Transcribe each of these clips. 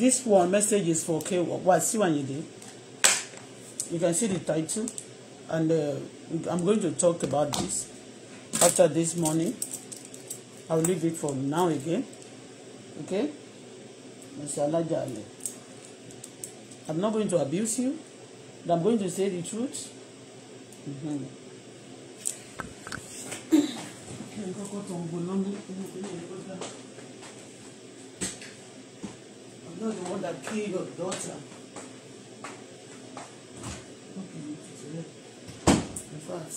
This one message is for okay. K see Ayinde. You You can see the title, and uh, I'm going to talk about this after this morning. I'll leave it for now again. Okay? Mr. Alajale. I'm not going to abuse you, but I'm going to say the truth. Mm-hmm. Not the one that killed your daughter. today. fact,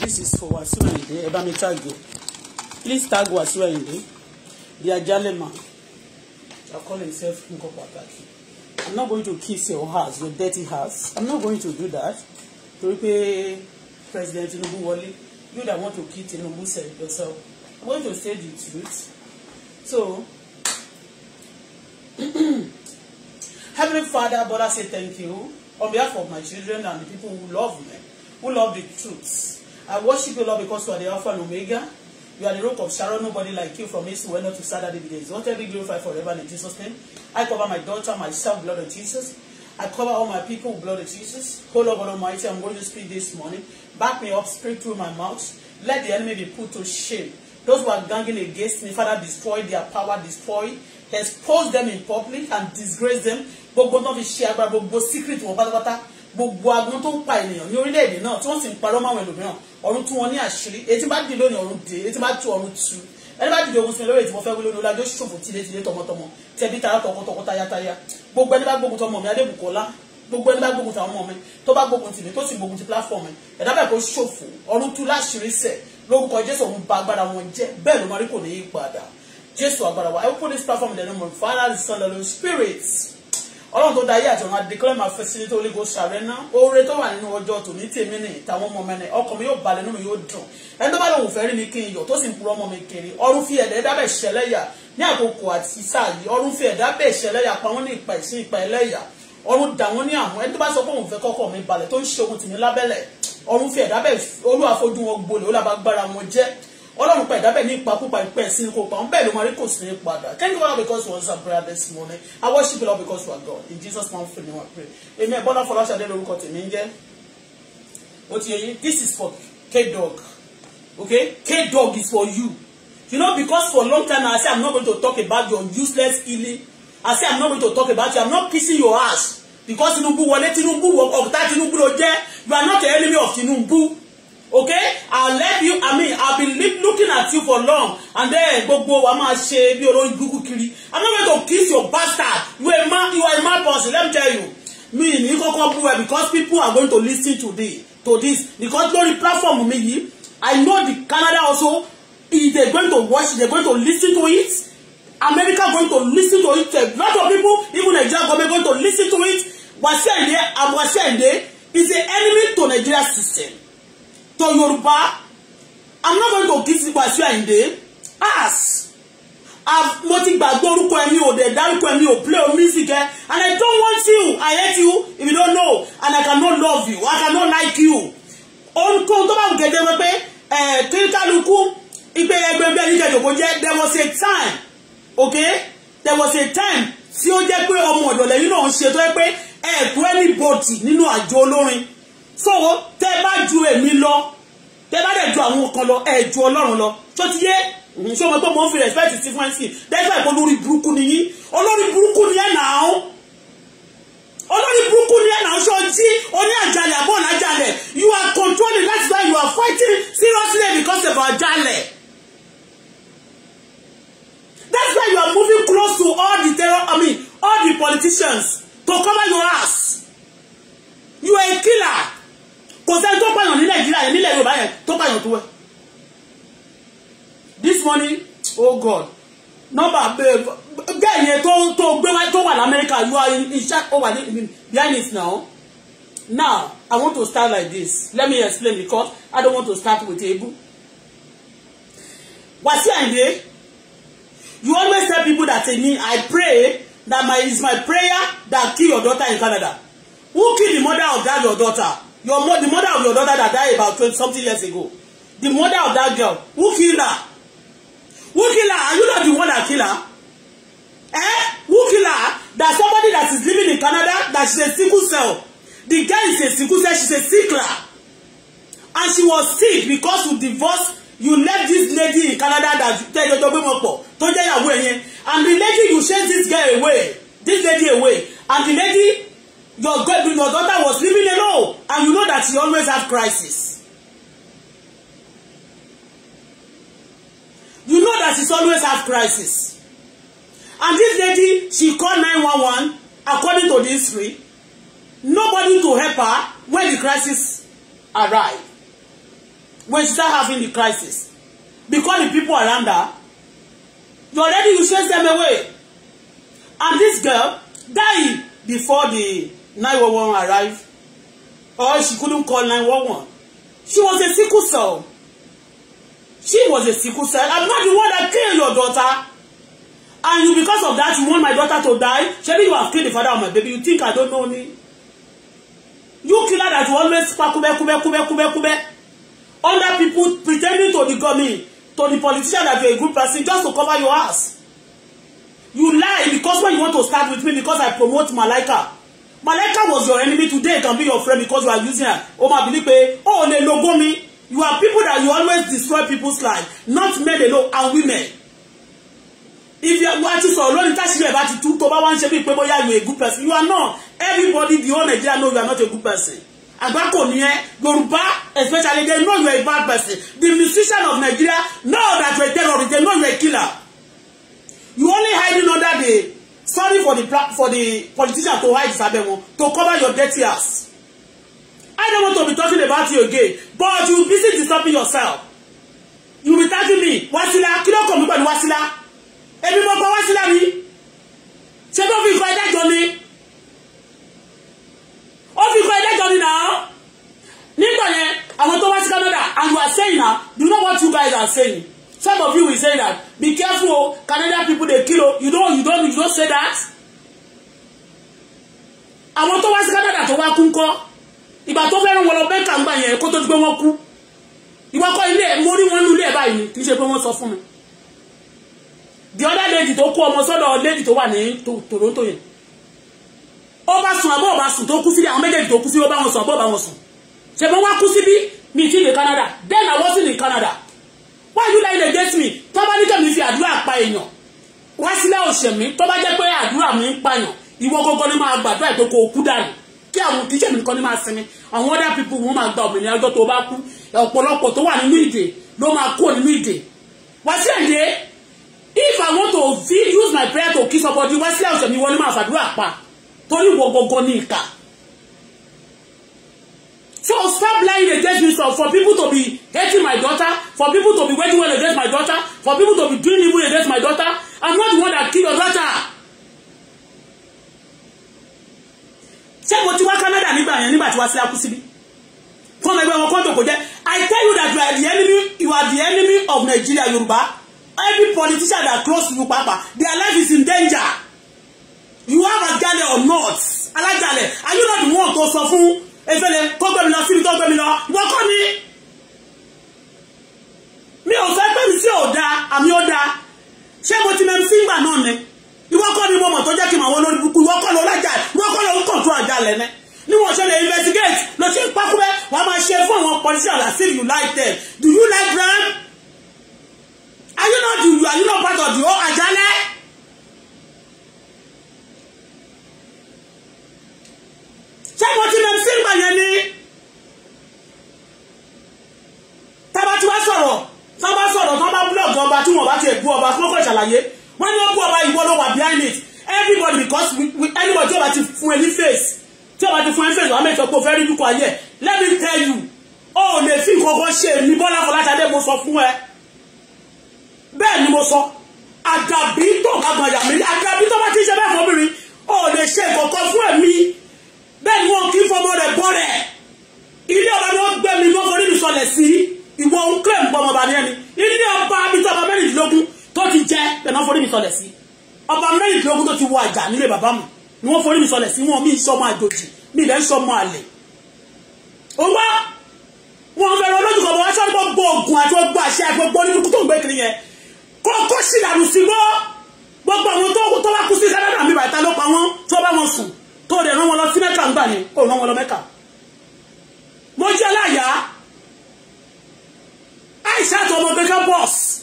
this is for Wasiu Ayinde ẹ tag o please tag Wasiu Ayinde the ajalema i call himself nǹkan pàtàkì i'm not going to kiss your house your dirty house i'm not going to do that To repay president Tinubu wọlé you that want to kill Tinubu yourself I'm going to say the truth so Heavenly Father Lord, I say thank you on behalf of my children and the people who love me who love the truth I worship you Lord because you are the Alpha and Omega you are the rock of Sharon, nobody like you from east to west, north to south, that every day is not every glorified forever in Jesus' name. I cover my daughter, myself, blood of Jesus. I cover all my people, blood of Jesus. Oh Lord God Almighty, I'm going to speak this morning. Back me up, spring through my mouth. Let the enemy be put to shame. Those who are ganging against me, Father, destroy their power, destroy, expose them in public and disgrace them. Gbogbo náà fi ṣe agbára gbogbo secret wọn pátápátá. Gbogbo agun tó ń pa ènìyàn ní orílẹ̀-èdè náà tí wọ́n sì ń parọ́ máwọn ẹlòmíràn. Ọ̀run tú wọn ní àṣírí. Etí bá dì lónìí ọ̀run dè, etí bá tú ọ̀run tú. Ẹni bá dìde ogun sí mi lórí ètí mo fẹ́ wí lónìí olájó ṣòfò tìletìle tọmọtọmọ. Tẹbí tara tọkọtọkọ tayátayá. Gbogbo ẹni bá gbógun tọmọ mi Adébùkọ́lá gbogbo ẹni bá gbógun tàwọn ọmọ mi tó bá gbógun tì mí tó sì gbógun ti platform mi ẹ̀dá bẹ́ẹ̀ kó ṣòfò ọdún tú láṣìírí sẹ̀ lórúkọ jésù òun ba agbára wọn jẹ́ bẹ́ẹ̀ ló máa rí kò ní í padà jésù agbára wa i open this platform in the name of father the son and the spirit ọlọ́run tó dayé àti ọ̀run adékọ́lẹ́ máa fẹ́ sí ní tó lè go sàrẹ́ náà oore tó wà nínú ọjọ́ tòní tèmi nì tàwọn ọmọ mẹ́rin ọkàn mi yóò balẹ̀ nínú yóò dùn ẹni tó bá lòun fẹ́ rí mi kí n yọ̀ tó sì ń purọ́ ọmọ mi kiri ọrún fi ẹ̀dá ẹ̀dá bẹ̀ ṣẹlẹ́yà ní àkókò àti sáà yìí ọrún fi ẹ̀dá bẹ̀ ṣẹlẹ́yà pa wọ́n ní ìpa ìsín ìpa ẹlẹ́yà ọ̀run dà wọ́n ní àwọn ẹni tó bá sọ pé òun fẹ́ kọ́kọ́ mi balẹ̀ tó ń ṣe ohun tìmí lábẹ́lẹ̀ ọ̀run fi ẹ̀dábẹ̀ olúwa fojú wọn gbolè ó lábá gbára wọn jẹ́ ọlọ́run pa ẹ̀dábẹ̀ ní ìpakúpa ìpẹ́ sí ní kò pa wọn bẹ́ẹ̀ ló máa rí kò sí ní padà thank you all because you answer prayer this morning i worship you all because you are God in Jesus name free me one pray èmi ẹ̀ bọ́lá fọláṣadé lórúkọ tèmi ń jẹ́ ó ti yẹ yín this is for k-dog okay k-dog is for you you know because for long time now i say i'm not going to talk about your useless healing I say I'm not going to talk about you. I'm not kissing your ass because Tinubu wọlé Tinubu ọ̀tá Tinubu ló jẹ́ you are not the enemy of Tinubu okay I love you I mean I've been looking at you for long and then gbogbo wa máa ṣe bí olórí gúgú kiri I'm not going to kiss your bastard you are a man you are a man person let me tell you mi You kọ́kọ́ bú ẹ because people are going to listen to this to this because lórí platform mi yìí I know the Canada also is they going to watch they going to listen to it America going to listen to it a lot of people even Nigeria government going to listen to it Wasiu Ayinde and Wasiu is the enemy to Nigeria system to Yoruba I'm not going to give Wasiu Ayinde as mo ti gbàgbé orúkọ ẹ̀mí ò dẹ̀ dárúkọ ẹ̀mí ò play o music ẹ̀ and I don't want you I hate you if you don't know and I cannot love you I cannot like you. ohunkóhun tó bá gẹ̀dẹ̀ wẹ́pẹ́ eh, kíríkálukú ìgbéyàgbẹ́gbẹ́ nígbàdìgbò jẹ́ there was a time okay there was a time tí ó jẹ́ pé ọmọ ọ̀dọ̀ lẹ́yìn náà ń ṣe tó yẹ pé ẹ̀kú anybody nínú àjọ olórin so tẹ́ bá ju èmi lọ tẹ́ bá dẹ̀ ju àwọn kan lọ ẹ̀ ju ọlọ́run lọ tó ti yé mhm. ṣé ọmọ ẹgbẹ́ mọ́ ń fi respect sí fún ẹ̀sìn dẹ́gbà ìbọn olórí burúkú ni yín olórí burúkú ni ẹ̀ náà olórí burúkú ni ẹ̀ náà ṣọ́ jí oní àjálẹ̀ àbọ̀ ọ̀nà àjálẹ̀ you are controlling that's why you are fighting seriously because of àjálẹ̀. That's why you are moving close to all the terror, I mean, all the politicians to cover your ass. You are a killer. Kò sẹ́ni tó pààyàn ní Nàìjíríà yẹn nílẹ̀ Yorùbá yẹn tó pààyàn tó ẹ̀. This morning, oh God, number eh, gẹ́ẹ̀ yẹn tó to gbé wá to wà America. you are in shock over there behind it now. Now, I want to start like this. Let me explain because I don't want to start with Ebu. Wàsí Àyìndé you always tell people that say me I pray that my is my prayer that kill your daughter in Canada who kill the mother of that your daughter your mo the mother of your daughter that died about twenty something years ago the mother of that girl who kill her who kill her are you not the one that kill her eh who kill her that somebody that is living in Canada that she's a sickle cell the girl is a sickle cell she's a sickler and she was sick because you divorce you left this lady in Canada that you tell jojo gbemọ pọ tó jẹ́ ìyàwó ẹ̀ yẹn and the lady you send this girl away this lady away and the lady your girl your daughter was living alone and you know that she always had crisis. you know that she always have crisis and this lady she call one. according to the history nobody to help her when the crisis arrive when she start having the crisis because the people around her you already you chase them away and this girl die before the 911 arrived or she couldn't call 911 she was a sickle cell she was a sickle cell I'm not the one that killed your daughter and you because of that you want my daughter to die shebi you have killed the father of my baby you think I don't know me you killer that you always kubekubekubekubekubek, kube kube kube kube kube people pretending to be government to the politician that you're a good person just to cover your ass. You lie because when you want to start with me because I promote Malaika. Malaika was your enemy today can be your friend because you are using her. Oma bilipe, believe pé o lè logo mi. You are people that you always destroy people's life, not men alone and women. If you are watching is for lórí táṣírí ẹ̀ bá ti tú tó bá wá ń ṣe a good person. You are not. Everybody the whole Nigeria know you are not a good person àgbákò ni ẹ yorùbá especially they know you are a bad person the musician of nigeria know that you are a terrorist they know you are a killer you only hiding under the sorry for the for the politician to hide his to cover your dirty ass i don't want to be talking about you again but you busy disturbing yourself you be tagging me wasila kí come kàn mí wasila Every month kọ wasila me. ṣé tó fi kọ ẹ̀dájọ́ ó fi kọ́ ẹlẹ́jọ́ ni nà án nígbà yẹn àwọn tó wá sí Canada and you are saying na you know what you guys are saying some of you will say that be careful o oh, Canadian people dey kill o oh, you don you don you don say that àwọn tó wá sí Canada tó wá kú ńkọ́ ìgbà tó fẹ́ràn wọn lọ bẹ́ẹ̀ kà ń gbà yẹn kó tó di pé wọ́n kú ìwọ kọ́ ilé ẹ̀ mo rí wọn nú ilé ẹ̀ báyìí kì í ṣe pé wọ́n sọ fún mi the other lady tó kó ọmọ sọ́dọ̀ lady tó wà ní Toronto yẹn ó bá sùn àbọ̀ ọba sùn tó kú síbi àwọn méjèèjì tó kú síbi ó wọn sùn àbọ̀ ọba wọn sùn ṣèbọn wá kú síbi mi ti ní Canada then I was in Canada why you lying against me tó bá ní kẹ́mi fi àdúrà pa èèyàn wá sílẹ̀ òṣè mi tó bá jẹ́ pé àdúrà mi ń pààyàn ìwọ gọ́gọ́ ni máa gbàdúrà ètò kò kú dànù kí àwọn kìí ṣèmi nìkan ni máa sinmi àwọn other people wọn máa gba òmìnira ọjọ́ tó bá kú ọ̀pọ̀lọpọ̀ tó wà nínú ìdè ló máa kú nínú ìdè wá sí ẹ̀dẹ́ if I want to use my prayer to kill somebody wá sílẹ̀ òṣè mi wọ́n ni máa fàdúrà pa torí ìwọ gangan ní ìka so stop lying against me so for people to be hating my daughter for people to be waging war against my daughter for people to be doing evil against my daughter I'm not the one that kill your daughter ṣé mo ti wá Canada nígbà yẹn nígbà tí wá sí akúsíbí fún ọmọ ẹgbẹ́ wọn kọ́ńtò kò jẹ́ I tell you that you are the enemy you are the enemy of Nigeria Yorùbá every politician that close to you papa their life is in danger you have àjálẹ̀ or not alájálẹ̀ are you not the one tó sọ fún efele tó gbẹ̀mí lọ síbi tó gbẹ̀mí lọ wọ́n kọ́ ni mi ò fẹ́ pẹ̀lú sí ọ̀dà àmì ọ̀dà ṣé mo ti mẹ́rin sígbà náà ni ìwọ kọ́ ni mo mọ̀ tó jẹ́ kí n àwọn olórí burúkú ìwọ kọ́ ló lájà ìwọ kọ́ ló tó àjálẹ̀ ni níwọ̀n ṣe lè investigate ló ṣe ń pákúbẹ́ wàá máa ṣe fún àwọn politician làsìrì you like them do you like them are you not do are you not part of the whole àjálẹ̀. ṣàlàyé wọ́n ní wọ́n bú ọba ìwọ ló wà behind it everybody because we, we anybody tí ọba ti fún ẹ ní face tí ọba ti fún ẹ ní face wàá mẹ́tọ́ pé o fẹ́ rí dúkọ̀ ayé let me tell you o ò lè fi nǹkan kan ṣe mi Bọ́lá Fọláṣadé mo sọ fún ẹ bẹ́ẹ̀ ni mo sọ àdàbí tó kàgbọ̀n àyà mi àdàbí tó bá ti ṣe bẹ́ẹ̀ fọ́bìnrin o ò lè ṣe nǹkan kan fún ẹ̀mí bẹ́ẹ̀ ni wọn kì í fọmọ rẹ̀ bọ́ rẹ̀ ilé ọba ni wọ́n gbé mi mọ́kọ́ nínú sọlẹ̀ sí ìwọ òun kílẹ̀ ń bọ́ ọmọ bàbá ẹni ilé ọba abitọ́ ọba mẹ́rìndínlógún tó ti jẹ bẹ́ẹ̀ náà forí mi sọlẹ̀ sí ọba mẹ́rìndínlógún tó ti wọ àjà nílé bàbá mi ni wọ́n forí mi sọlẹ̀ sí wọn mi sọmọ àjòjì mi lẹ́ sọmọ àlè òun wá wọn fẹ́ wọn lójú kan bọ̀ wá sọ́ọ́ gbogbo oògùn àti gbogbo àṣẹ gbogbo onírúkú tó ń gbé kiri yẹn kó kó ṣìlànà sí mọ́ gbogbo àwọn tó tó bá kú sí Canada mi bàtà ló pa wọn tó bá wọn sùn tó rẹ̀ rán wọn lọ sí mẹ́ta ń gbà ní kó rán wọn lọ mẹ́ta mo jẹ́ láyà Aisha tó ọmọ bẹ́kẹ́ bọ́ọ̀sì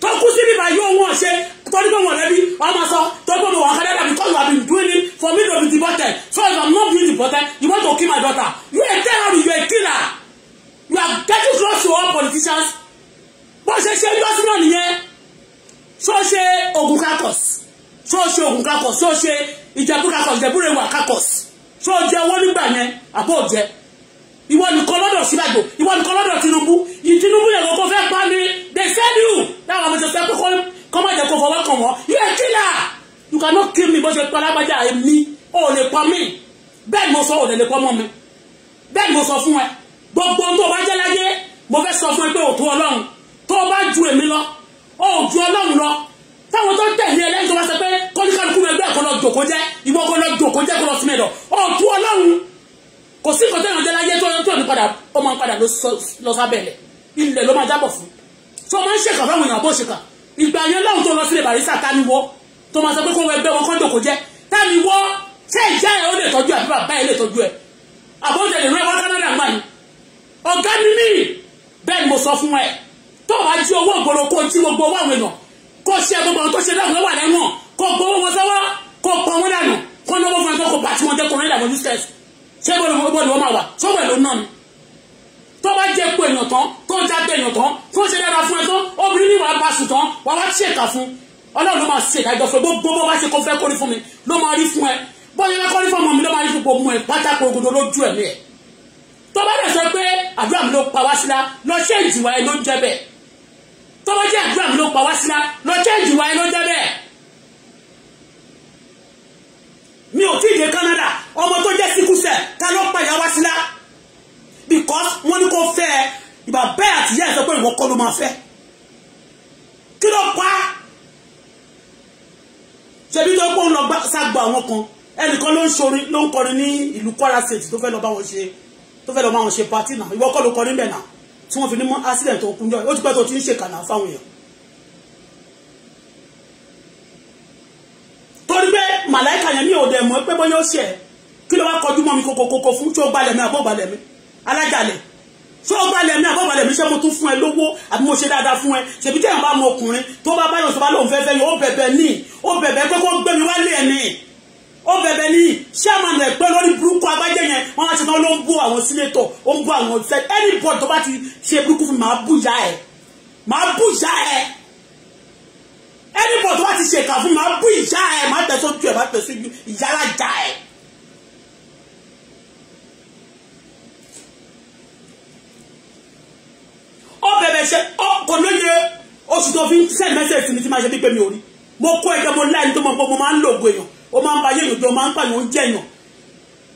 tó kú sí bíbá yóò wọ́n ṣe torí pé wọ́n lẹ́bi ọmọ sọ tó gbọ́ mi wà kálẹ́ dàbí because you have been doing it for me to be deported so if I'm not being deported you want to kill my daughter you a terrorist you a killer you are getting close to all politicians bó ṣe ṣe yọ́sí náà nìyẹn ṣó ṣe ogun kakọs ṣó ṣe ogun kakọs ṣó ṣe ìjẹ̀bú kakọs ìjẹ̀bú rẹwà kakọs ṣó jẹ wọ́n nígbà yẹn àbó jẹ ìwọ nìkan lọ́dọ̀ síbàjò ìwọ nìkan lọ́dọ̀ Tinubu Tinubu yẹn kò fẹ́ pa mi they send you láwọn àmì ìjọsìn ẹ̀kọ́ kọ́ má jẹ́ kó fọwọ́ kàn wọ́n you are killer you cannot kill me bó ṣe pa alágbájá èmi ò lè pa mí bẹ́ẹ̀ ni mo sọ ò lè lè pa ọmọ mi bẹ́ẹ̀ ni mo sọ fún ẹ gbogbo tó bá jẹ́ láyé mo fẹ́ sọ fún ẹ pé òtún Ọlọ́run tó bá ju èmi lọ ó ju Ọlọ́run lọ táwọn tó tẹ̀lé ẹlẹ́yìn tó bá sọ pé kọ́níkàlùkù rẹ̀ bẹ́ẹ̀ kọ́ lọ jòkó jẹ́ ìwọ kọ́ lọ jòkó jẹ́ kọ́ lọ sí mi lọ òtún Ọlọ́run kò sí nǹkan tẹ́yàn jẹ́ láyé tó yẹn tó ní padà ọmọ padà lọ sábẹ́lẹ̀ ilẹ̀ ló máa jábọ̀ fún tí wọ́n máa ń ṣèkà fáwọn èèyàn bó ṣèkà ìgbà yẹn lọ́hùn tó lọ sílé Barrister tániwọ́ tó máa sọ pé kó wọ ẹgbẹ́ wọn kọ́ńdò kò jẹ́ tániwọ́ ṣé ìjà ẹ̀ ó lè tọ́jú àbí bàbá ẹ̀ lè tọ́jú ẹ̀ àbójà lè rẹ́ wá Canada gbà yín ọ̀gá ni mí bẹ́ẹ̀ ni mo sọ fún ẹ tó wàá jí owó ògbóró kó tí mo gbowó àwọn èèyàn kó ṣe gbogbo àwọn tó ṣe dáhùn lọ́wọ́ àlẹ́ wọn kó gbowó wọn sọ́wọ́ kó pọ̀ wọn dànù kó náwó fún ẹ ṣé bọ́ọ̀lù wọn máa wà sọ́wọ́ ẹ̀ ló ná ni tó bá jẹ́ pé èèyàn tán tó ń jáde èèyàn tán tó ń ṣe dára fún ẹ tán obìnrin ní wàá bá sùn tán wàá wá ṣèkà fún ọlọ́run ló máa ṣèkà ìjọ fún gbogbo bó bá ṣe kó fẹ́ kórí fún mi ló máa rí fún ẹ bọ́ọ̀lù yẹn kórí fún ọmọ mi ló máa rí fún gbogbo ẹ pátákó ogodo lójú ẹ̀mí ẹ̀ tó bá dẹ̀ sọ pé àdúrà mi ló pa wá sílá lọ ṣé ìjìwà ẹ ló ń jẹ bẹ́ẹ̀ tó bá jẹ́ àdúrà mi ló pa wá sílá lọ ṣé ìjìwà ẹ ló ń jẹ bẹ́ẹ̀ mi ò tí dé Canada ọmọ tó jẹ́ síkúsẹ̀ ta ló pa ìyá wá sílá because wọ́n ní kó fẹ́ ẹ ìbá bẹ́ẹ̀ àti ìyá ẹ̀ sọ pé ìwọ kọ́ ló máa fẹ́ kí ló pa ṣebí tó kó ń lọ ságbà àwọn kan ẹnìkan ló ń ṣorin ló ń kọrin ní ìlú Kwara State tó fẹ́ lọ bá wọn ṣe tó fẹ́ lọ bá wọn ṣe party náà ìwọ kọ́ ló kọrin bẹ̀ náà tí wọ́n fi ní mọ́ accident tó kúnjọ́ ó ti pẹ́ tó ti ń ṣèkànnà fáwọn èèyàn màláìka yẹn mi ò dẹ̀ mọ́ pé bóyá ó ṣe ẹ̀ kí ló wá kọjú mọ́ mi kòkòkòkò fún tí ó gbalẹ̀ mi àbọ̀ gbalẹ̀ mi alájàlẹ̀ tí ó gbalẹ̀ mi àbọ̀ mi ṣé mo tún fún ẹ lówó àbí mo ṣe dáadáa fún ẹ ṣèbí tẹ̀yàn bá mọ ọkùnrin tó bá báyọ̀ sọ́ba lóun fẹ́fẹ́ yóò bẹ̀bẹ̀ ní ó bẹ̀bẹ̀ pé kó gbé mi wálé ẹ̀ ní ó bẹ̀bẹ̀ ní ṣéàmánù ẹ̀pẹ́ lórí ti náà ló ń bú ẹnìbọ̀ tó bá ti ṣèkà fún mi máa bú ìyá ẹ̀ máa tẹ̀sọ́ ju ẹ̀ máa tẹ̀sọ́ ju ìyá alájà ẹ̀. ó bẹ̀bẹ̀ ṣe kò lóye oṣù tó fi ń send message sí mi tí máa ṣe bí pé mi ò rí mo kó ẹjọ́ mo láì tó mọ̀ pé mo máa ń lògo èèyàn ó máa ń ba ayé ìròjọ́ máa ń pàlọ́ oúnjẹ èèyàn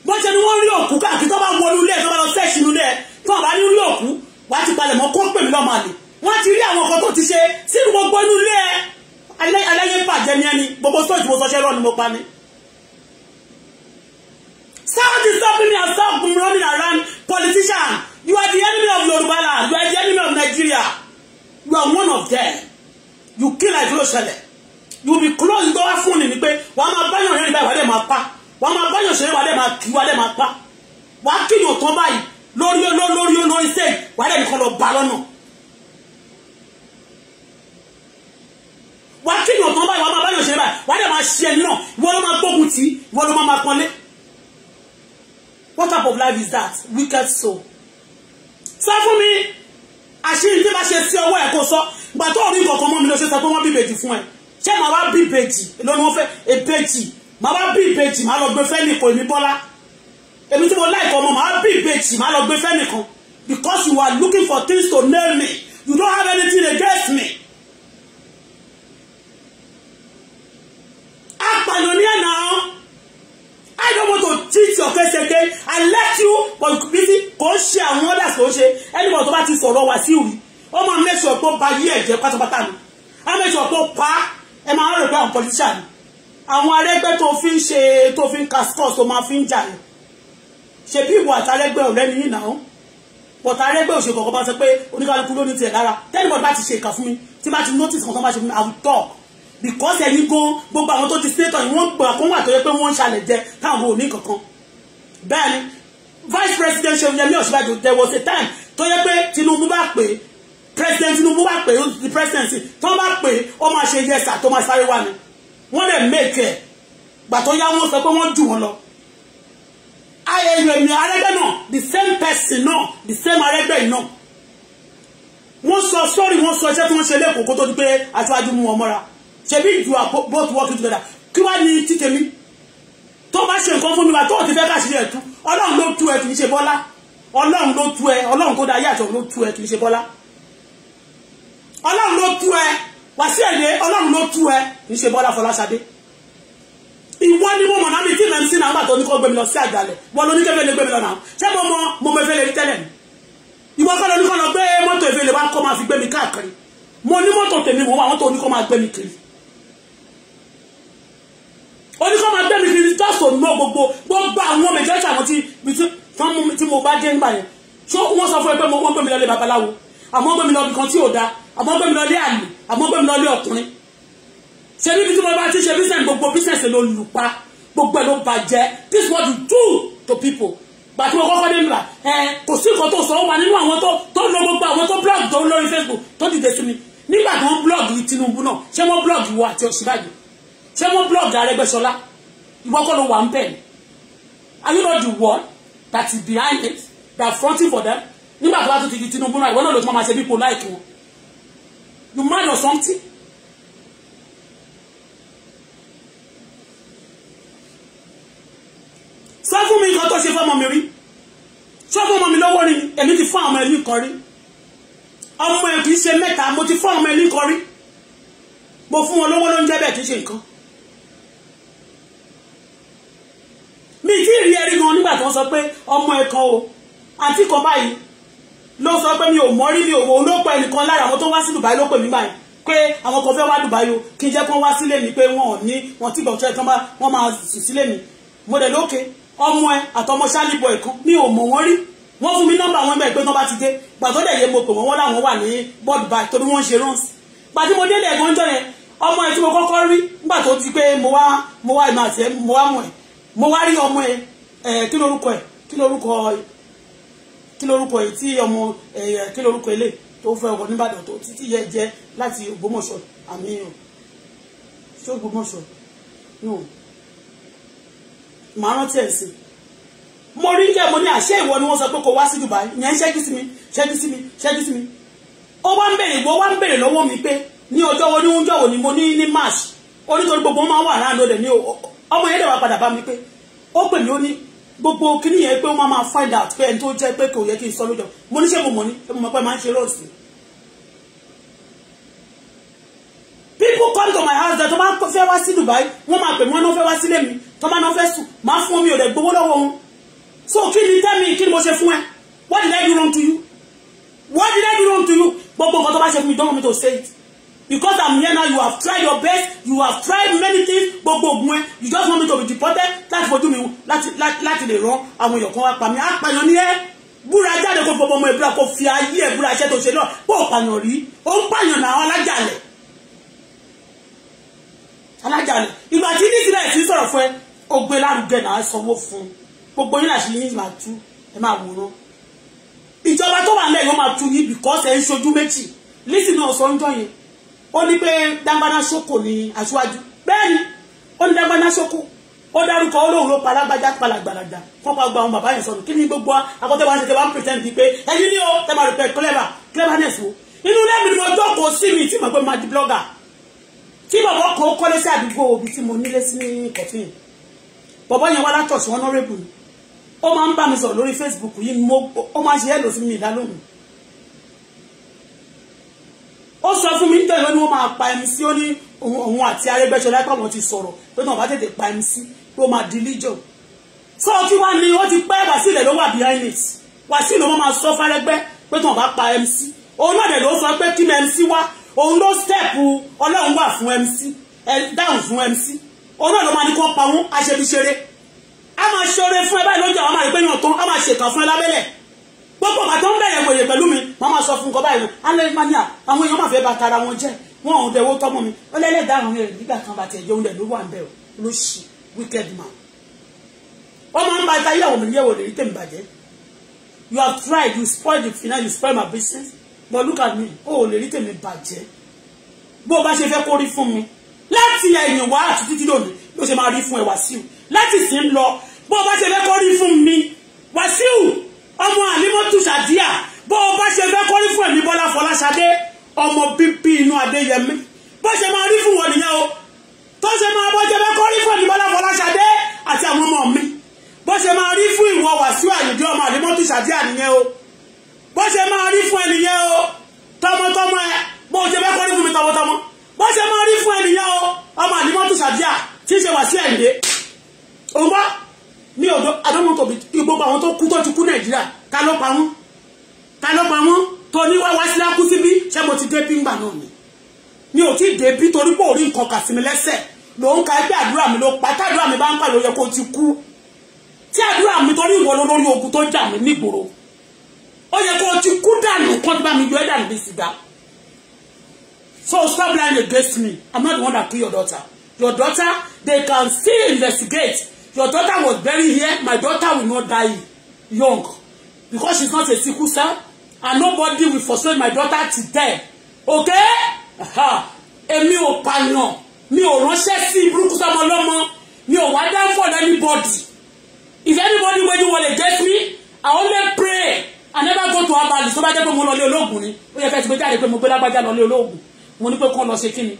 bó ṣe ni wọ́n rí òkú káàkiri tó bá wọlé ilé tó bá lọ sẹ́ẹ̀sì nílé tó bá ní rí òkú wàá ti palẹ̀ mọ́ kó pè mí lọ́mọ àlè wọ́n ti rí àwọn ọkọ̀ tó ti ṣe sínú gbogbo inú ilé ẹ̀ aláyé bàjẹ́ ní ẹni gbogbo sọ ìdìbò lọ́nu mo pa ni. Somebody stopping me and stop me running around politician you are the enemy of Yorùbá land you are the enemy of Nigeria you are one of them you kill like ló you be close gbọ́ fún ni ni pé wàá máa báyọ̀ rẹ́rìn báyìí wàá dẹ̀ máa pa wàá máa báyọ̀ ṣeré wàá dẹ̀ máa kí wàá dẹ̀ pa wàá kíyàn tán báyìí lórí lórí lórí lórí stage wàá dẹ̀ lọ bá lọ́nà. wàá kí èèyàn kan báyìí wàá máa báyọ̀ ṣe báyìí wàá dẹ̀ máa ṣe ẹni náà ìwọ ló máa gbógun tì í ìwọ ló máa máa pọnlé. what type of life is that wicked soul. sọ fún mi àṣírí tí bá ṣe sí ọwọ́ ẹ̀ kó sọ gbà tó rí nǹkan kan mọ́ mi ló ṣe sọ pé wọ́n bí ìbejì fún ẹ ṣé màá wá bí ìbejì lónìí wọ́n fẹ́ ìbejì màá wá bí ìbejì màá lọ gbé fẹ́ nìkan èmi bọ́lá èmi tí mo láìkọ ọmọ màá bí ìbejì màá lọ gbé fẹ́ nìkan because you are looking for things to nail me you don't have anything against me pioneer now I don't want to teach your case again I let you but busy go share, ṣe àwọn others kò ń ṣe anybody tó bá ti sọ̀rọ̀ wá sí ìwì ó make sure pé ó ba yí ẹ̀jẹ̀ pátápátá ni á make sure to ó pa ẹ máa rẹ̀ pé àwọn politician àwọn arẹ́gbẹ́ tó fi ń ṣe tó fi ń cascos tó máa fi ń jà yẹn ṣe bí ìwọ àtàrẹ́gbẹ́ ọ̀rẹ́ nìyí náà bọ̀tà arẹ́gbẹ́ òṣèkọ̀ọ̀kan bá sọ pé oníkálukú ló ní tiẹ̀ lára tẹ́lifọ̀n bá ti ṣe ìkà fún mi tí bá ti notice kankan bá ṣe fún mi I will talk because ẹ̀yin gan gbogbo àwọn tó ti sétọ̀ yìí wọ́n gbọ́ àkóńwà tó yẹ pé wọ́n ń ṣalẹ̀ jẹ táwọn ò ní kankan bẹ́ẹ̀ ni vice president Ṣeyẹmí Ọ̀ṣínbàjò there was a time tó yẹ pé Tinubu bá pè president Tinubu bá pè the presidency tó bá pè ó máa ṣe yẹsà tó máa sáré wá ni wọ́n lè make ẹ̀ gbà tó yá wọ́n sọ pé wọ́n jù wọ́n lọ ayẹyẹmí Arẹ́gbẹ́ náà the same person náà the same Arẹ́gbẹ́ yìí náà wọ́n sọ sọ́ọ̀rì wọ́n sọ iṣẹ́ tí wọ́n ṣe lẹ́kọ̀ọ́ kó tó di pé aṣáájú mú wọn mọ́ra ṣebí you are both working together kí wàá ní ti tèmi tó bá ṣe nǹkan fún mi wá tó ti fẹ́ bá ṣe ẹ̀tú ọlọ́run ló tú ẹ kì í ṣe bọ́lá ọlọ́run ló tú ẹ ọlọ́run tó da ayé àtọ̀ ló tú ẹ kì í ṣe bọ́lá ọlọ́run ló tú ẹ wá sí èdè ọlọ́run ló tú ẹ kì í ṣe bọ́lá fọláṣadé ìwọ ni mo mọ̀ náà mi tí mẹ́rin sí náà gbà tó ní kó gbẹmí lọ sí àjálẹ̀ wọn ló ní kẹfẹ́ lè gbẹmí lọ náà ṣé mo mọ mo mọ efe lè tẹ́lẹ̀ mi ìwọ kọ́ lọ ní kọ́ lọ gbé mọ́tò efe lè wá kó máa fi gbẹmí káàkiri mo ní mọ́tò tèmi mo wà wọ́n tó ní kó máa gbẹmí kiri oníkọ́ máa gbé mi kiri just to know gbogbo gbogbo àwọn mẹjọ́tì àwọn tí mo bá dé ńgbà yẹn ṣó wọ́n sọ fún ẹ pé wọ́n gbé mi lọ lé babaláwo àmọ́ gbé mi lọ ibìkan tí ò da àmọ́ gbé mi lọ lé àlè àmọ́ gbé mi lọ lé ọkùnrin ṣe níbi tí mo bá ti ṣe business gbogbo business ló lù pa gbogbo ẹ̀ ló bàjẹ́ this is what you do to people gbàtí mo kọ́kọ́ dé nílà ẹ kò sí nǹkan tó sọ ó wà nínú àwọn tó tó lo gbogbo àwọn tó blog tó lórí Facebook tó dìde sí mi nígbà tó ń blog Tinubu náà ṣé wọ́n blog wo àti Ọ̀ṣínbàjò ṣé wọ́n blọ́ọ̀gì Arẹ́gbẹ́ṣọlá ìwọ kọ́ ló wà ń are you not the one that is behind it that fronting for them nígbà tó bá tún ti di Tinubu náà ìwọ náà ló tún máa ṣe bí kò you mind or something. sọ fún mi nǹkan tó ṣe fọmọ mi rí sọ fún ọmọ mi lọ́wọ́ ni èmi ti fún àwọn ẹni kan rí ọmọ ẹ̀ kì í ṣe mẹ́ta mo ti fún àwọn ẹni kan rí mo fún wọn lọ́wọ́ ló ń jẹ́ bẹ́ẹ̀ kì í ṣe nǹkan. mi tí ì rí ẹrí gan nígbà tó ń sọ pé ọmọ ẹ kan o àǹtí kan báyìí ló sọ pé mi ò mọ rí mi ò wò ló pẹ ẹnìkan lára àwọn tó wá sí Dubai ló pè mí báyìí pé àwọn kan fẹ́ wá Dubai o kí n jẹ́ kó wá sílé mi pé wọn ò ní wọn tí gbọ̀tọ́ ẹ̀ tán bá wọn máa sùn sílé mi mo dẹ̀ lókè ọmọ ẹ àtọmọ ṣálíbọ̀ ẹ̀kan mi ò mọ̀ wọ́n rí wọ́n fún mi nọ́mbà àwọn ẹgbẹ́ pé tán bá ti dé gbàtọ́ dẹ̀ yẹ mo pè wọ́n wọ́n láwọn wà ní bọ́ọ̀dù báyìí torí wọ́n ṣe rọ́ǹsì gbàtí mo délé ẹ̀gbọ́n jọ yẹn ọmọ ẹ tí mo kọ́kọ́ rí nígbà tó ti pé mo wá mo wá ìmọ̀ àti mo wá mọ̀ ẹ̀ mo wá rí ọmọ ẹ ẹ kí lorúkọ ẹ kí lorúkọ ẹ kí lorúkọ ẹ tí ọmọ ẹ kí lorúkọ ẹ lè tó fẹ́ ọkọ nìbàdàn tó títí yẹ jẹ láti Ògbómọ̀ṣọ́ àmì ọ ṣé nù màá rántí ẹ sí mo rí jẹ mo ní àṣẹ ìwọ ni wọ́n sọ pé kò wá sí Dubai yẹn ń ṣẹ́jú sí mi ṣẹ́jú sí mi ṣẹ́jú sí mi ó wá ń bèrè wọ́n wá ń bèrè lọ́wọ́ mi pé ní ọjọ́ wo ní oúnjẹ ni mo ní ní March onítorí gbogbo wọn máa wà ráńdó dẹ̀ ní ọmọ yẹn dẹ̀wà padà bá mi pé ó pè mí ó ní gbogbo kíní yẹn pé ó máa máa find out pé ẹni tó jẹ́ pé kò yẹ kí n sọ lójọ mo ní ṣé mo mọ̀ ní mo mọ̀ pé máa ń ṣe rọ́ọ̀sì. people come to my house tó bá fẹ́ wá sí Dubai wọ́n máa pè mí wọ́n náà fẹ́ wá sílé mi tó bá náà fẹ́ sùn máa fún mi ò dẹ̀ gbowó lọ́wọ́ wọn so kí ni tell me kí ni mo ṣe fún ẹ what did I do wrong to you what did I do wrong to you gbogbo nǹkan tó bá ṣe fún mi don't want me to say it because i'm here now you have tried your best you have tried many things gbogbo ogun you just want me to be deported láti fojú mi láti láti lè rán àwọn èèyàn kan wá pa mí apààyàn ni ẹ búra jáde kó fọwọ́ ọmọ ìbúra kó fi ayé ẹ̀ búra iṣẹ́ tó ṣe náà pé òpààyàn rí ó ń pààyàn náà àwọn alájàlẹ̀ alájàlẹ̀ ìgbà tí ní ìsìlẹ̀ ìsìn sọ̀rọ̀ fún ẹ ó gbé lárugẹ náà sanwó fún gbogbo yín láti yín máa tú ẹ máa wòrán ìjọba tó wà lẹ́yìn ó máa tú yín because ẹ ń ṣojú méjì lísìn náà sọ ń jọ yẹn ó ní pé dangbana soko ni aṣáájú bẹ́ẹ̀ ni ó ní dangbana soko ó dárúkọ olóhùn ló palágbájá palàgbàlagbà fún pa gba àwọn bàbá yẹn sọnù kí ni gbogbo akọ́tẹ́ wa ń ṣe wá ń pretend bíi pé ẹyin ni ó tẹ́ máa rò pé clever cleverness wo inú lẹ́mi ni mo jókòó sí mi tí mo gbé máa di blogger tí bàbá kan kọ́lé sí àdúgbò òbí tí mo nílé sí ní kọ̀fíìn bàbá yẹn wá látọ̀sùn honorable ó máa ń bá mi sọ̀rọ̀ lórí Facebook yìí ó máa ń ṣe hello sí mi ìdálóhùn ó sọ fún mi tẹ̀lé ni wọ́n máa pa MC ó ní òun àti Arẹ́gbẹ́ṣọlá pé àwọn ti sọ̀rọ̀ pé náà bá tètè pa MC pé ó máa di legion so kí wá ni ó ti pẹ́ Wàsílẹ̀ ló wà behind it Wàsílẹ̀ ló máa sọ fárẹ́gbẹ́ pé náà bá pa MC òun náà dẹ̀ ló sọ pé kí MC wá òun ló step ọlọ́run wà fún MC dáhùn fún MC òun náà ló máa ní kó pa wọn aṣebiṣere a máa ṣoore fún ẹ báyìí lójú àwọn máa rí pé yàn tán a máa ṣèkà fún ẹ lábẹ́lẹ̀ gbogbo ọ̀gá ń bẹ̀yẹ̀ wòye pẹ̀lú mi wọ́n máa sọ fún nǹkan báyìí alẹ́mánìà àwọn èèyàn máa fẹ́ ba tara wọn jẹ́ wọn ò dẹ̀wọ́ tọ́mọ mi ó lẹ́lẹ̀ dáhùn rẹ̀ nígbà kan bá tiẹ̀ jẹun ló wà ń bẹ̀ ọ́ ló ṣì wicked man. wọ́n máa ń ba ta yẹ̀wò mi yẹ̀wò lè rí tèmi bàjẹ́ you have tried you spoil the finance you spoil my business but look at me ó ò lè rí tèmi bàjẹ́ bó o bá ṣe fẹ́ kó rí fún mi láti ẹ̀yìn wá àti títí lónìí ló ṣe máa rí fún ẹ Wàsíù láti sì ń lọ bó o bá ṣe fẹ́ kó fún mi Wàsíù ọmọ àlímọ́tù ṣàdíyà bó o bá ṣe fẹ́ kọ́rí fún ẹ̀mí bọ́lá fọláṣadé ọmọ bíbí inú adéyẹmí bó ṣe máa rí fún wọn nìyẹn o tó ṣe máa bó ṣe fẹ́ kọ́rí fún ẹ̀mí bọ́lá fọláṣadé àti àwọn ọmọ mi bó ṣe máa rí fún ìwọ wàsíù àyùdí ọmọ àlímọ́tù ṣàdíyà nìyẹn o bó ṣe máa rí fún ẹnìyẹn o tọmọtọmọ ẹ bó ṣe fẹ́ kọ́rí fún mi tọmọtọmọ bó ṣe máa rí fún ẹnìyẹn o ọmọ àlímọ́tù tí ṣe wàsíù ẹ̀yìn ní ọ̀dọ́ adọ́mọ̀tòbí gbogbo àwọn tó kú tó ti kú nàìjíríà ta ló pa wọ́n ta ló pa wọ́n tó ní wá wá síláàkú síbí ṣé mo ti dé bí ngbà náà ni mi ò tí ì dé bí torí pé orí nǹkan kà sí mi lẹ́sẹ̀ ló ń ka ẹgbẹ́ àdúrà mi ló pa tádùrà mi bá ń pa ló yẹ kó ti kú tí àdúrà mi torí ìwọ ló lórí ogun tó jà mí nígboro ó yẹ kó ti kú dànù kán tó bá mi yọ ẹ́ dànù bí sìgá so stop lying against me i'm not the one that kill your daughter your daughter they can still investigate Your daughter was buried here. My daughter will not die young because she's not a sickle cell and nobody will forsake my daughter to death. Okay? Èmi ò pààyàn, mi ò ránṣẹ́ sí burúkú sọ́mọ lọ́mọ, mi ò wá dá for anybody. If anybody wey do well against me, I only pray. I never go to abali tó bá jẹ́ pé mo lọ lé olóògùn ni. Ó yẹ kẹ́ ti gbé jáde pé mo gbé lágbájá lọ lé olóògùn. Mo ní pé kán lọ ṣe kí ni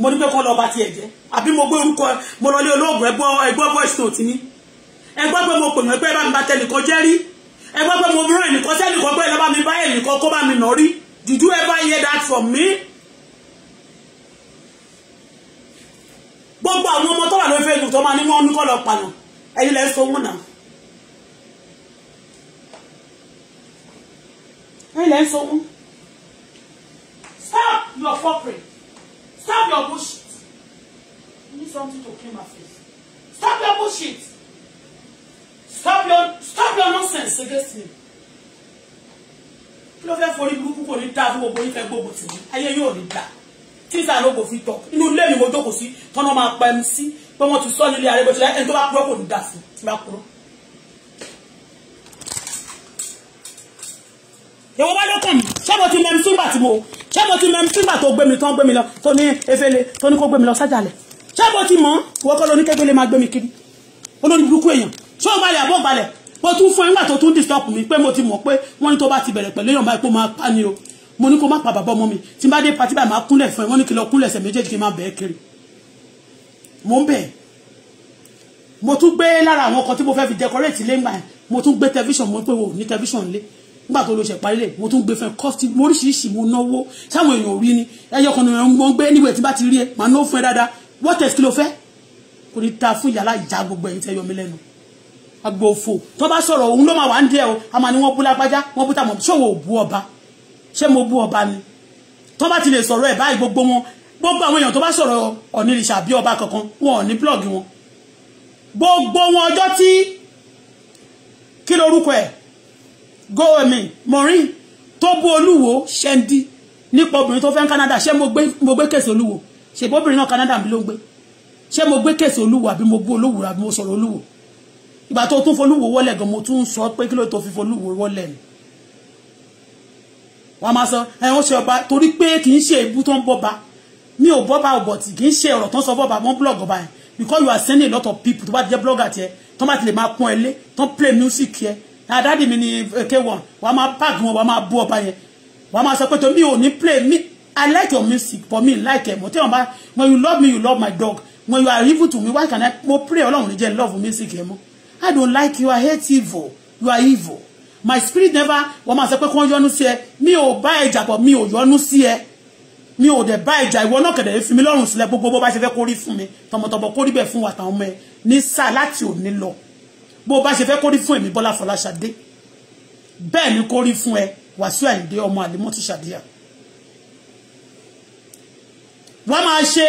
mo ní pé kọ́ lọ́ọ́ bá tiẹ̀ àbí mo gbé orúkọ mo lọ lé olóògùn ẹgbọ́ ẹgbọ́ voice note ni ẹgbọ́ pé mo pè mọ́ pé bá mi bá tẹnìkan jẹ́ rí ẹgbọ́ pé mo rán ẹnìkan sẹ́nìkan pé lọ́ba mi bá ẹnìkan kó bá mi nà rí did you ever hear that from me? gbogbo àwọn ọmọ tó wà lórí Facebook tó máa ní wọ́n ní kọ́ lọ pààyàn ẹ̀yin lẹ́ sọ wọn náà ẹ̀yin lẹ́ sọ wọn stop your fuckery. Stop your bullshit. You need something to clean my face. Stop your bullshit. Stop your stop your nonsense against me. Kí ló fẹ́ forí burúkú kò ní dáa fún gbogbo yín fẹ́ gbogbo tìmí? Ayé yóò ní dáa. Tíṣà ló kò fi tọ̀. Inú ilé mi mo jókòó sí tọ́nà to pa ẹnu sí pé wọ́n ti sọ́ nílé ààrẹ bó ti láì ẹni tó bá kúrò kò ní dáa fún un tí bá kúrò. èwo wá lókàn mi ṣé mo ti mẹ́mi sígbà tí mo ṣé mo ti mẹ́mi sígbà tó gbé mi tán gbé mi lọ tó ní efele tó ní kó gbé lọ sájàlẹ̀ ṣé mo ti mọ̀ wọ́n kọ́ lóní kékeré máa gbé kiri olórí burúkú èèyàn ṣé o balẹ̀ àbọ̀ balẹ̀ mo tún fún ẹgbà tó tún disturb mi pé mo ti mọ̀ pé wọ́n ní tó bá ti bẹ̀rẹ̀ pẹ̀lú èèyàn báyìí máa pa ni o mo ní kó má pa bàbá ọmọ mi tí n bá dé patí báyìí máa kúnlẹ̀ fún ẹ wọ́n ní kí lọ kúnlẹ̀ ẹsẹ̀ méjèèjì kí n máa bẹ̀ẹ́ kiri mo ń bẹ̀ẹ́ mo tún gbé lára àwọn ọkọ̀ tí mo fẹ́ fi decorate ilé ńgbà mo tún gbé tẹlifíṣàn mo pé wo ní tẹlifíṣàn lé nígbà tó lọ ṣe parí lẹ̀ mo tún gbé fún ẹ kọ́fí oríṣiríṣi mo náwó sáwọn èèyàn rí ni ẹyọ kan náà mo ń gbé níbo ẹ̀ tí bá ti rí ẹ màá náwó fún ẹ dáadáa what else kí ló fẹ́ kò ní ta fún yàrá ìjà gbogbo ẹ̀yìn tẹ́ yọ mí lẹ́nu agbófo tó bá sọ̀rọ̀ òun ló máa wà ń dẹ́ o a máa ní wọ́n bú lágbájá wọ́n bú tàmọ̀ ṣé wo bú ọba ṣé mo bú ọba ni tó bá ti lè sọ̀rọ̀ ẹ̀ báyìí gbogbo wọn gbogbo àwọn èèyàn tó bá sọ̀rọ̀ ọ̀nìrìṣà bí ọba kankan wọn ò ní blọ́ọ̀gì wọn gbogbo wọn ọjọ́ go emi Maureen tó bú olúwo ṣẹ́ndí nípa obìnrin tó fẹ́ Canada ṣé mo gbé kèsì olúwo ṣe bóbìnrin náà Canada mi ló gbé ṣé mo gbé kèsì olúwo àbí mo bú olúwo àbí mo sọ̀rọ̀ olúwo ìgbà tó tún folúwo wọlé gan mo tún sọ pé kí ló tó fi folúwo wọlé ni wọ́n máa sọ ẹ̀wọ̀n ṣe ọba torí pé kì í ṣe ibú tó ń bọ́ba mi ò bọ́ba ọ̀bọ̀ tí kì í ṣe ọ̀rọ̀ tó ń sọ bọ́ba wọ́n blọ́ọ̀gì ọba yẹn because you are sending a lot of people tó bá ti jẹ́ blogger tiẹ̀ tó bá ti lè máa pọ́n ẹ lé tó ń play music yẹn àdáàdì mi ni k1 wàá máa park wọn wàá máa bú ọba yẹn wàá máa sọ pé tomi ò ní play me i like your music for me like ẹ mo tẹ́ wọn bá when you love me you love my dog when you are evil to me why can i mo pray ọlọ́run ní jẹ́ love music ẹ mọ́ i don't like you i hate evil you are evil my spirit never wọ́n máa sọ pé kí wọ́n yọnu sí ẹ mi ò bá ẹjà pọ̀ mi ò yọnu sí ẹ mi ò dẹ̀ bá ìjà ìwọ náà kẹ̀dẹ̀ fi mi lọ́rùn sílẹ̀ gbogbo bó bá ṣe fẹ́ kórí fún mi tọmọtọmọ kórí bẹ̀ fún wa àtàwọn ọmọ ẹ ní sáà láti òní lọ bó bá ṣe fẹ́ kó rí fún èmi Bọ́lá Fọláṣadé bẹ́ẹ̀ ni kó rí fún ẹ Wàsíù Àyìndé ọmọ àlèmọ́tì ṣàdíyà wọ́n máa ṣe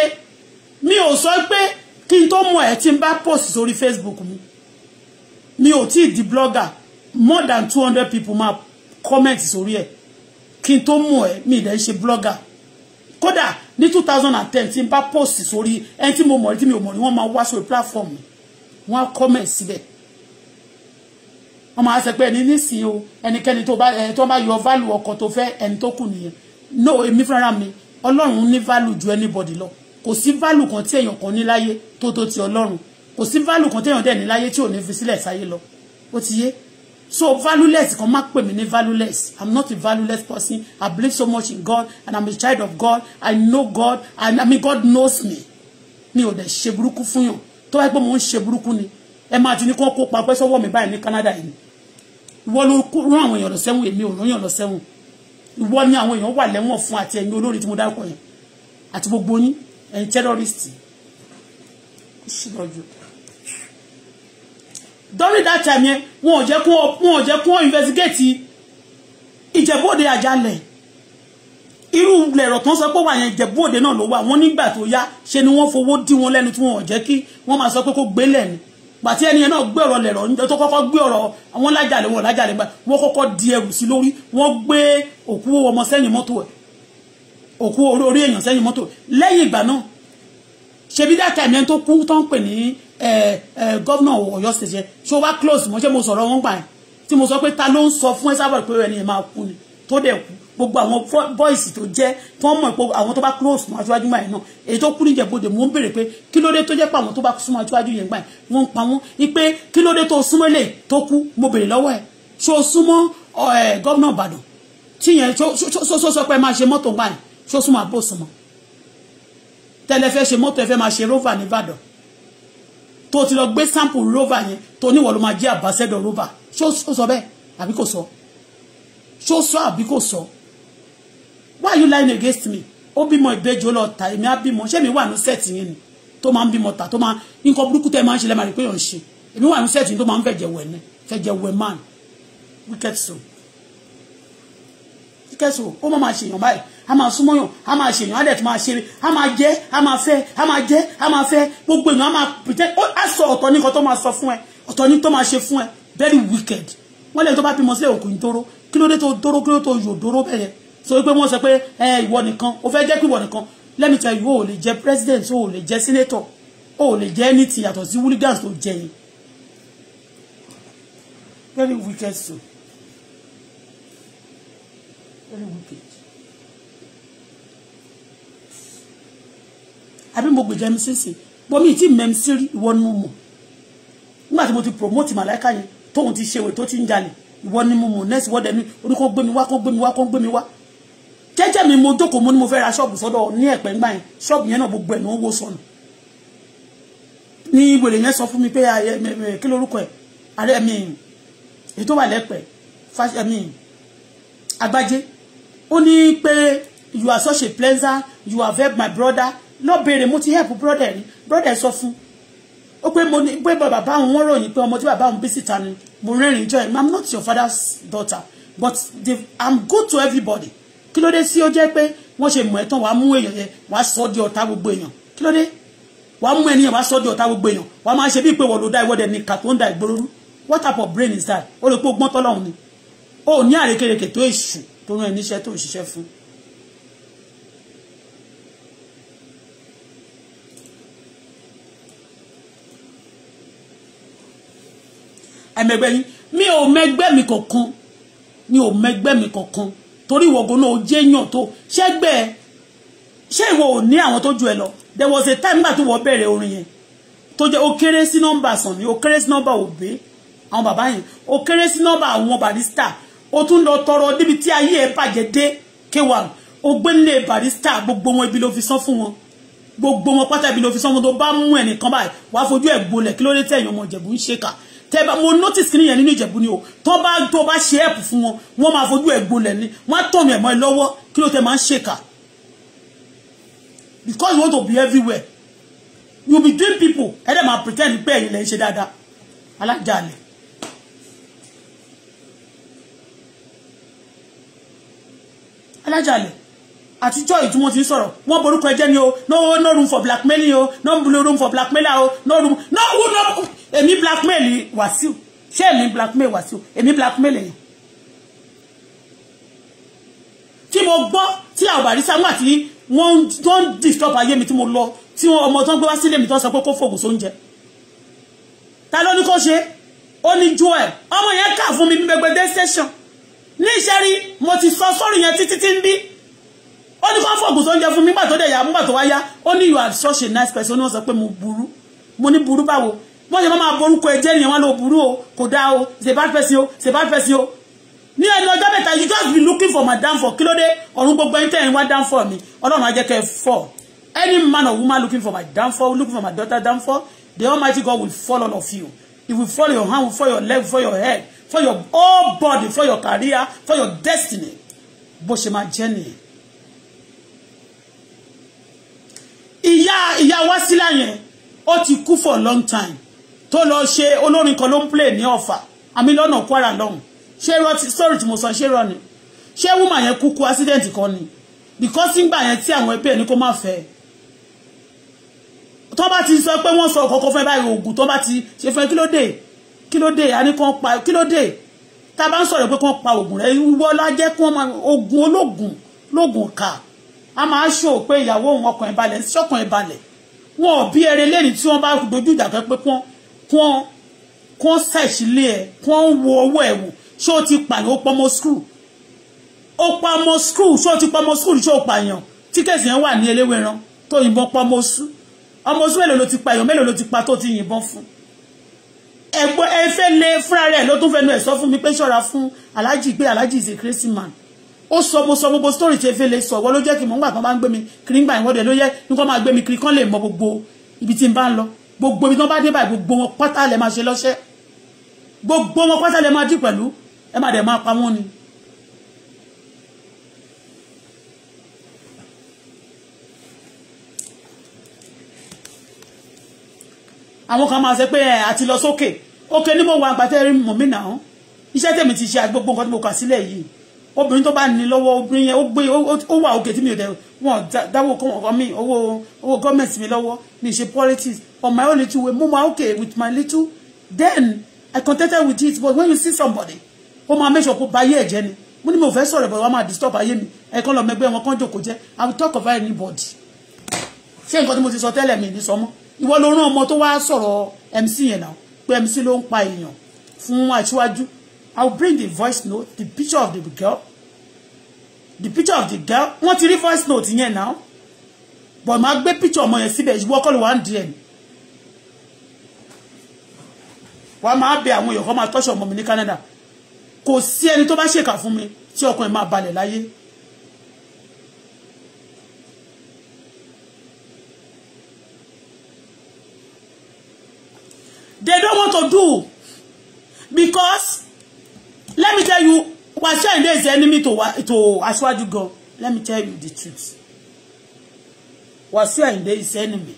mi ò sọ pé kí n tó mọ ẹ tí n bá post sórí Facebook mi mi ò tí ì di blogger more than two hundred people máa comment sórí ẹ kí n tó mọ ẹ mi ìdẹ́ ṣe blogger kódà ní two thousand and ten tí n bá post sórí ẹni tí mo mọ̀ rí tí mi ò mọ̀ rí wọ́n máa wá sórí platform wọ́n á comment síbẹ̀ wọ́n máa sọ pé o ẹnikẹ́ni tó bá ẹni tó bá yọ value ọkọ̀ tó fẹ́ ẹni tó kù nìyẹn no èmi fúnra mi ọlọ́run ní value ju anybody lọ kò sí value kan tí èèyàn kan ní láyé tó tó ti ọlọ́run kò sí value kan tí èèyàn dẹ̀ ní láyé tí ò ní fi sílẹ̀ sáyé lọ ó ti yé so valueless kan má pè mí ní valueless i'm not a valueless person i believe so much in god and i'm a child of god i know god and i mean god knows me mi ò dẹ̀ ṣe burúkú fún yàn tó wáyé pé mò ń ṣe burúkú ni ẹ máa ti ní kó kópa pẹ́ sọ́wọ́ mi báyìí ní Canada yìí ìwọ ló rán àwọn èèyàn lọ sẹ́wọ̀n èmi ò rán èèyàn lọ sẹ́wọ̀n ìwọ ni àwọn èèyàn wà lẹ́wọ̀n fún àti ẹ̀yin olórí tí mo dárúkọ yẹn àti gbogbo yín ẹ̀yin terrorist ṣùgbọ́n during that time yẹn wọn ò jẹ́ kó wọn ò jẹ́ kó investigate ìjẹ́bóde àjálẹ̀ irú lẹ̀rọ̀ tó ń sọ pé wà yẹn ìjẹ́bóde náà ló wà wọ́n nígbà tó yá ṣe ni wọ́n fowó dí wọn lẹ́nu tí wọn ò jẹ́ kí wọ́n máa sọ pé kó gbélẹ̀ ni pàtí ẹni yẹn náà gbé ọ̀rọ̀ lẹ̀rọ̀ níjọ tó kọ́kọ́ gbé ọ̀rọ̀ àwọn lájàlẹ̀ wọn lájàlẹ̀ gbà wọ́n kọ́kọ́ di ẹrù sí lórí wọ́n gbé òkú ọmọ sẹ́yìn mọ́tò ẹ̀ òkú orí èèyàn sẹ́yìn mọ́tò lẹ́yìn ìgbà náà ṣebí dá tàìmí ẹni tó kú tó ń pè ní gọ́vnà ọ̀yọ́ ṣẹṣẹ ṣó wá close mọ́ ṣé mo sọ̀rọ̀ wọn gbà ẹ̀ tí mo sọ pé ta ló ń sọ fún ẹ sábà pé ẹni yẹn máa kú ni tó dẹ̀ kú gbogbo àwọn boys tó jẹ́ tó mọ̀ pé àwọn tó bá close mọ́ aṣáájú máa náà èyí tó kú ní ìjẹ̀bọdè mò ń béèrè pé kí ló dé tó jẹ́ pé àwọn tó bá súnmọ́ aṣáájú yẹn gbà wọ́n ń pa wọ́n ni pé kí ló dé tó súnmọ́ lè tó kú mo béèrè lọ́wọ́ ẹ̀ ṣó súnmọ́ gómìnà Ìbàdàn tí yẹn ṣó sọ pé máa ṣe mọ́tò gbà ní ṣó súnmọ́ àbò súnmọ́ tẹ́lẹ̀ fẹ́ ṣe mọ́tò ẹ máa ṣe rover ní Ìbàdàn tó ti lọ gbé sample rover yẹn tó níwọ̀ ló rover ṣó sọ bẹ́ẹ̀ àbí kò sọ àbí kò sọ why are you lying against me ó bímọ ìbejì ó lọ ta èmi á bímọ ṣé èmi wà ní sẹ́ẹ̀tì yẹn ni tó máa ń bímọ ta tó máa nǹkan burúkú tẹ́ máa ń ṣe lẹ́ẹ̀ máa rí pé yàn ń ṣe èmi wà ní sẹ́ẹ̀tì yẹn tó máa ń fẹ̀jẹ̀ wẹ̀ ni fẹ̀jẹ̀ wẹ̀ man wicked soul wicked soul ó máa máa ṣèyàn báyìí a máa súnmọ́ yàn a máa ṣèyàn á dẹ̀ tó máa ṣeré a máa jẹ́ a máa fẹ́ a máa jẹ́ a máa fẹ́ gbogbo èèyàn a máa pretend ó á sọ ọ̀tọ̀ ní nǹkan tó máa sọ fún ẹ ọ̀tọ̀ ní tó máa ṣe fún ẹ very wicked wọ́n lẹ́yìn tó bá bímọ sílẹ̀ òkú ìdóró kí ló dé tó dóró kí ló dé tó yòdóró bẹ́ẹ̀ so pé wọ́n sọ pé ẹ ìwọ nìkan o fẹ́ jẹ́ pé ìwọ nìkan let me tell you o lè jẹ́ president o lè jẹ́ senator o lè jẹ́ anything yàtọ̀ sí hooligans tó jẹ yín very wicked so very wicked. àbí mo gbèjà mi sínsìn bomi tí mẹ́m sí rí ìwọ nínú mọ̀ nígbà tí mo ti promote màláìka yẹn tóun ti ṣe ìwé tó ti ń jalè ìwọ ni mo mọ̀ next word ẹni orí kó gbé mi wá kó gbé mi wá kó gbé mi wá jẹ́jẹ́ mi mo jókòó mo ní mo fẹ́ ra ṣọ́ọ̀bù sọ́dọ̀ ní ẹ̀pẹ́ ńgbà yẹn ṣọ́ọ̀bù yẹn náà gbogbo ẹ̀ ní wọ́n wó sọnù ní ìwèrè yẹn sọ fún mi pé ah, kí lorúkọ ẹ̀ ààrẹ mi èyí tó wà lẹ́pẹ́ mi agbájé ó ní pé you are such a pleasant you have helped my brother lọ béèrè mo ti help brother rí brother sọ fún ó pé mo ní pé bàbá òun wọ́n ròyìn pé ọmọ tí bàbá òun bí síta ni mo rẹ́rìn-ín jọ ẹ̀ i'm not your father's daughter but they, i'm good to everybody kí ló dé sí ó jẹ́ pé wọ́n ṣe mọ̀ ẹ́ tán wàá mú èèyàn yẹn wàá sọ di ọ̀tá gbogbo èèyàn kí ló dé wàá mú ẹniyàn wàá sọ di ọ̀tá gbogbo èèyàn wàá máa ṣe bí pé wọ́n ló dá ìwọ́dẹ ní kàtó ń da ìgboro what type of brain is that ó lè pé ó gbọ́n tọ́lọ́run ni ó ní àrékèrèkè tó èṣù tó rán ẹ tó ń ṣiṣẹ́ fún ẹ̀mẹ̀gbẹ́ yín mi ò mẹgbẹ́ mi kankan mi ò mẹgbẹ́ mi kankan torí ìwọ̀gùn náà jẹ́ yàn tó ṣẹ́gbẹ́ ṣé ìwọ ò ní àwọn tó ju ẹ lọ there was a time nígbà tó wọ́ bẹ̀rẹ̀ orin yẹn tó jẹ́ ó kéré sí nọ́mbà sàn ni ó kéré sí nọ́mbà òbí àwọn bàbá yẹn ó kéré sí nọ́mbà àwọn barista ó tún lọ tọrọ níbi tí ayé ẹ bàjẹ́ dé k1 ó gbé nílé barista gbogbo wọn ibi ló fi san fún wọn gbogbo wọn pátá ibi ló fi san fún wọn tó bá mú ẹnìkan báyìí wàá fojú ẹ gbolẹ̀ kí ló dé tẹ̀yìn ọmọ ìjẹ̀bù ń ṣèkà tẹ bá mo notice kí nìyẹn nínú ìjẹ̀bú ni o tó bá tó bá ṣe ẹ̀pù fún wọn wọ́n máa fojú ẹ̀ gbolẹ̀ ni wọ́n á tọ̀nù ẹ̀mọ́ ẹ lọ́wọ́ kí ló tẹ máa ń because you want to be everywhere you be doing people ẹ dẹ̀ máa pretend pé ẹ̀yin lẹ̀ ń ṣe dáadáa alájàlẹ̀ àtijọ́ yìí tí wọ́n ti ń sọ̀rọ̀ wọ́n borúkọ ẹjẹ́ ni o no no room for blackmailing o no room for blackmailer o no room no who no èmi blackmail Wàsíù ṣé èmi blackmail Wàsíù èmi blackmail èèyàn tí mo gbọ́ tí àwọn àrísà wọn àti wọ́n ń disturb ayé mi tí mo lọ tí ọmọ tó ń gbé wá sílé mi tó ń sọ pé kó fògùn sóúnjẹ ta ló ní kó ṣe ó ní Joel ọmọ yẹn kà fún mi ní gbẹgbẹdẹ station ní ìṣẹ́rí mo ti sọ sọ́rọ̀ yẹn títí tí ń bí ó ní kó fọ̀gùn sóúnjẹ fún mi nígbà tó dẹ̀ yà nígbà tó wá yá ó ní you are such a nice person ó ní wọ́n sọ pé mo burú mo ní burú báwo wọ́n yẹ máa borúkọ ẹ̀jẹ̀ ni wọ́n lò burú o kò dáa o ṣe bad person o ṣe bad person o ní ẹnu ọjọ́ mẹ́ta you just be looking for my downfall kí ló dé ọ̀run gbogbo ẹni tẹ́yìn wá downfall mi ọlọ́run á jẹ́ kẹ́ ẹ fall any man or woman looking for my for. looking for my daughter for. the almighty God will fall on of you he will fall your hand will fall your leg fall your head for your whole body for your career for your destiny bó ṣe máa jẹ́ nìyẹn ìyá ìyá Wasila yẹn ó ti kú for long time tó lọ ṣe olórin kan ló ń play ní Ọ̀fà àmì lọ́nà Kwara lọ́hùn ṣé rọ story tí mo sọ ṣé rọ ni ṣé wúmà yẹn kú accident kan ni because ngbà yẹn tí àwọn ẹbí ẹ̀ ní kó má fẹ́ tó bá ti sọ pé wọ́n sọ kọ́kọ́ fẹ́ báyìí oògùn tó bá ti ṣe fẹ́ kí ló dé kí ló dé àní kan pa kí ló dé tá a bá ń sọ̀rọ̀ pé kí wọ́n pa oògùn rẹ̀ wọ́n lájẹ́ kí wọ́n máa oògùn olóògùn lóògùn kà a máa ṣó pé ìyàwó òun ọkàn ẹ̀ balẹ̀ ṣọ́kàn ẹ̀ balẹ̀ wọn ò bí ẹrẹ lẹ́ni tí wọ́n bá dojú ìjà kan pé kún kún kún ṣẹ̀ṣílẹ̀ ẹ̀ kún wo owó ẹ̀ wò ṣé o ti pààyàn ó pọmọ skul ó pọmọ skul ṣé o ti pọmọ skul ṣé o pààyàn tíkẹ́sì yẹn wà ní eléwéran tó yìnbọn pọmọ skul ọmọ oṣù mélòó ló ti pa èèyàn mélòó ló ti pa tó ti yìnbọn fún ẹgbọ́n ẹ fẹ́ lé fúnra rẹ̀ ló tún fẹnu ẹ̀ sọ fún mi pé ṣọ́ra fún aláàjì pé aláàjì is a crazy man ó sọ mo sọ gbogbo story tí efele sọ wọ́n ló jẹ́ kí mo ń gbà kan bá ń gbé mi kiri ń gbà ìwọ́de ló yẹ kí wọ́n máa gbé mi kiri kán lè mọ gbogbo ibi tí n bá ń lọ gbogbo ibi tí wọ́n bá dé báyìí gbogbo wọn pátá lè máa ṣe lọ́ṣẹ́ gbogbo wọn pátá lè máa dì pẹ̀lú ẹ má dẹ̀ máa pa wọ́n ni. àwọn kan máa ṣe pé ẹ àti lọ sókè òkè ni mo wà àgbàtẹ́rì mọ̀mí náà iṣẹ́ tèmi ti ṣe àgbogbo nǹkan tí mo kà sílẹ̀ yìí obìnrin tó bá ní lọ́wọ́ obìnrin yẹn ó gbé ó wà òkè tí mi ò dẹ̀ wọ́n dáwọ́ kọ́ mi owó owó gọ́ọ̀mẹ̀ntì mi lọ́wọ́ mi ṣe politics on my own little way mo máa okay with my little then I contented with it but when you see somebody ó máa make sure kó ba ayé ẹ̀ jẹ́ ni mo ní mo fẹ́ sọ̀rọ̀ but wọ́n máa disturb ayé mi ẹ̀kan lọ mẹgbẹ́ wọn kán jòkó jẹ́ I will talk about anybody ṣé nǹkan tí mo ti sọ tẹ́lẹ̀ mi ní sọmọ́ ìwọ ló rán ọmọ tó wá sọ̀rọ̀ MC yẹn náà pé MC ló ń pa èèyàn fún aṣíwájú I'll bring the voice note, the picture of the girl. The picture of the girl. Want ti rí voice note in here now. But my gbé picture ọmọ yẹn síbẹ̀ ìwọ kọ́ ló wà ń di ẹ̀. Wà á máa bẹ àwọn èèyàn kan máa tọ́ṣọ ọmọ Canada. Kò sí ẹni tó bá ṣèkà for me. tí ọkàn ẹ̀ máa balẹ̀ láyé. They don't want to do because Let me tell you, Wasiu Ayinde is the enemy to, to Asiwaju God. Let me tell you the truth. Wasiu Ayinde is the enemy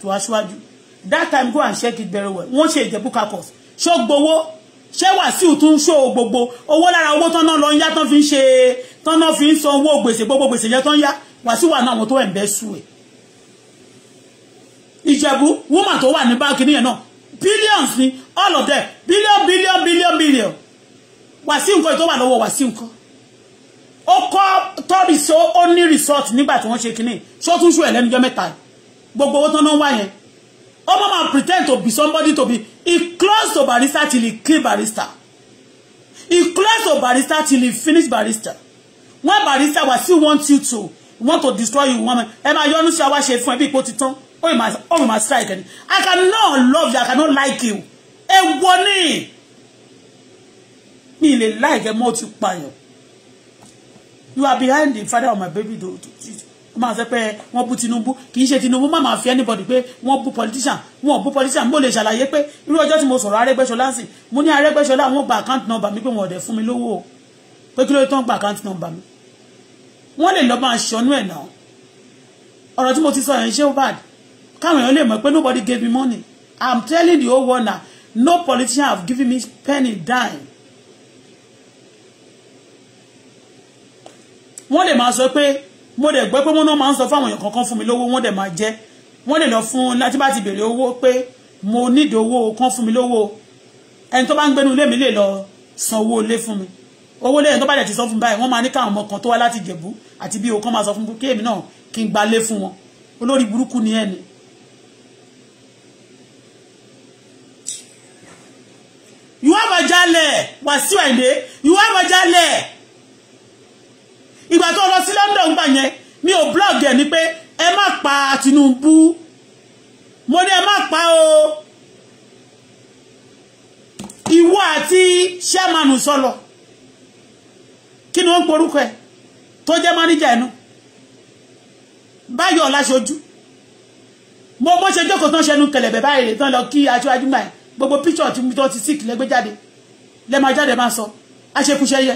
to Asiwaju. That time, go and check it very well. Wọ́n ṣe Ìjẹ̀bú-Ká course. show Bobo. Share what tún ṣó gbogbo. Owó lára owó tán náà lọ ń yá tán fi ń ṣe tán náà fi ń san owó gbèsè gbogbo gbèsè yẹn tán yá. Wasiu wà náà wọn tó ẹ̀ǹbẹ́ sú ẹ̀. Ìjẹ̀bú, woman tó wà ní báńkì nìyẹn náà. Billions ni all of them. Billion Wàsíù nǹkan tó wà lọ́wọ́ Wàsíù nǹkan ó kọ́ tọ́bi so ó ní resort nígbà tí wọ́n ṣe kínní ṣótúnṣù ẹ̀ lẹ́nujọ́ mẹ́ta gbogbo owó tán náà wà yẹn ó mọ̀ máa pretend to be somebody to be he close to barista till he kill barista he close to barista till he finish barista when barista Wàsíù want you to want to destroy you woman ẹ máa yọnu sí àwa ṣe fún ẹ bí ipò ti tán ó ì máa strike ẹni I cannot love you I cannot like you ẹ wọ mi like láìkẹ́ mọ́ ti pààyàn you are behind the father of my baby Do, wọ́n máa sọ pé wọ́n bú Tinubu kì í ṣe Tinubu má máa fi anybody pé wọ́n bú politician wọ́n bú politician mo lè ṣàlàyé pé irú ọjọ́ tí mo sọ̀rọ̀ Arẹ́gbẹ́ṣọlá sí mo ní Arẹ́gbẹ́ṣọlá wọ́n gba account number mi pé wọ́n ọ̀dẹ̀ fún mi lówó o pé kí ló tán gba account number mi wọ́n lè lọ máa ṣọnú ẹ̀ náà ọ̀rọ̀ tí mo ti sọ yẹn ṣé bad káwọn èèyàn lè mọ̀ pé nobody gave me money I'm telling the whole world now no politician have given me penny dime wọ́n lè máa sọ pé mo dẹ̀ gbọ́ pé wọ́n náà máa ń sọ fáwọn èèyàn kankan fún mi lówó wọ́n dẹ̀ máa jẹ́ wọ́n lè lọ fún láti bá ti bèrè owó pé mo nídìí owó kan fún mi lówó ẹni tó bá ń gbénu ilé mi lè lọ san owó ilé fún mi owó lẹ́yìn tó bá dẹ̀ ti sọ fún báyìí wọ́n máa ní káwọn ọmọ kan tó wá láti jẹ̀bú àti bí okan máa sọ fún kí èmi náà kí n gbalé fún wọn olórí burúkú ni ẹni you have a jalè Wàsíù Àyìndé you have a jalè ìgbà tó lọ sí London gbà yẹn mi ò blog ẹ̀ ni pé ẹ má pa Tinubu mo ní ẹ má pa o ìwọ àti sẹ́mánù sọlọ kí ni wọ́n ń porúkọ ẹ̀ tó jẹ́ máníjà ẹ̀ náà báyọ̀ ọ̀làṣojú mo bó ṣe jókòó tán ṣẹnu kẹlẹ̀bẹ̀ báyìí tán lọ kí aṣáájú máa gbogbo píṣọ̀ tí mo ti sík lẹ́gbẹ́ jáde lẹ́ẹ̀ máa jáde máa sọ àṣekúṣẹ́yẹ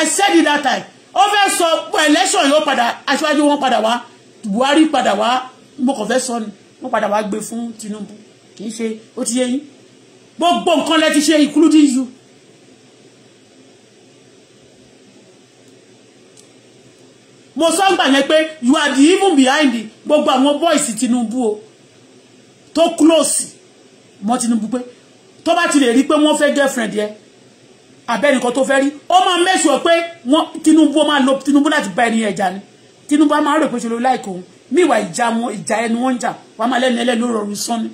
I said it that time ó fẹ́ sọ election yóò padà aṣáájú wọn padà wá Buhari padà wá mo kàn fẹ́ sọ ni wọ́n padà wá gbé fún Tinubu kì í ṣe ó ti yé yín gbogbo nǹkan lẹ ti ṣe including you. mo sọ gbà yẹn pé you are the even behind the gbogbo àwọn boys Tinubu o tó close mọ́ Tinubu pé tó bá ti lè rí pé wọ́n fẹ́ girlfriend yẹn abẹ́nìkan tó fẹ́ rí ó máa make sure pé wọ́n Tinubu ó máa lo Tinubu láti bá ẹni ẹja ni Tinubu á máa rò pé ṣe ló láìkó òun míwà ìjà wọn ìjà ẹni wọn ń jà wàá máa lẹ́nu ẹlẹ́nu rọrùn sán ni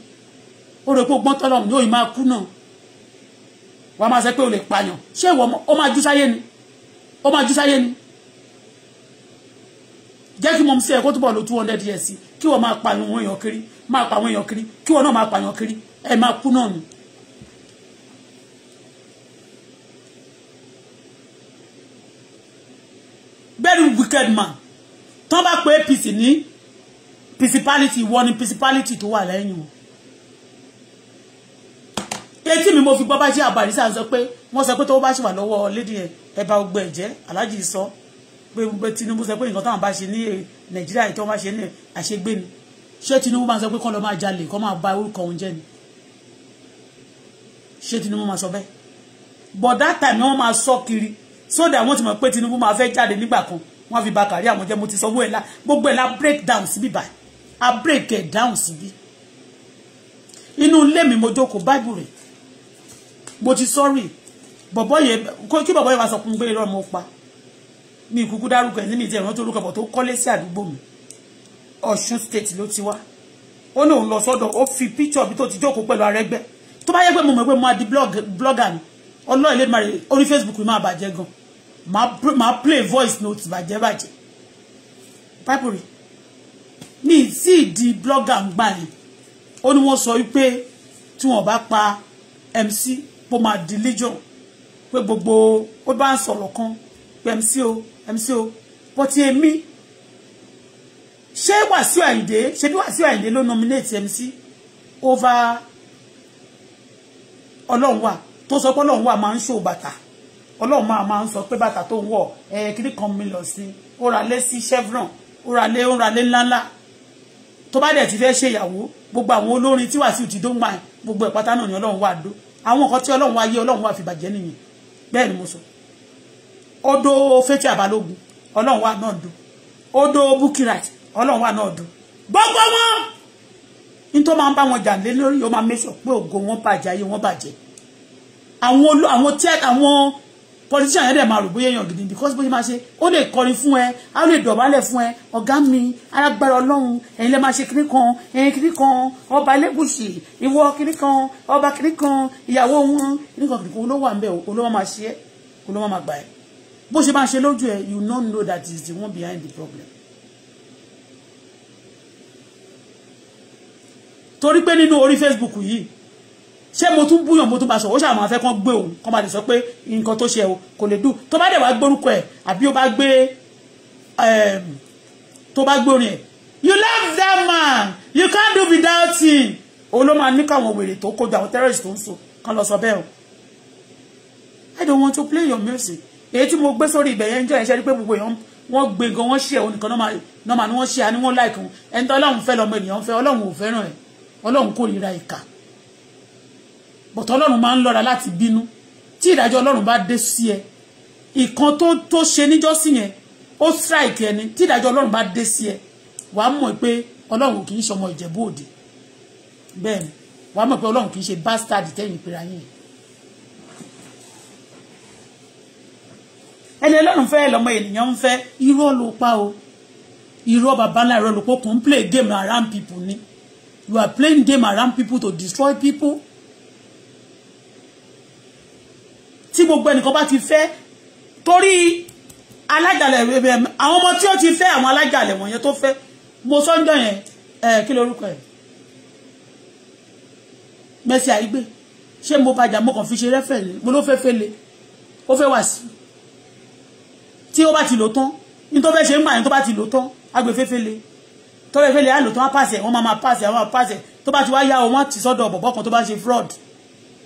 ó rò pé ó gbọ́n tọ́lọ̀ ní òyìn máa kú náà wàá máa sọ pé ó lè pààyàn ṣé ìwọ ó máa jú sáyé ni ó máa jú sáyé ni jẹ́ kí mo sí ẹ̀ kó túbọ̀ lo two hundred years kí wọ́n máa pààyàn àwọn èèyàn kiri máa pààyàn èèyàn kiri kí wọ́n náà máa pààyàn kiri ẹ̀ máa kú náà ni wicked man tán bá pé apc ní principality ìwọ ni principality tó wà lẹ́yìn wọn etí mi mo fi gbọ́ bá jẹ́ àbàrísà sọ pé wọ́n sọ pé tó bá ṣì wà lọ́wọ́ lédi ẹ̀ ẹ bá gbọ́ ẹ̀jẹ̀ aláàjì sọ pé pé Tinubu sọ pé nǹkan táwọn bá ṣe ní Nàìjíríà tí wọ́n bá ṣe ní àṣegbè ni ṣé Tinubu máa sọ pé kọ́ lọ máa jalè kọ́ máa ba orúkọ òun jẹ́ ni ṣé Tinubu máa sọ bẹ́ẹ̀ but that time wọ́n máa sọ kiri so that wọ́n ti mọ̀ pé Tinubu máa fẹ́ jáde nígbà kan wọ́n fi ba kàrí àwọn jẹ́ mo ti sanwó ẹ̀ la gbogbo ẹ̀ la break down síbí báyìí a break ẹ̀ down síbí inú ilé mi mo jókòó báìbù rẹ̀ mo ti sọ́ọ̀rì bọ̀bọ́ yẹn kí bọ̀bọ́ yẹn wá sọ fún mi pé irọ́ mo pa mi kúkú dárúkọ ẹ̀ níbi tí ẹ̀rọ tó lókọ̀ bọ̀ tó kọ́lé sí àdúgbò mi Ọ̀ṣun state ló ti wá ó ní òun lọ sọ́dọ̀ ó fi píṣọ̀ bí tó ti jókòó pẹ̀lú Arẹ́gbẹ́ tó bá yẹ pé mo mọ̀ pé mo máa di blogger ni ọlọ́ọ̀lẹ́ orí Facebook mi máa bàjẹ́ gan-an màá play voice note bàjẹ́ bàjẹ́ pipery mi tí ì di blogger ń gbà yẹn ó ní wọ́n sọ wípé tí wọ́n bá pa MC bó máa di legion pé gbogbo ó bá ń sọ̀rọ̀ kan pé MC o MC o bọ́tí èmi ṣé Wàsíù Àyìndé ṣé bí Wàsíù Àyìndé ló nominate MC over ọlọ́run wà tó sọ pé ọlọ́run wà máa ń ṣó bàtà ọlọ́run máa máa ń sọ pé bàtà tó ń wọ̀ ẹ kiri kan mílíọ̀n sí ó sí chevron ó ra lé ó ra lé ńláńlá tó bá dẹ̀ ti fẹ́ ṣe ìyàwó gbogbo àwọn olórin tí Wasiu ti dóńgbà gbogbo ẹ̀ pátá náà ni ọlọ́run wà dó àwọn nǹkan tí ọlọ́run wá yé ọlọ́run wá fi bàjẹ́ nìyẹn bẹ́ẹ̀ ni mo sọ odò fẹ́tí àbálógun ọlọ́run wà náà dó odò bukirat ọlọ́run wà náà dó gbogbo wọn ní tó máa ń bá wọn jà lé lórí ó máa mẹ́sàn pé ògo wọn bàjẹ́ ayé wọn bàjẹ́ àwọn àwọn politician yẹn dẹ̀ máa rò bóyá èèyàn gidi because bó ṣe máa ṣe ó lè kọrin fún ẹ á lè dọ̀bálẹ̀ fún ẹ ọ̀gá mi alágbára ọlọ́run ẹ̀yin lè máa ṣe kinní kan ẹ̀yin kinní kan ọba elégùsì ìwọ kinní kan ọba kinní kan ìyàwó wọn kinní kan kìnìkan olówó àmbẹ olówó máa ṣe ẹ olówó máa gbà ẹ bó ṣe máa ṣe lójú ẹ you no know that is the one behind the problem. torí pé nínú orí Facebook yìí ṣé mo tún búyàn mo tún bá sọ ó ṣàmọ́ afẹ́ kan gbé òun kan bá lè sọ pé nǹkan tó ṣe o kò lè dùn tó bá dẹ̀ wá gbórúkọ ẹ̀ àbí ó bá gbé ehm, tó bá gbórin ẹ̀ you love that man you can't do without him òun ló máa ní káwọn wèrè tó kojú àwọn terrorist tó ń so kan lọ sọ bẹ́ẹ̀ o I don't want to play your music èyí tí mo gbé sórí ibẹ̀ yẹn ń jẹ́ ìṣẹ́ rí pé gbogbo èèyàn wọ́n gbé gan wọ́n ṣe òun nìkan náà mà ní wọ́n ṣe àní wọ́n láìkún ẹni tó ọlọ́run fẹ́ lọ́mọ ènìyàn fẹ́ ọlọ́run ò fẹ́ràn ẹ̀ ọlọ́run kórìíra ìkà but ọlọ́run máa ń lọ́ra láti bínú tí ìdájọ́ ọlọ́run bá dé sí ẹ ìkan tó tó ṣe níjọ́sí yẹn ó strike ẹni tí ìdájọ́ ọlọ́run bá dé sí ẹ wàá mọ̀ pé ọlọ́run kì í ṣe ọmọ ìjẹ̀bú òde bẹ́ẹ̀ ni wàá mọ̀ pé ọlọ́run kì í ṣe bastard tẹ́yìn ìpera yín ẹni ọlọ́run fẹ́ lọ́mọ ènìyàn ń fẹ́ irọ́ pa o irọ́ bàbá ńlá irọ́ ló pọ̀ kò play game around people ni you are playing game around people to destroy people tí gbogbo ẹnìkan bá ti fẹ́ torí alájàlẹ̀ eh, àwọn ọmọ tí ó ti fẹ́ àwọn alájàlẹ̀ wọ̀nyẹn tó fẹ́ mo sọ́njọ́ yẹn ẹ̀ eh, kí lorúkọ ẹ̀ Mercy Aigbe ṣé mo bàjá mo kàn fi ṣe rẹ́fẹ̀ lé mo ló fẹ́ fẹ́ lé ó fẹ́ wà sí tí ó bá ti lò tán ní tó fẹ́ ṣe ń gbà ní tó bá ti lò tán agbèfẹ́fẹ́ lé tọ́lẹ̀ fẹ́ lè á lò tán á pàṣẹ wọ́n máa máa pàṣẹ àwọn máa pàṣẹ tó bá ti wá yá o wọ́n ti sọ́dọ̀ bọ̀bọ́ kan tó bá ṣe fraud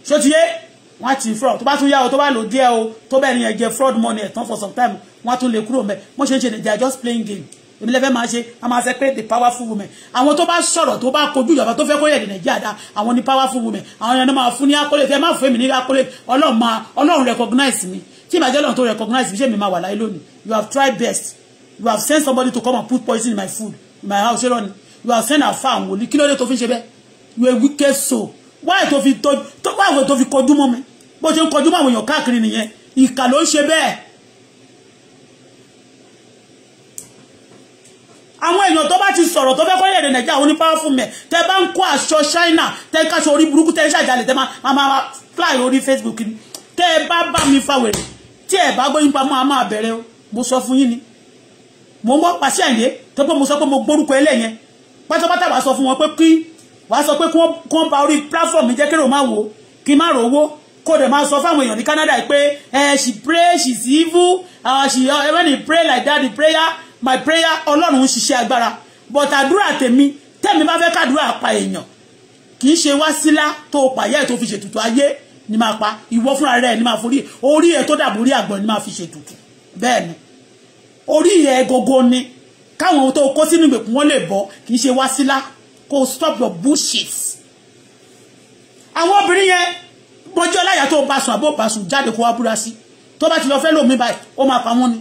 ṣó ti yé wọ́n á ti fraud tó bá tún yá o tó bá lò díẹ̀ o tó bẹ́ẹ̀ ni ẹ fraud money ẹ̀tàn for some time wọ́n á tún lè kúrò mẹ́ wọ́n ṣe ń ṣe they are just playing game èmi lẹ́fẹ́ máa ṣe a máa ṣe pé the powerful women àwọn tó bá sọ̀rọ̀ tó bá kojú ìjọba tó fẹ́ kó yẹ̀dì nàìjíríà dá àwọn ni powerful women àwọn yẹn máa fún ní akólé fẹ́ máa fún èmi ní akólé ọlọ́run máa ọlọ́run recognize mi tí ìbàjẹ́ ọlọ́run tó recognize mi ṣé mi máa wà láyé lónìí you have tried best you have sent somebody to come and put poison in my food in my house ṣé lọ́ni you have sent àfa àwọn wòlíì kí ló dé tó fi ṣe bẹ́ẹ̀ you a wicked soul why tó fi tọ́jú why tó fi kọjú mọ́ mi bó ṣe ń kọjú mọ́ àwọn èèyàn káàkiri nìyẹn ìkà ló ń ṣe bẹ́ẹ̀ àwọn èèyàn tó bá ti sọ̀rọ̀ tó fẹ́ kọ́ èdè nàìjíríà ó ní powerful men tẹ bá ń kó aṣọ china tẹ káṣọ orí burúkú tẹ ń ṣàjálẹ̀ tẹ máa máa fly orí facebook ni tẹ bá bá mi fa wèrè tí ẹ bá gbóyún pamọ́ a máa bẹ̀rẹ̀ o mo sọ fún yín ni mo mọ́ pàṣẹ àyè tó pé mo sọ pé mo gbórúkọ ẹlẹ́yẹn pátápátá wàá sọ fún wọn pé kí wàá sọ pé kí wọ́n ba orí platform jẹ́ kérò kí má rò owó kó dẹ̀ máa sọ fáwọn èèyàn ní Canada pé ẹ eh, she pray ah, she is evil uh, ah, she uh, when he pray like that the prayer my prayer ọlọ́run ń ṣiṣẹ́ agbára but àdúrà tèmi tèmi bá fẹ́ kàdúrà pa èèyàn kì í ṣe wá sílá tó pàyẹ́ tó fi ṣètùtù ayé ni máa pa ìwọ fúnra rẹ ni máa forí orí ẹ tó dàbò orí àgbọn ni máa fi ṣètùtù bẹ́ẹ̀ ni orí ẹ gogo ni káwọn tó kó sínú ìgbèkùn wọn lè bọ́ kì í ṣe wá sílá kó stop your bullshit àwọn obìnrin yẹn bọ́jọ́ láyà tó bá sùn àbó bá sùn jáde kó wá búra sí tó bá ti lọ fẹ́ lómi báyìí ó máa pa wọ́n ni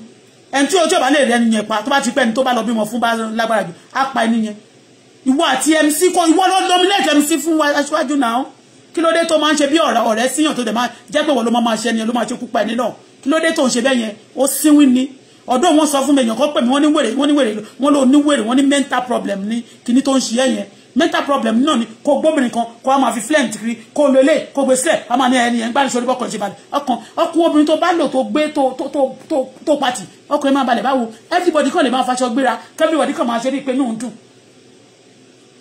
ẹni tí ojú ọba lè rẹ nìyẹn pa tó bá ti pẹ́ ni tó bá lọ bímọ fún bá lágbára jù á pa ẹni yẹn ìwọ àti MC kọ ìwọ ló dominate MC fún wa aṣáájú náà kí ló dé tó máa ń ṣe bí ọ̀rẹ́ ọ̀rẹ́ síyàn tó dẹ̀ máa jẹ́ pé wọ́n ló máa ṣe ẹni ló máa ṣe kúpa ẹni náà kí ló dé tó ń ṣe bẹ́ẹ̀ ó síwìn ni ọ̀dọ́ wọn sọ fún mi èèyàn kan pè wọ́n ní wèrè wọ́n ní wèrè wọ́n ló ní wèrè wọ́n ní mental problem ní kinní tó ń ṣe yẹn mental problem náà ni kò gbómìnir kan kò á máa fi flẹ́ǹtì kiri kò lélẹ̀ kò gbé sílẹ̀ á máa ní ẹni yẹn gbánisọ̀ nípa ọkùnrin ṣe balẹ̀ ọkàn ọkùn obìnrin tó bá lò tó gbé tó pati ọkùnrin máa balẹ̀ báwo everybody kàn lè máa faṣọ gbéra everybody kàn máa ṣe rí i pé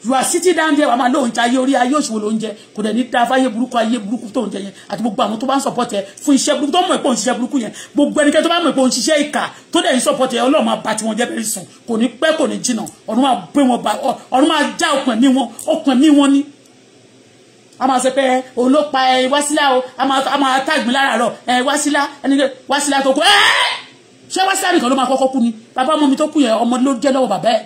you are sitting down there wàá máa lóun jẹ ayé orí ayé òṣùwò ló ń jẹ kò dẹ̀ ní da fáyé burúkú ayé burúkú tó ń jẹ yẹn àti gbogbo àwọn tó bá ń support ẹ fún iṣẹ́ burúkú tó mọ̀ ẹ̀ pé òun ṣiṣẹ́ burúkú yẹn gbogbo ẹnikẹ́ni tó bá mọ̀ ẹ̀ pé òun ìkà tó dẹ̀ ń support ẹ ọlọ́run máa bà tiwọn jẹ́ bẹ́ẹ̀ sùn kò ní pẹ́ kò ní jìnà ọ̀run máa gbé wọn bá ọ̀run máa já okùn ẹ̀mí wọn okùn ẹ̀mí wọn ni a máa sọ pé òun ló pa ẹ wásílà o a máa tàgbìn lára rọ ẹ wásílà ẹni wásílà tó kú ẹ ṣé wásílà nìkan ló máa kọ́kọ́ kú ni bàbá ọmọ mi tó kú yẹn ọmọ ló jẹ́ lọ́wọ́ bàbá ẹ̀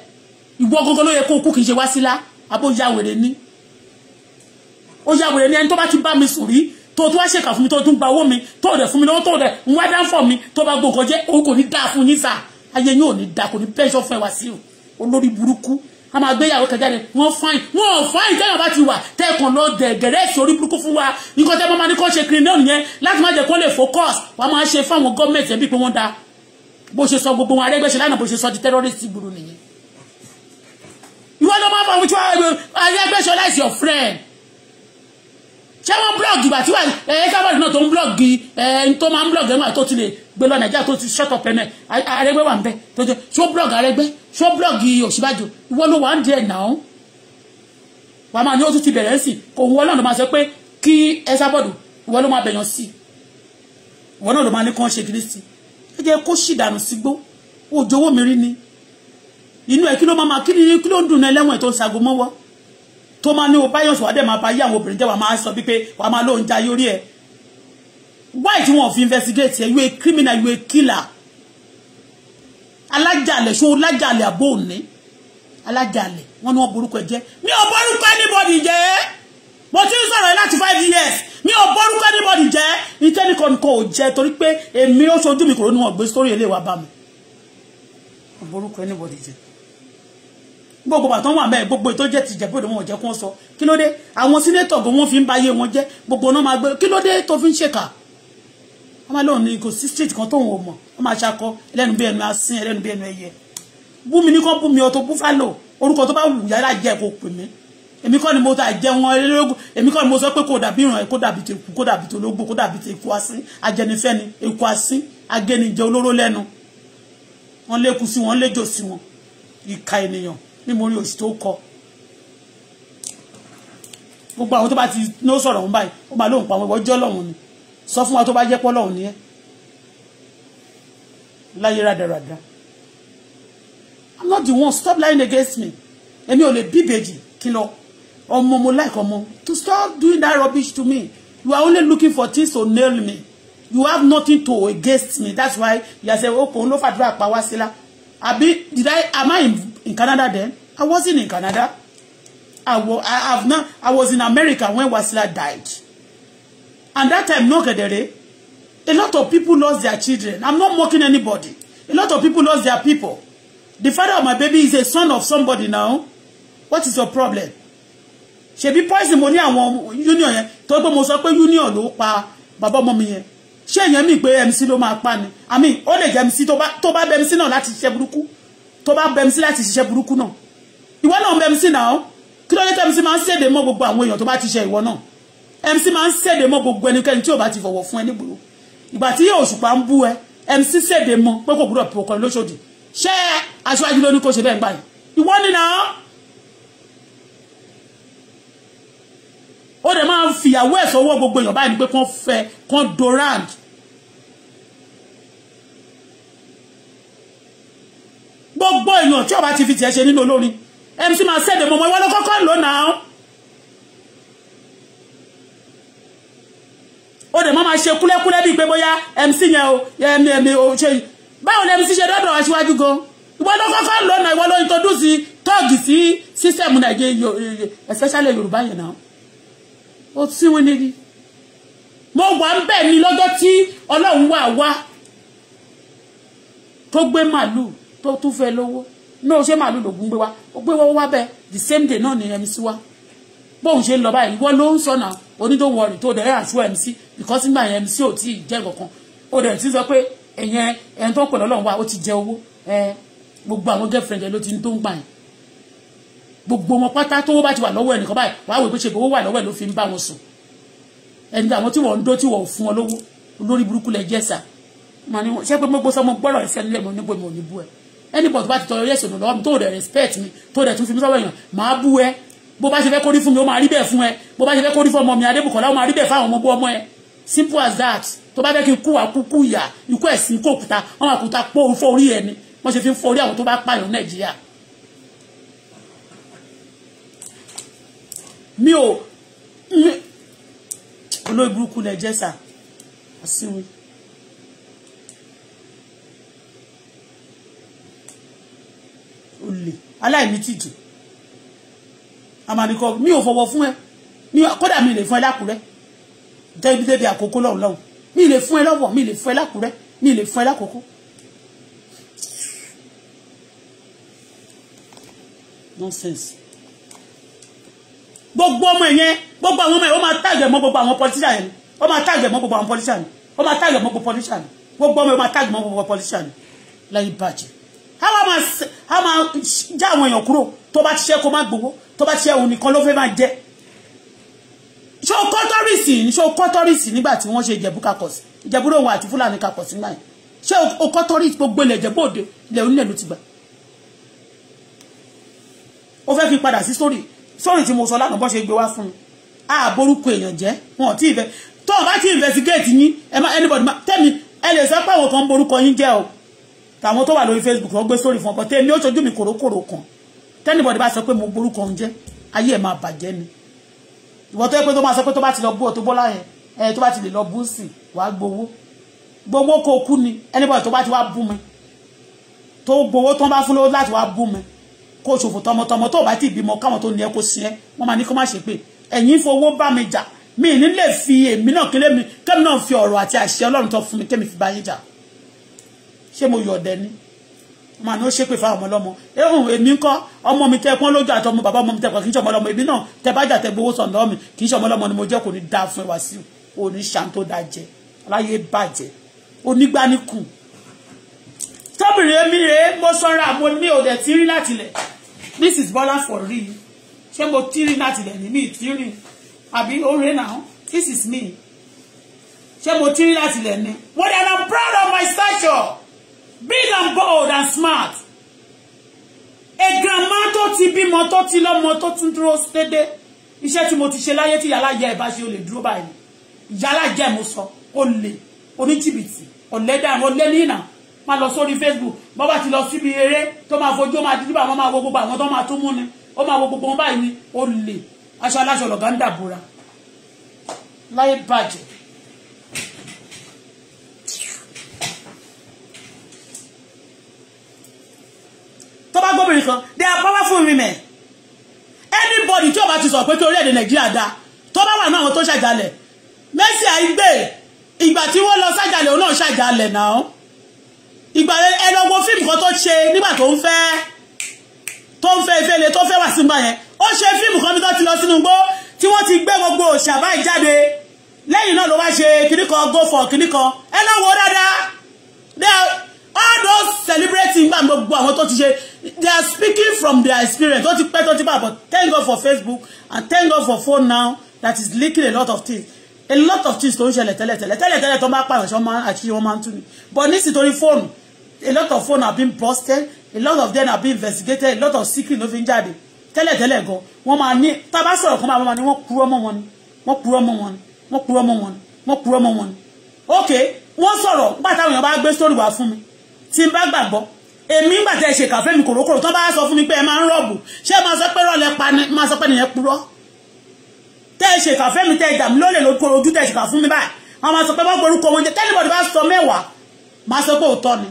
ìwọ gangan ló yẹ kó kú kì í ṣe wá sílá abó ya wèrè ní ó ya wèrè ní ẹni tó bá ti bá mi sùn rí tó tó wá ṣèkà fún mi tó tún gba owó mi tó dẹ̀ fún mi lọ́wọ́ tó dẹ̀ ń wá dáńfọ̀ mi tó bá gbogbo jẹ́ òun kò ní dáa fún yín sà ayé yín ò ní dáa kò ní pẹ́ńsọ̀ fún ẹ sí o olórí burúkú a máa gbé ìyàwó kẹjáde wọn fain wọn fain tẹyàn bá ti wà tẹkàn lọ dẹgẹrẹ ìṣòrí burúkú fún wa nǹkan tẹ mọmọ ní kò ṣe kiri náà nìyẹn láti má jẹ kó lè focus wàá máa ṣe fáwọn gọọmẹǹtì ẹbí pé wọn da bó ṣe sọ gbogbo wọn Arẹ́gbẹ́ṣọlá náà bó ṣe sọ di terrorist gbúrú nìyẹn ìwọ ló máa ń fọwọ́ tí I Arẹ́gbẹ́ṣọlá specialize your friend ṣé wọ́n blog? But you are. Eh, sábàdì náà tó ń blọ́ọ̀gì ẹni tó máa ń blọ́ọ̀gì ẹ̀wọ̀n tó ti lè gbé lọ nàìjíríà tó ti ṣọ́tọ̀ pẹ̀mẹ́ Arẹ́gbẹ́ wà ń bẹ́ tó ti ṣó blọ́ọ̀gì Arẹ́gbẹ́ ṣó blọ́ọ̀gì Ọ̀ṣínbàjò ìwọ ló wà ń díẹ̀ náà wà máa ní ó tún ti bẹ̀rẹ̀ sí kò wọ́n náà ló máa sọ pé kí ẹ sábàdì ìwọ ló máa bẹ̀yàn sí ìwọ náà ló máa ní kán ṣe kiri sí ẹ jẹ́ kó ṣì dànù sígbó òjòwò mi rí ni inú ẹ kí ló máa kí ni kí ló ń dùn ẹlẹ́wọ̀n tó ń sago mọ́wọ́ tó máa ní o báyọ̀ sọ wádẹ́ máa bá yí àwọn obìnrin jẹ́ wàá máa sọ wípé wàá máa lóun jayé orí ẹ̀ why tí wọn fi investigate ẹ you a criminal you a killer alájàlẹ̀ ṣó lájàlẹ̀ àbó òní alájàlẹ̀ wọn ni wọn borúkọ jẹ́ mi ò borúkọ anybody jẹ́ mo ti ń sọ̀rọ̀ láti five years mi ò borúkọ anybody jẹ́ ìtẹ́nìkan kò jẹ́ torí pé èmi ó ṣojú mi kò ní wọn gbé sórí ilé wa bá mi ò borúkọ anybody jẹ́ gbogbo bàtọ́ wà mẹ́ẹ̀ gbogbo ètò jẹ́ ti jẹ̀bú òde wọn jẹ́ kó sọ kí ló dé àwọn sínétọ̀ gan wọn fi ń bayé wọn jẹ́ gbogbo náà máa gbé kí ló dé tó fi ń ṣèkà wọn máa lóun ní kò sí street kan tóun ò mọ̀ wọn máa ṣakọ ẹlẹ́nu bí ẹnu asín ẹlẹ́nu bí ẹnu ẹyẹ bú mi ní kán bú mi ọ̀tọ̀ búfálò orúkọ tó bá wù yàrá jẹ́ kó pè mí èmi kọ́ ni mo ta jẹ wọn elérògùn èmi kọ́ ni mo sọ pé kò dàbí ìràn kó dàbí tèkú kó dàbí tológbò kó dàbí tèkú asín ajẹnifẹ́ni èkú asín agẹnijẹ olóró lẹ́nu wọn lékun sí wọn léjò sí wọn ìka ènìyàn ní mo rí tó kọ gbogbo àwọn tó bá ti ní ó sọ̀rọ̀ òun báyìí ó máa lóun pa àwọn ìwọ́jọ́ lọ́hùn ni sọ fún wa tó bá jẹ́pọ́ lọ́hùn ni ẹ́ láyé rádaràda i'm not the one stop lying against me èmi ò lè bí ìbejì kí lọ ọmọ mo like ọmọ to stop doing that rubbish to me you are only looking for things to nail me you have nothing to against me that's why you are saying okay oh, òun ló fàdúrà pa wá sílá àbí did i am i in Canada then. I wasn't in Canada. I, wa I have not. I was in America when Wasila died. And that time, no kedere, a lot of people lost their children. I'm not mocking anybody. A lot of people lost their people. The father of my baby is a son of somebody now. What is your problem? She be poison mo ní àwọn union yẹn tó union ló pa bàbá ọmọ mi yẹn. Ṣé èèyàn mi pé MC I mean, all the jẹ́ MC toba toba bẹ MC náà láti ṣe tó bá bẹ̀mí sí láti ṣiṣẹ́ burúkú náà ìwọ náà bẹ̀mí sí náà kí ló dé tẹ́mi sí máa ń ṣèdè mọ́ gbogbo àwọn èèyàn tó bá ti ṣe ìwọ náà MC máa ń ṣèdè mọ́ gbogbo ẹnikẹ́ni tí ò bá ti fọwọ́ fún ẹ nígboro ìgbà tí yóò ṣùpá ń bú ẹ MC ṣèdè mọ́ pé kò gbúdọ̀ pọkàn lóṣòdì ṣé aṣáájú ló ní kó ṣe bẹ́ẹ̀ gbà yìí ìwọ ni náà ó dẹ̀ máa ń fìyàwó ẹ̀ sọ́wọ́ gbogbo èèyàn báyìí ni pé kán fẹ́ kán dorand gbogbo èèyàn tí ọba ti fi tiẹ̀ ṣe nínú olórin mc máa ṣẹ̀dẹ̀ mọ̀mọ́ ìwọ́n ló kọ́kọ́ lò náà ó dẹ̀ máa ṣe kúlẹ́kúlẹ́ bíi pé bóyá mc yẹn o ẹ̀mí ẹ̀mí o ṣe báwo ni mc ṣe dọ́dọ̀ aṣíwájú gan ìwọ́n ló kọ́kọ́ lò náà ìwọ́n ló introduce tọ́ọ̀gì sí sísẹ̀mù nàìjíríà especially yorùbá yẹn náà ó tí wọ́n níbi mo wà ń bẹ̀ ni lọ́jọ́ tí ọlọ́run wà wá tó gbé tó tún fẹ́ lówó náà ṣé màálù lògùn gbé wá ó gbé wọ́wọ́ wá bẹ́ẹ̀ the same day náà ni MC wá bóun ṣe ń lọ báyìí wọ́n ló ń sọ̀nà onídòwọ̀rì tó dẹ̀ àṣù MC because nígbà yẹn MC ò tí ì jẹ́ kankan ó dẹ̀ ti sọ pé ẹ̀yẹn ẹni tó pè lọ́lọ́run wá ó ti jẹ owó gbogbo àwọn girlfriend ló ti ń tó ń gbà yẹn gbogbo wọn pátá tó wọ́n bá ti wà lọ́wọ́ ẹnìkan báyìí wàá wò pé ṣe owó wà lọ́wọ́ ẹ ló fi ń bá wọn sùn ẹni anybody tó bá ti tọrọ yẹsùn lọ́wọ́ mi tó dẹ̀ respect mi tó dẹ̀ tún fi mi sọ́wọ́ èèyàn màá bú ẹ bó bá ṣe fẹ́ kórí fún mi ó máa rí bẹ́ẹ̀ fún ẹ bó bá ṣe fẹ́ kórí fún ọmọ mi adébùkọ́lá ó máa rí bẹ́ẹ̀ fáwọn ọmọ bú ọmọ ẹ simple as that tó bá fẹ́ kí n kú wa kúkú ìyà ikú ẹ̀sìn kó òkúta wọn máa kúta pọ́ orúfọ́ orí ẹ ni wọ́n ṣe fi ń fọ́ orí àwọn tó bá pààyàn nàìjíríà. mi ò olóyè burúkú lẹ jẹ́ sà àsìwìn. olè aláìní tìjú àmàlìkọ mi ò fọwọ́ fún ẹ mi kódà mi lè fún ẹ lákùrẹ́ débi débi àkókò lọ́hùn lọ́hùn mi lè fún ẹ lọ́wọ́ mi lè fún ẹ lákùrẹ́ mi lè fún ẹ lákòókò. nonsense gbogbo ọmọ yẹn gbogbo àwọn ọmọ yẹn ó máa tàgẹ̀ mọ́ gbogbo àwọn pọlítíṣà yẹn ó máa tàgẹ̀ mọ́ gbogbo àwọn pọlítíṣà yẹn ó máa tàgẹ̀ mọ́ gbogbo pọlítíṣà yẹn gbogbo ọmọ yẹn ó máa tàgẹ̀ mọ́ gbogbo pọlítíṣà yẹn láyé bàjẹ́ a wá máa a máa já àwọn èèyàn kúrò tó bá ti ṣe kó má gbowó tó bá ti ṣe òun nìkan ló fẹ́ máa jẹ ṣó kọ́tọ́rìsì ṣó kọ́tọ́rìsì nígbà tí wọ́n ṣe ìjẹ̀bú kakọ̀sì ìjẹ̀bú lòun àti fúlàní kakọ̀sì ńlá yẹn ṣé o kọ́tọ́rìsì gbogbo ilẹ̀ ìjẹ̀bú òde ilẹ̀ onílẹ̀ ló ti gbà ó fẹ́ fi padà sí sórí sórí tí mo sọ lánàá bọ́ ṣe gbé wá fún mi àbórúkọ èèyàn jẹ́ wọn ò tí ì fẹ́ tó o bá ti investigate yín anybody tẹ́mi ẹ lè sọ pé àwọn kan borúkọ yín jẹ́ o tàwọn tó wà lórí facebook wọ́n gbé sórí fún ọkọ̀ tẹ́ni ó ṣojú mi kòrókòrò kan tẹ́nìbọ̀dì bá sọ pé mo borúkọ oúnjẹ ayé ẹ̀ máa bàjẹ́ ni ìwọ́n tó yẹ pé tó máa sọ pé tó bá ti lọ bú ọ tó bọ́lá yẹn ẹ tó bá ti lè lọ bú sí wàá gbowó gbowó kó kú ni ẹnìbọ̀dì tó bá ti wá bú mi tó gbowó tó bá fún lówó láti wá bú mi kó ṣòfò tọmọtọmọ tó bá ti bímọ káwọn tó ní ẹ kó sí ẹ wọn máa ní kó má ṣe pé ẹ̀yin fowó bá mi jà mi ní lè fi èmi náà kílé mi kẹ́mi náà fi ọ̀rọ̀ àti àṣẹ ọlọ́run tó fún mi kẹ́mi fi bá jà ṣé mo yọ̀ ọ̀dẹ ni màá ní ó ṣépè fáwọn ọmọ ọlọ́mọ ehun èmi ń ọmọ mi tẹ́pọ́n lójú àti ọmọ bàbá ọmọ mi tẹ́pọ́n kì í ṣe ọmọ ọlọ́mọ èmi náà tẹ bá jà tẹ gbowó sọ̀nà ọmọ kì í ṣe ọmọ ọlọ́mọ ni mo jẹ́ kò ní dáa fún ẹwà sí o ṣàn tó dáa jẹ láyé bàjẹ́ onígbánikù tóbìnrin èmi rèé mo sanra mo ní ò dẹ̀ tí láti lẹ̀ Mrs. Bọ́lá for real ṣé mo tí láti lẹ̀ ní mi tí àbí oore náà this is me ṣé mo tí láti lẹ̀ ní. mo dẹ̀ na proud of my stature big and bold and smart a grandma tó ti bímọ tó ti lọ́mọ tó tún dúró dédé iṣẹ́ tí mo ti ṣe láyé tí yàlájẹ́ ẹ̀ bá ṣe o lè dúró báyìí yàlájẹ́ mo sọ o lè oníjìbìtì ọ̀lẹ́dàrún ọlẹ́nìyàn máa lọ sórí Facebook bọ́ bá ti lọ síbi eré tó máa fojú ó máa dídí bá wọn máa wo gbogbo àwọn tó máa tún mú ni ó máa wo gbogbo wọn báyìí ni o lè aṣọ aláṣọ lọ̀gá ń dàbúra láyé bàjẹ́ tó bá gbóbìnrin kan they are powerful women anybody tí o bá ti sọ pé kí orílẹ̀-èdè nàìjíríà dáa tó bá wà ní àwọn tó ṣàjálẹ̀ Mercy Aigbe ìgbà tí wọ́n lọ ṣàjálẹ̀ òun náà ṣàjálẹ̀ náà ìgbà ẹlọ́gbọ́n fíìmù kan tó ṣe nígbà tó ń fẹ́ tó ń fẹ́ ìfẹ́lẹ̀ tó fẹ́ wà sí mbà yẹn ó ṣe fíìmù kan tó ti lọ sínú igbó tí wọ́n ti gbé gbogbo òṣàbá ìjáde lẹ́yìn náà ló wá ṣe kinní kan go for kinní kan ẹ lọ́wọ́ dáadáa all those celebrating gbà gbogbo àwọn tó ti ṣe they are speaking from their experience Don't you pẹ́ Don't you bá but thank God for Facebook and thank God for phone now that is leaking a lot of things a lot of things tó ń ṣẹlẹ̀ tẹ́lẹ̀tẹ́lẹ̀ tẹ́lẹ̀tẹ́lẹ̀ tó máa pààyàn ṣe wọ́n máa àṣírí wọ́n máa ń tú ni but nísìnyí torí phone. a lot of phone have been busted a lot of them have been investigated a lot of secret ló fi ń jáde tẹ́lẹ̀tẹ́lẹ̀ gan wọ́n máa ní tá a bá sọ̀rọ̀ kan máa ní wọ́n purọ́ mọ́ wọn ni wọ́n purọ́ mọ́ wọn ni wọ́n purọ́ mọ́ wọn ni wọ́n purọ́ mọ́ wọn ni ok wọ́n sọ̀rọ̀ nígbà táwọn èèyàn bá gbé sórí wá fún mi tí n bá gbàgbọ́ èmi ń gbàtẹ́ ṣe kàfẹ́ mi kòrókòrò tó bá sọ fún mi pé ẹ máa ń rọ̀bù ṣé máa sọ pé rọ̀lẹ́ pa ni máa sọ pé nìyẹn purọ́ tẹ́ ẹ ṣe kàfẹ́ mi tẹ́ ẹ dàmú lólè lókòrò ojú tẹ́ ẹ ṣe kà fún mi báyìí àwọn máa sọ pé bọ́gbọ̀n orúkọ wọn jẹ tẹ́lifọ̀dì bá sọ mẹ́wàá máa sọ pé òótọ́ ni.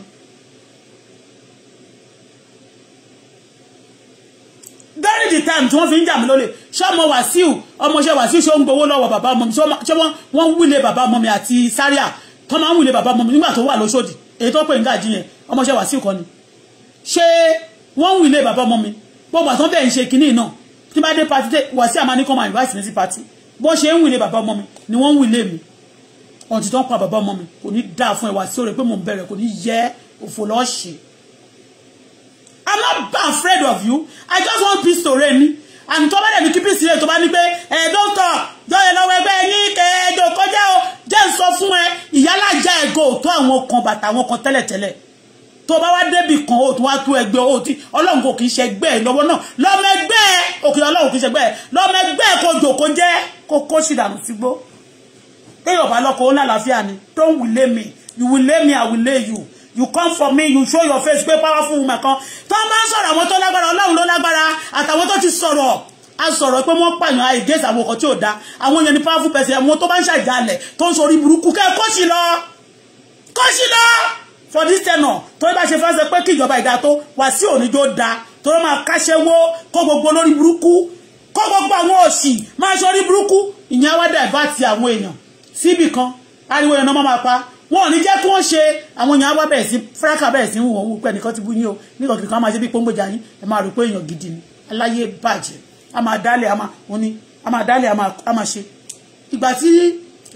during the time tí wọ́n fi ń jà mí lólè ṣọ́mọ Wàsíù ọmọọṣẹ́ Wàsíù ṣó ń gbowó lọ́wọ́ bàbá ọmọ mi ṣé wọ́n wílé bàbá ọmọ mi àti sáríà tó máa ń wílé bàbá ọmọ mi nígbà tó wà lóṣòdì èyí tó pè ń gàjí yẹn ọmọọṣẹ́ Wàsíù kan ni ṣé wọ́n ń wù ilé bàbá ọmọ mi gbogbo àtúntò ẹ̀ ń ṣe kinní náà tí bá dé pati wà sí àmà ní kọ́mọ àdìbáṣì ní ti pati bó ṣe ń wù ilé bàbá ọmọ mi ni wọ́n ń wù ilé mi ọ̀n ti tán pa bàbá ọmọ mi kò ní dáa fún ẹ wà sí òrè pé mò ń bẹ̀rẹ̀ kò ní yẹ òfò lọ́ọ̀ṣì I'm not afraid of you. I just want peace to reign. And tó bá dẹ̀ ní kí peace reign tó bá ní pé ẹ̀ don't talk jọ́yẹ̀ lọ́wọ́ ẹgbẹ́ yín kẹ́ẹ̀ẹ́dọ̀ kọjá o jẹ́ ń sọ fún ẹ ìyálàjà ẹ̀gọ́ òtó àwọn kan bàtà àwọn kan tẹ́lẹ̀tẹ́lẹ̀ tó bá wá débì kan ó tó wá tó ẹgbẹ́ ó ti ọlọ́run kò kì í ṣe ẹgbẹ́ ẹ̀ lọ́wọ́ náà lọ́mọ ẹgbẹ́ ẹ̀ òkè ọlọ́run kì í ṣe ẹgbẹ́ ẹ̀ lọ́mọ ẹgbẹ́ ẹ̀ kò jòkó jẹ́ kó kó sì dànù sígbó téèyàn bá lọ́kọ̀ ó lálàáfíà ni don't wùlé mi you wùlé mi I wùlé you you come for me you show your face pé powerful woman kan tó máa ń sọ̀rọ̀ àwọn tó lágbára ọlọ́run ló lágbára àtàwọn tó ti sọ̀rọ̀ a sọ̀rọ̀ pé wọ́n pààyàn àìgẹ́sì àwọn ọkọ̀ tí ò da àwọn èèyàn ní powerful person àwọn tó bá ń ṣàjálẹ̀ tó ń sọ orí burúkú kẹ́ kó sì lọ kó sì lọ for this tenor tó bá ṣe fẹ́ sọ pé kí ìjọba ìdá tó wá sí òníjó da tó máa káṣẹ́wó kó gbogbo lórí burúkú kó gbogbo àwọn òṣì máa ṣe orí burúkú ìyẹn wá dà bá ti àwọn èèyàn síbì kan ariwo èèyàn náà máa pa wọn ò ní jẹ́ kí wọ́n ṣe àwọn èèyàn wá bẹ̀rẹ̀ sí fúráká bẹ̀rẹ̀ sí wù wọ́n wù pé ẹnìkan ti bú yín o nígbà kìkan máa ṣe bí pọ́ngbòjà yín ẹ máa rò pé èèyàn gidi ni aláyé bàjẹ́ a máa dálẹ̀ a máa ṣe ìgbà tí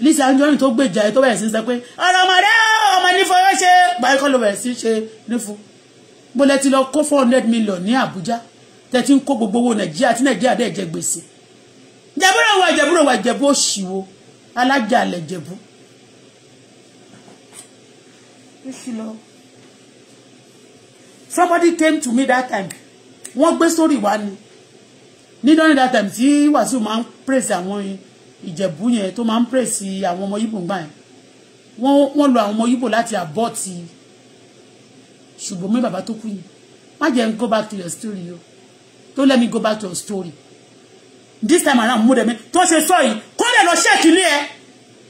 Lizzy Anjorin tó gbèjà ẹ tó bẹ̀rẹ̀ sí sọ pé ọ̀rọ̀ ọmọdé ọmọ ní fọwọ́ ṣe báyìí kọ́ ló bẹ̀rẹ̀ sí ṣe nífun bólẹ̀ ti lọ kó four hundred million ní Àbújá tẹ̀tí ń kó gbogbo owó Nàìjíríà tí Nàìjíríà dẹ̀ jẹ gbèsè jẹ̀búrò wà jẹ̀búrò wà jẹ̀bú òṣìwò alájà alẹ̀ jẹ̀bú. somebody came to me that time wọ́n gbé sórí wa ni ní during that time tí Wàsíù máa ń praise àwọn yìí ìjẹ̀bú yẹn tó máa ń pèsè àwọn ọmọ yìbò gbà yẹn wọ́n lo àwọn ọmọ yìbò láti abọ́ọ̀tì ṣùgbọ́n mi bàbá tó kú yìí má jẹ́ n go back to your story o don't let me go back to your story this time around mú dẹ̀mí tó ṣe sọ yìí kó lè lọ ṣẹ́ẹ̀kì ilé ẹ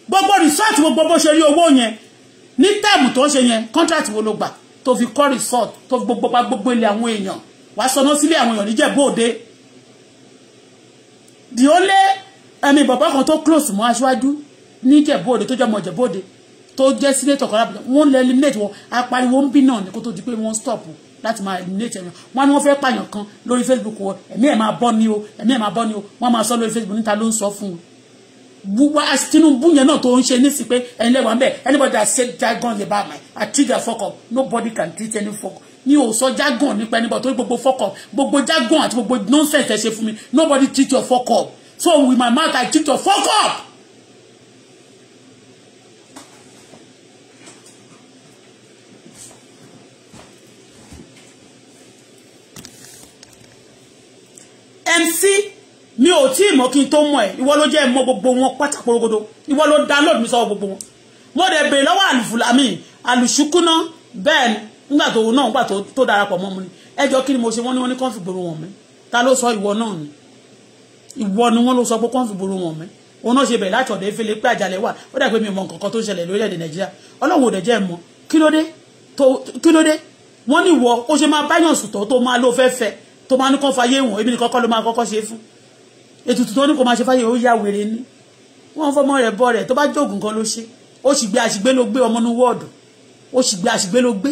gbogbo resort gbogbo bó ṣe rí owó yẹn ní táàmù tó ṣe yẹn contract wo ló gbà tó fi kọ́ resort tó gbogbo pa gbogbo ilé àwọn èèyàn wàá sọnà sílé àwọn èèyàn níjẹ̀bú òde the only ẹ̀mí bàbá kan tó close mọ́ aṣáájú ní jẹ̀bóde tó jẹ́ ọmọ jẹ̀bóde tó jẹ́ sínétọ̀ kan lábùjá wọ́n lè eliminate wọn apariwo ń bí náà ní kó tó di pé wọ́n stop láti máa eliminate ẹ̀yàn wọn ni wọ́n fẹ́ pààyàn kan lórí Facebook wọn ẹ̀mí ẹ̀ máa bọ́ ni o ẹ̀mí ẹ̀ máa bọ́ ni o wọ́n máa sọ lórí Facebook níta ló ń sọ fún un wá tinubu yẹn náà tó ń ṣe nísì pé ẹni lẹ́wà ń bẹ̀ anybody that say jargon about my i treat their fọkọ nobody can treat any fọkọ ní o sọ jargon nípa ẹni bọ̀ torí gbogbo fọkọ gbogbo jargon àti gbogbo nonsense ẹ ṣe fún mi nobody treat your fọkọ So with my mouth, I took to fuck up. MC mi ò tí mọ̀ kí n tó mọ̀ ẹ́ ìwọ ló jẹ́ mọ̀ gbogbo wọn pátá porogodo ìwọ ló download mi sọ gbogbo wọn mo dẹ̀ bèèrè lọ́wọ́ àlùfùlàmì àlùṣùkúná bẹ́ẹ̀ nígbà tó náà nígbà tó darapọ̀ mọ́ mu ni ẹjọ́ kí ni mo ṣe wọ́n ní wọ́n ní kọ́ńfì gbòòrò wọn mi ta ló sọ ìwọ náà ni ìwọ ni wọ́n ló sọ pé kọ́ńfì ború wọn mi òun náà ṣe bẹ̀rẹ̀ láti ọ̀dọ̀ efele pé àjálẹ̀ wà ó dà pé mi mọ nǹkan kan tó ń ṣẹlẹ̀ lórílẹ̀‐èdè nàìjíríà ọlọ́run ò dẹ̀ jẹ́ mọ́ kílódé kílódé wọ́n ní ìwọ ó ṣe máa báyàn sùtọ́ tó máa ló fẹ́ẹ́ tó máa ní kọ́ fàyè wọn ebi ní kọ́kọ́ ló máa kọ́kọ́ ṣe fún ètùtù tó ní kó máa ṣe fàyè ó yá wèrè ni wọ́n fọmọ rẹ̀ bọ́ rẹ̀ tó bá jóògùn kan ló ṣe ó sì gbé àṣìgbé ló gbé ọmọ ní wọ́ọ̀dù ó sì gbé àṣìgbé ló gbé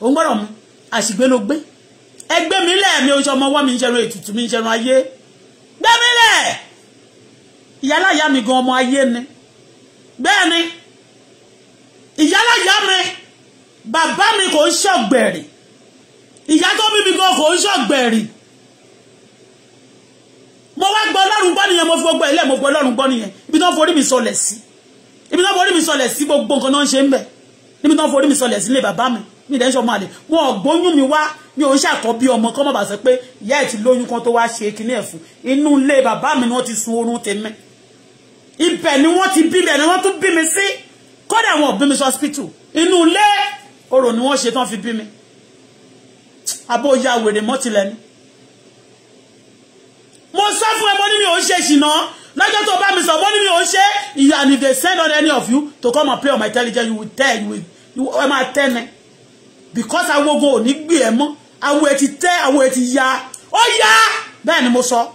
òun gbọ́dọ̀ mu àṣìgbé ló gbé ẹgbẹ́ mi lẹ́ẹ̀mí oṣù ọmọ ọwọ́ mi ń ṣẹran ètùtù mi ń ṣẹran ayé gbẹ́mílẹ̀ ìyáláyà mi gan ọmọ ayé ni bẹ́ẹ̀ ni ìyáláyà mi bàbá mi kò ń ṣọ̀gbẹ̀rì ìyá tó bí mi gan kò ń ṣọ̀gbẹ̀rì mo wá gbọ́ ọlọ́run gbọ́ nìyẹn mo fi gbogbo ilé mo gbọ́ ọlọ́run gbọ́ nìyẹn ibi tó ń forí mi sọlẹ̀ sí ibi tó ń forí mi sọlẹ̀ sí gbogbo nǹkan náà ń ṣe ń bẹ̀ níbi tó ń forí mi sọlẹ̀ sí ilé bàbá mi mi dẹ́ sọmọ àlè wọn ọ̀gbóyún mi wá mi ò ń ṣàkọ́bí ọmọ kọ́ mọ̀ bá sọ pé ìyá ẹ̀ ti lóyún kan tó wá ṣe kinní ẹ̀ inú ilé bàbá mi ni wọ́n ti sun oorun tèmi ibẹ̀ ni wọ́n ti bí mi ni wọ́n tún bí mi sí kódà wọn ò bí mi sí hospital inú ilé orò ni wọ́n ṣe tán fi bí mi àbó ya wèrè mọ́tilẹ̀ ni mo sọ fún ẹ mo ní mi ò ń ṣe ṣìnà lọ́jọ́ tó bá mi sọ mo ní mi ò ń ṣe ìyá and they send on any of you to come and play on my intelligence you will tell you will ẹ máa tẹ́ mi because awo go ò ní gbé ẹ mọ́ awo ẹ ti tẹ́ awo ẹ ti ya ó yá bẹ́ẹ̀ ni mo sọ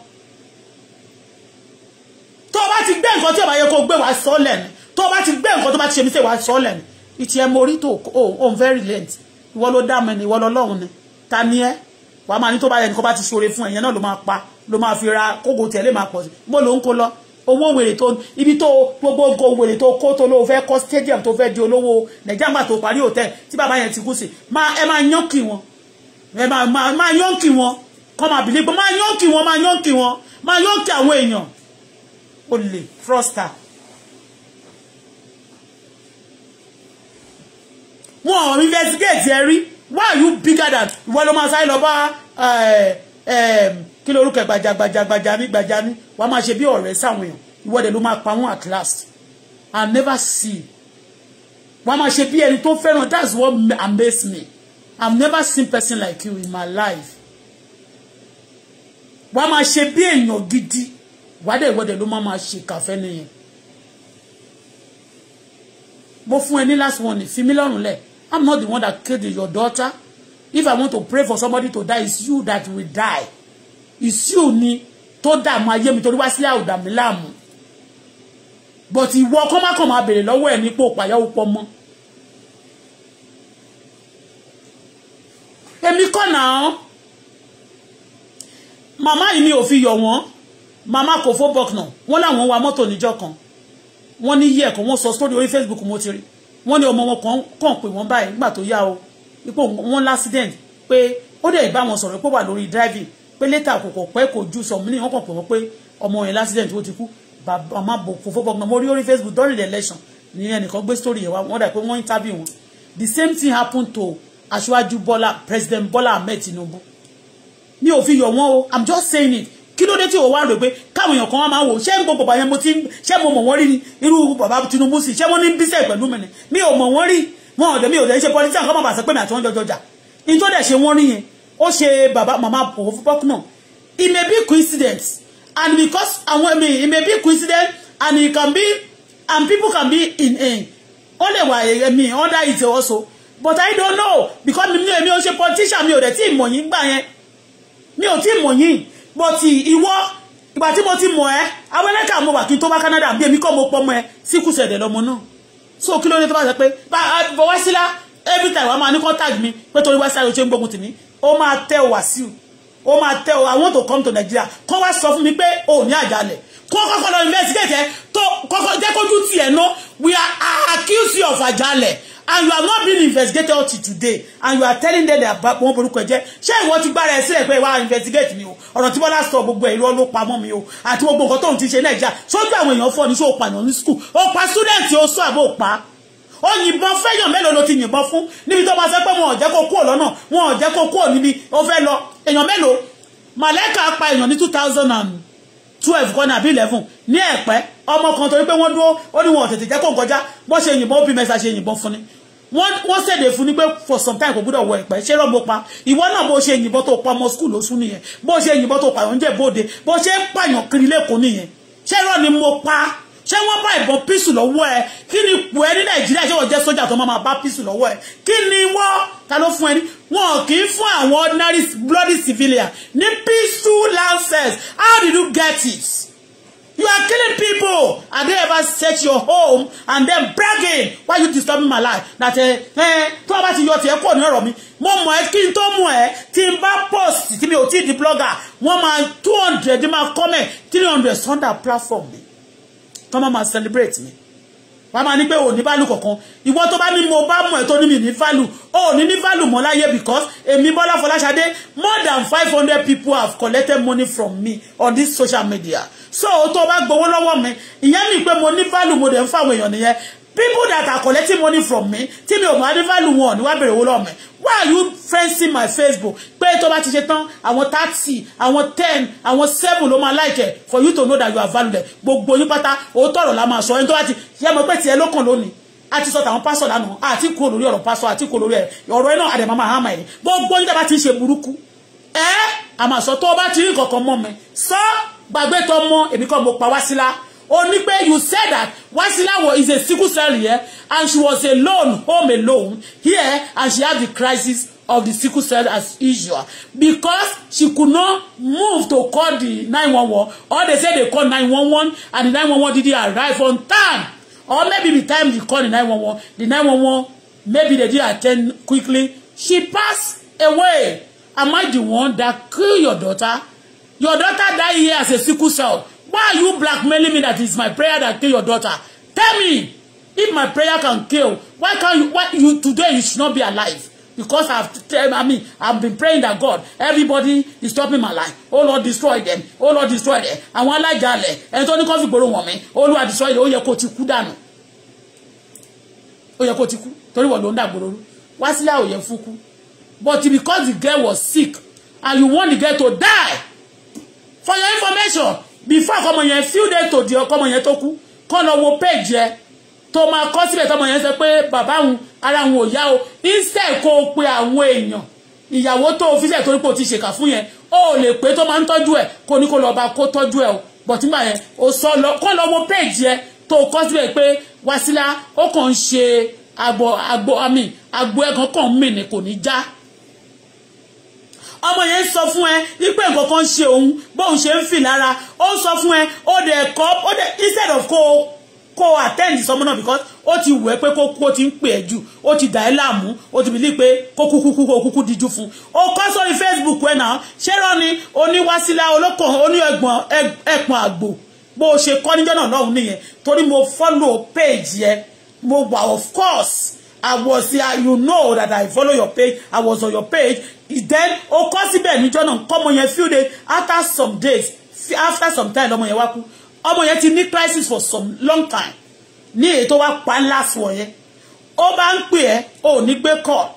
tó o bá ti gbé nǹkan tí ò bá yẹ kó o gbé wàá sọ lẹ́nu tó o bá ti gbé nǹkan tó bá ti ṣe mí sè wàá sọ lẹ́nu ìtì ẹ mo rí to o ò ń fẹ́ relent ìwọ ló dá mi ni ìwọ lọ́lọ́run ni ta ni ẹ́ wàá máa ní tó bá yẹ nǹkan bá ti ṣoore fún ẹ̀yẹn náà ló máa pa ló máa fi ra kógo tẹ̀lé máa pọ̀ sí bó ló ń kó lọ owó wèrè tó ibi tó gbogbo ogo wèrè tó kó tó lówó fẹ́ kọ́ stadium tó fẹ́ di olówó nàìjíríà máa tó parí hòtẹ́ẹ̀lì tí bàbá yẹn ti kú sí ẹ máa yánkì wọn ẹ máa yánkì wọn kọ́ máa bìlí pé máa yánkì wọn máa yánkì wọn máa yánkì àwọn èèyàn olè frosta. wọn ò investigate ẹ rí why are you bigger than ìwọ ló máa sáré lọ bá eh, eh, kí lorúkọ gbaja gbaja gbaja mi gbaja mi wàá máa ṣe bí ọ̀rẹ́ sáwọn èèyàn ìwọ dẹ̀ ló máa pa wọ́n at last i never see wàá máa ṣe bí ẹni tó fẹ́ràn that's what amaze me i've never seen person like you in my life wàá máa ṣe bí èèyàn gidi wàá dẹ̀ ìwọ dẹ̀ ló máa máa ṣe kàfẹ́ nìyẹn mo fún ẹ ní last one fi mí lọ́rùn lẹ̀ i'm not the one that killed your daughter if i want to pray for somebody to die it's you that will die ìṣíò ni tó dààmú ayé mi torí wá sílẹ̀ àwòdà mi láàmú but ìwọ kọ́mákàn máa bèrè lọ́wọ́ ẹ̀ nípò pàyà òpó mọ́ èmi kọ́ náà màmá yìí mi ò fi yọ̀ wọ́n màmá kò fó bọ́knà wọ́n láwọn wa mọ́tò níjọ́ kan wọ́n ní yí ẹ̀kọ́ wọ́n sọ sórí orí Facebook mo ti rí wọ́n ní ọmọ wọn kan kàn pé wọ́n báyìí nígbà tó yá o ipò wọn lásìdẹ̀ǹt pé ó dẹ̀ bá wọn sọ̀rọ̀ pé wà lórí driving pé létà kò kò pẹ́ kò ju sọ̀mù ní wọ́n kàn pé wọ́n pé ọmọ yẹn lásìdẹ̀ntì ó ti kú bàbá má bò fòfó bọ́gbọ́n mo rí orí Facebook during the election ní ẹnìkan gbé story yẹn wá wọ́n dà pé wọ́n interview wọn the same thing happened to aṣáájú Bọ́lá President Bọ́lá Ahmed Tinubu mi ò fi yọ̀ wọ́n o I'm just saying it kí ló dé tí o wá rò pé káwọn èèyàn kan wá máa wò ṣé ń gbogbo bàbá yẹn mo ti ṣé mo mọ̀ wọ́n rí ni irú bàbá Tinubu sì ṣé wọ́n ní bísẹ̀ pẹ̀lú mi ni mi ò mọ̀ wọ́n rí wọn ọ̀dọ̀ mi ò dẹ̀ ṣe politician kọ́ mọ̀ bàṣẹ́ pé mi àti wọn jọjọ jà ìjọ́dẹ̀ ṣe wọ́n rí yẹn ó ṣe bàbá màmá Overbrook náà it may be coincidence and because àwọn mi it may be coincidence and it can be and people can be in a ó lè wà mi under it also but I don't know because mi mi ò ṣe politician mi ò dẹ̀ tí ì mọ̀ yín gbà yẹn mi ò tí ì mọ̀ yín but ìwọ ìgbà tí mo ti mọ̀ ẹ́ awẹ́lẹ́kà mo wà kí n tó bá Canada bí èmi kọ́ mo pọ́ mọ́ ẹ sí kùsẹ̀dẹ̀ lọ́mọ náà so kí ló ní tó bá sọ pé bọ́wá sílá every time wàá máa ní contact mi pé torí wá sáré o ṣe ń gbógun tì mí ó máa tẹ Wasiu, ó máa tẹ I want to come to Nigeria kó wá sọ fún mi pé ò ní àjálẹ̀ kó kọ́kọ́ lọ investigate ẹ tó kọ́kọ́ jẹ́ kójú tiẹ̀ ná we are accused of àjálẹ̀ and you are not being investigated up to today and you are telling them that wọn borúkọ jẹ ṣé ìwọ ti gbára ẹ sílẹ̀ pé wá investigate mi o ọ̀rọ̀ tí Bọ́lá sọ gbogbo ẹ̀ irọ́ ló pamọ́ mi o àti gbogbo nǹkan tóun ti ṣe Nàìjíríà sójú àwọn èèyàn fọ́ ni sóò pààyàn ní school ó pa student ó sọ àbó pa ó yìnbọn fẹ́yàn mélòó ló ti yìnbọn fún níbi tó bá fẹ́ pé wọn ò jẹ́ kó kúrò lọ́nà wọn ò jẹ́ kó kúrò níbi ó fẹ́ lọ èèyàn mélòó màlẹ́kà pa èèyàn ní two thousand and twelve kọ́ni àbí eleven ní ẹ̀pẹ́ ọmọ kan torí pé wọ́n dúró ó ní wọn ò tètè jẹ́ kó kọjá bọ́ ṣe yìnbọn ó bí mẹ́sà ṣe yìnbọn fún ni wọ́n ṣèdè fún ni pé for some time kò gbúdọ̀ wọ ẹ̀pẹ́ ṣé rọ́gbó pa ìwọ náà bó ṣe yìnbọn tó pa ọmọ skul lóṣù nìyẹn bó ṣe yìnbọn tó pààyàn jẹ́ bóde bó ṣe pààyàn kiri lẹ́kọ̀ọ́ nìyẹn ṣé rọ́ ni mo pa ṣé wọ́n bá ìbọn písù lọ́wọ́ ẹ kí ni ipò ẹ ní nàìjíríà ṣé wọ́n jẹ́ sójà tó máa bá písù lọ́wọ́ ẹ kí ni wọ́n ta ló fún ẹ ní wọn kì í fún àwọn ordinary bloody civilian ní písù lancers how did you get it you are killing people and they ever set your home and then bragging why you disturbing my life that eh, eh, tí wọ́n bá ti yọ tiẹ̀ kúrò ní ọ̀rọ̀ mi mo mọ̀ ẹ́ kí n tó mọ̀ ẹ́ tí n bá post tí mi ò tí di blogger wọ́n máa two hundred máa comment three hundred sunday platform mi tó máa máa celebrate mi wọ́n máa ní pé ò ní bálù kankan ìwọ tó bá ní mo bá mọ̀ ẹ́ tó ní mi ní value. ò ní ní fálù mọ́ láyé because èmi Bọ́lá Fọláṣadé more than five hundred people have collected money from me on this social media so tó bá gbowó lọ́wọ́ mi ìyẹn mi pé mo ní fálù mo dẹ̀ ń fáwọn èèyàn nìyẹn people that are collecting money from me tí mi ò mọ adévalù wọn ni wá bèrè owó lọ́mọ why are you fencing my facebook pé tó bá ti ṣe tán àwọn thirty àwọn ten àwọn seven ló máa it for you to know that you are valued gbogbo yín pátá òótọ́ ọ̀rọ̀ la máa sọ ẹni tó bá ti yẹ mọ pé tiẹ̀ ló kàn lónìí a ti sọ tàwọn pásọ lánàá àti kú olórí ọ̀rọ̀ pásọ àti kú olórí ẹ̀ ọ̀rọ̀ iná àdèmọ́ máa hàn mẹ́rin gbogbo yín dábàá ti ṣe burúkú ẹ́ àmàsọ tó bá ti rí kankan mọ́ mi sọ gbàgbé tó mọ́ èmi kọ́ mo pa wá sílá Only Onipe, you said that Wasilawo is a sickle cell here, and she was alone, home alone, here, and she had the crisis of the sickle cell as usual because she could not move to call the 911 or they said they called 911 and the 911 didn't arrive on time or maybe the time they called the 911 the 911 maybe they didn't attend quickly she passed away am I the one that killed your daughter your daughter died here as a sickle cell Why are you blackmailing me that it's my prayer that kill your daughter? Tell me, if my prayer can kill, why can't you, why you, today you should not be alive? Because I've, tell I mean, I've been praying that God, everybody is stopping my life. Oh Lord, destroy them. Oh Lord, destroy them. Àwọn alájàálẹ̀, like tó ní kó fi borrow woman, Oh Lord, destroy them, ó yẹ kó ti kú Oh, Ó yẹ you ti kú, torí wọ́n ló that dàgbòrò rú. Wá sílẹ̀ àwòyẹ fún kú. But because the girl was sick and you want the girl to die, for your information, before ọkọ ọmọ yẹn few days to di ọkọ ọmọ yẹn tó kú kọ́ lọ wo page yẹn tó máa kọ́ síbẹ̀ tọmọ yẹn sọ pé bàbá àwọn ara àwọn ò o instead kó o pe àwọn èèyàn ìyàwó tó o fi sílẹ̀ torí pé o ti ṣèkà fún yẹn o ò lè pé tó máa ń tọ́jú ẹ̀ kó ní kó lọ bá kó tọ́jú ẹ̀ o bọ̀tíngbà yẹn o sọ lọ kọ́ lọ wo page yẹn tó o kọ́ síbẹ̀ pé Wasila ó kàn ń ṣe àgbọ̀ àgbọ̀ àmì àgbọ̀ ẹ̀kan kàn ń mì kò ní já ọmọ yẹn sọ fún ẹ wípé nǹkan kan ṣe òun bóun ṣe ń fì lára ó sọ fún ẹ ó dẹ̀ kọ́ ó dẹ̀ instead of kó o kó attend sọmọ náà because ó ti wù ẹ́ pé kó kú ó ti ń pè ẹ́ jù ó ti dà ẹ́ láàmú ó ti bìlí pé kó kú kúkú kó kúkú díjú fún un ó kọ́ sórí Facebook ẹ̀ náà ṣé rọ́ni oníwásílá olókàn oní ẹ̀gbọ́n ẹ̀pọ̀n àgbò bó o ṣe kọ́ níjọ́ náà lọ́hùn nìyẹn torí mo follow page yẹn mo wà of course I was here, you know that I follow your page. I was on your page. Then, of ó kọ síbẹ̀ níjọ́ Come on, yẹn few days, after some days, after some time, ọmọ yẹn wá kú. Ọmọ yẹn ti ní crisis for some long time. Ní to tó wá pa last one. Ó bá ń pè ẹ́, ó ní gbé call.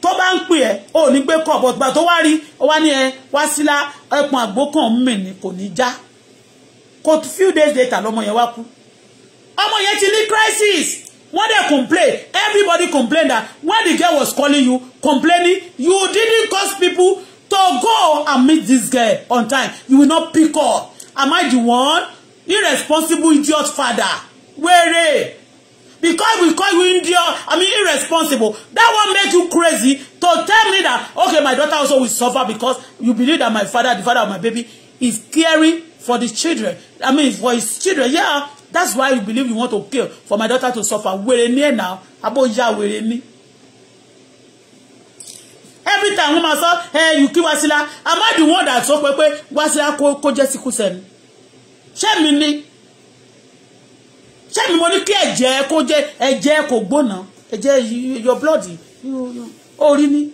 To bá ń pè ẹ́, ó ní call. But tó wá rí, ó wá ní ẹ, wá sílá, ẹpọn àgbo kan mì ní kò ní já. Kò few days later, lọmọ yẹn wá kú. Ọmọ yẹn ti ní crisis. When they complain, everybody complained that when the girl was calling you, complaining, you didn't cause people to go and meet this girl on time. You will not pick up. Am I the one? Irresponsible idiot father. Where Were because we call you idiot, I mean irresponsible. That one make you crazy to tell me that, okay, my daughter also will suffer because you believe that my father, the father of my baby, is caring for the children. I mean, for his children. Yeah, that's why you believe you want to kill for my daughter to suffer wèrè near now? náà abóyá wèrè ní. every time wọ́n máa "Hey, you kill Wasila am I the one that sọ pé pé Wasila kó kó jẹ́ síkú sẹ́ni ṣé mi ni ṣé mi mo ní kí ẹ̀jẹ̀ kó jẹ́ ẹ̀jẹ̀ kò gbóná ẹ̀jẹ̀ your blood orí ni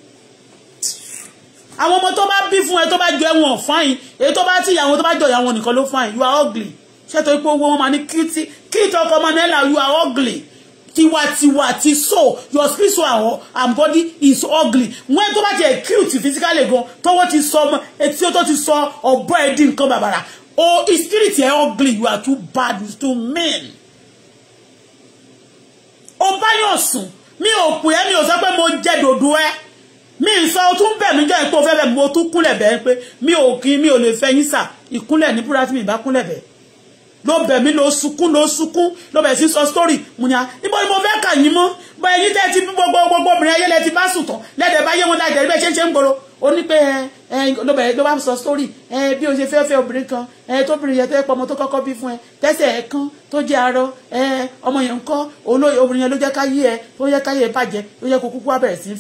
àwọn ọmọ tó bá bí fún ẹ tó bá jọ ẹwọn fine èyí tó bá ti ìyàwó tó bá jọ ìyàwó nìkan ló fine you are ugly ṣé torí pé owó wọn máa ní kíìtì kíìtì ọkọ ọmọ nílà you are ugly tiwantiwa ti so your spiritual and body is ugly when tó bá ti cute physically gan tọwọ́ ti sọ ọmọ etí tó ti sọ ọ̀bọ ẹ̀ di nǹkan bàbàrà o spirit ẹ̀ ugly you are too bad you too mean. o bá yàn sùn mi ò pè é mi ò sọ pé mo jẹ dòdò ẹ mi ń sọ o tún bẹ̀ mí jẹ́ pé o fẹ́ bẹ̀ mo tún kúnlẹ̀ bẹ́ẹ̀ pé mi ò kí mi ò lè fẹ́ yín sà ìkúnlẹ̀ ní búra tí mi bá kúnlẹ̀ bẹ́ẹ̀ ló bẹ̀ mí ló sunkún ló sunkún ló bẹ̀ sí sọ story mo ní a ah, níbo ni mo fẹ́ kà yín mọ́ bọ ẹyin tẹ́ ti bí gbogbo gbogbo obìnrin ayé lẹ ti bá sùn tán lẹ́dẹ̀ bá yé wọn láì dẹ̀rí bẹ́ẹ̀ ṣe ń ṣe ń gbòòrò ó ní pé ẹ ló bẹ̀ ló bá sọ story ẹ eh, bí o ṣe fẹ́ fẹ́ obìnrin kan ẹ eh, tóbìnrin yẹn tó yẹ pé ọmọ tó kọ́kọ́ bí fún ẹ tẹ́sẹ̀ ẹ kan tó jẹ́ arọ ẹ eh, ọmọ yẹn ń kọ́ obìnrin yẹn ló jẹ́ káyé ẹ tó yẹ káyé bàjẹ́ ló yẹ kó kúkú wá bẹ̀rẹ̀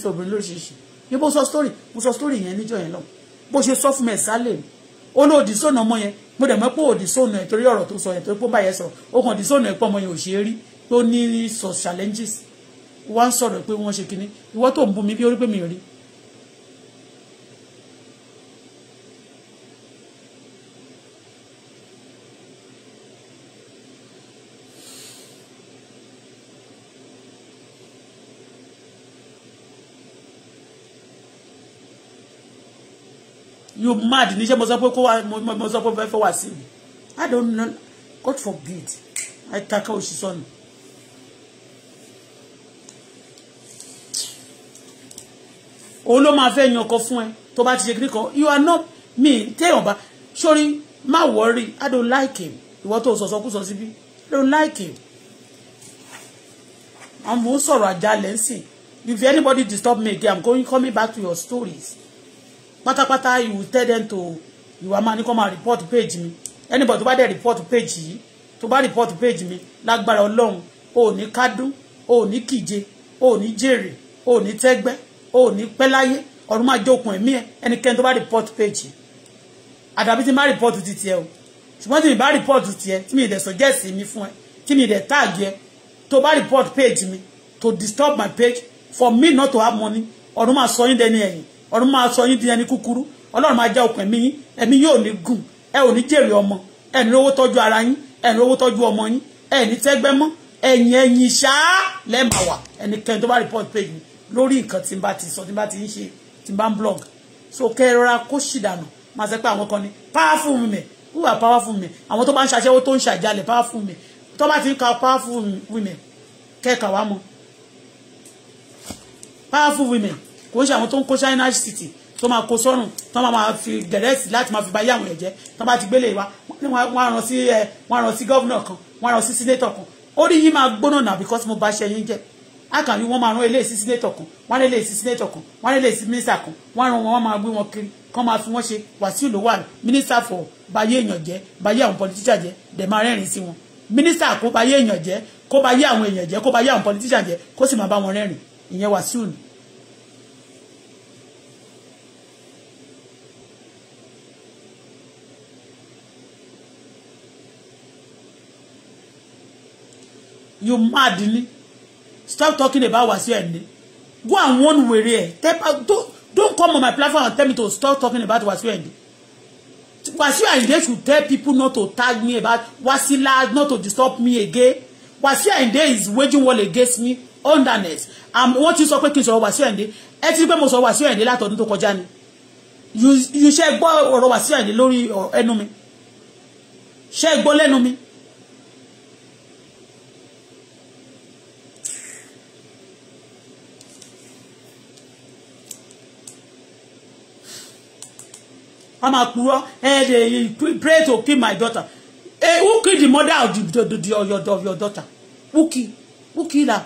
story mo story yẹn níjọ́ yẹn lọ bó ṣe sọ fún mi ó ló òdì sóònù ọmọ yẹn mo dẹ̀ mọ́ pé òdì sóònù ẹ̀ torí ọ̀rọ̀ tó sọ yẹn torí pé ó bá yẹn sọ ó kàn òdì sóònù ẹ̀ pọ̀ ọmọ yẹn ò ṣe é rí tó ní sọ challenges wá ń sọ̀rọ̀ pé wọ́n ṣe kinní ìwọ tó ń bu mi bí ó rí pé mi ò rí you mad níṣẹ́ mo sọ pé kó wa mo sọ pé fẹ́ fẹ́ wá sí I don't know God forbid I take out nù. òun ló máa fẹ́ yan ọkọ fún ẹ tó bá ti ṣe kíní you are not me téèyàn ba. sórí má worry. I don't like him ìwọ tó sọ̀sọ̀ kú sọ síbí I don't like him àwọn mò ń sọ̀rọ̀ àjálẹ̀ if anybody disturb me again I'm going coming back to your stories pátápátá you will tell them to you máa ní kó máa report page me anybody to bá dẹ̀ report page yìí to bá report page me lágbára ọlọ́run ò ní kádùn ò ní kìje ò ní jèrè ò ní tẹ́gbẹ́ ò ní pẹ́ láyé ọ̀run máa jókun ẹ̀mí ẹ̀ ẹnikẹ́ni tó bá report page yìí àdàbí tí n bá report ti tiẹ̀ o ṣùgbọ́n tí mi bá report tiẹ̀ tí mi dẹ̀ suggest mi fún ẹ tí mi dẹ̀ tag ẹ tó bá report page mi to disturb my page for me not to have money ọ̀run máa sọ yín dẹni ẹ̀yìn ọ̀run máa sọ yín di ẹni kúkúrú ọlọ́run máa já okùn ẹ̀mí yín ẹ̀mí yóò ní gùn ẹ ò ní jèrè ọmọ ẹ ní owó tọ́jú ara yín ẹ ní owó tọ́jú ọmọ yín ẹ ní tẹ́gbẹ́ mọ́ ẹ̀yìn ẹ̀yìn ṣáá lẹ́ẹ̀mà wà ẹnikẹ́ni tó bá report page mi lórí nǹkan tí n bá ti sọ tí n bá ti ń ṣe tí n bá ń blog so kẹrọra kó ṣìdànù máa sẹ pé àwọn kan ní powerful women who powerful women àwọn tó bá ń powerful women tó bá ti powerful women kẹ́ẹ̀kà wá powerful women kò ń ṣe àwọn tó ń kó China city tó máa kó sọ́run tó máa máa fi dẹ̀rẹ́sì láti máa fi ba yé àwọn ẹ̀jẹ̀ tó bá ti gbélé wa wọ́n á rán sí ẹ wọ́n á rán sí gọ́vnà kan wọ́n á rán sí sínétọ̀ kan orí yín máa gbóná nà because mo bá ṣe yín jẹ́ àkànní wọ́n máa rán eléyìí sí sínétọ̀ kan wọ́n rán eléyìí sí sínétọ̀ kan wọ́n rán eléyìí sí mínísítà kan wọ́n rán wọn wọ́n máa gbé wọn kiri kán máa fi wọ́n ṣe wàsíù ló wà mínísítà fọ̀ bayé èèyàn jẹ́ bayé àwọn pọlitíṣà jẹ́ dẹ̀ máa rẹ́rìn sí wọn mínísítà kó bayé èèyàn jẹ́ kó bayé àwọn èèyàn jẹ́ kó bayé àwọn pọlitíṣà jẹ́ kó sì máa bá wọn rẹ́rìn ìyẹn wàsíù ni you mad ni stop talking about Wasiu Ayinde go and warn wèrè ẹ tell don't don't come on my platform and tell me to stop talking about Wasiu Ayinde Wasiu Ayinde should tell people not to tag me about Wasila not to disturb me again Wasiu Ayinde is waging war against me underness and wọ́n ti sọ pé kí n sọ̀rọ̀ Wasiu Ayinde ẹ ti rí pé mo sọ̀rọ̀ Wasiu Ayinde látọdún tó kọjá ni you ṣe gbọ́ ọ̀rọ̀ Wasiu Ayinde lórí ẹnu mi ṣe gbọ́ lẹ́nu mi a máa purọ́ ẹ pray to kill my daughter Hey, who kill the mother of, the, the, the, of, your, of your daughter who kill who kill her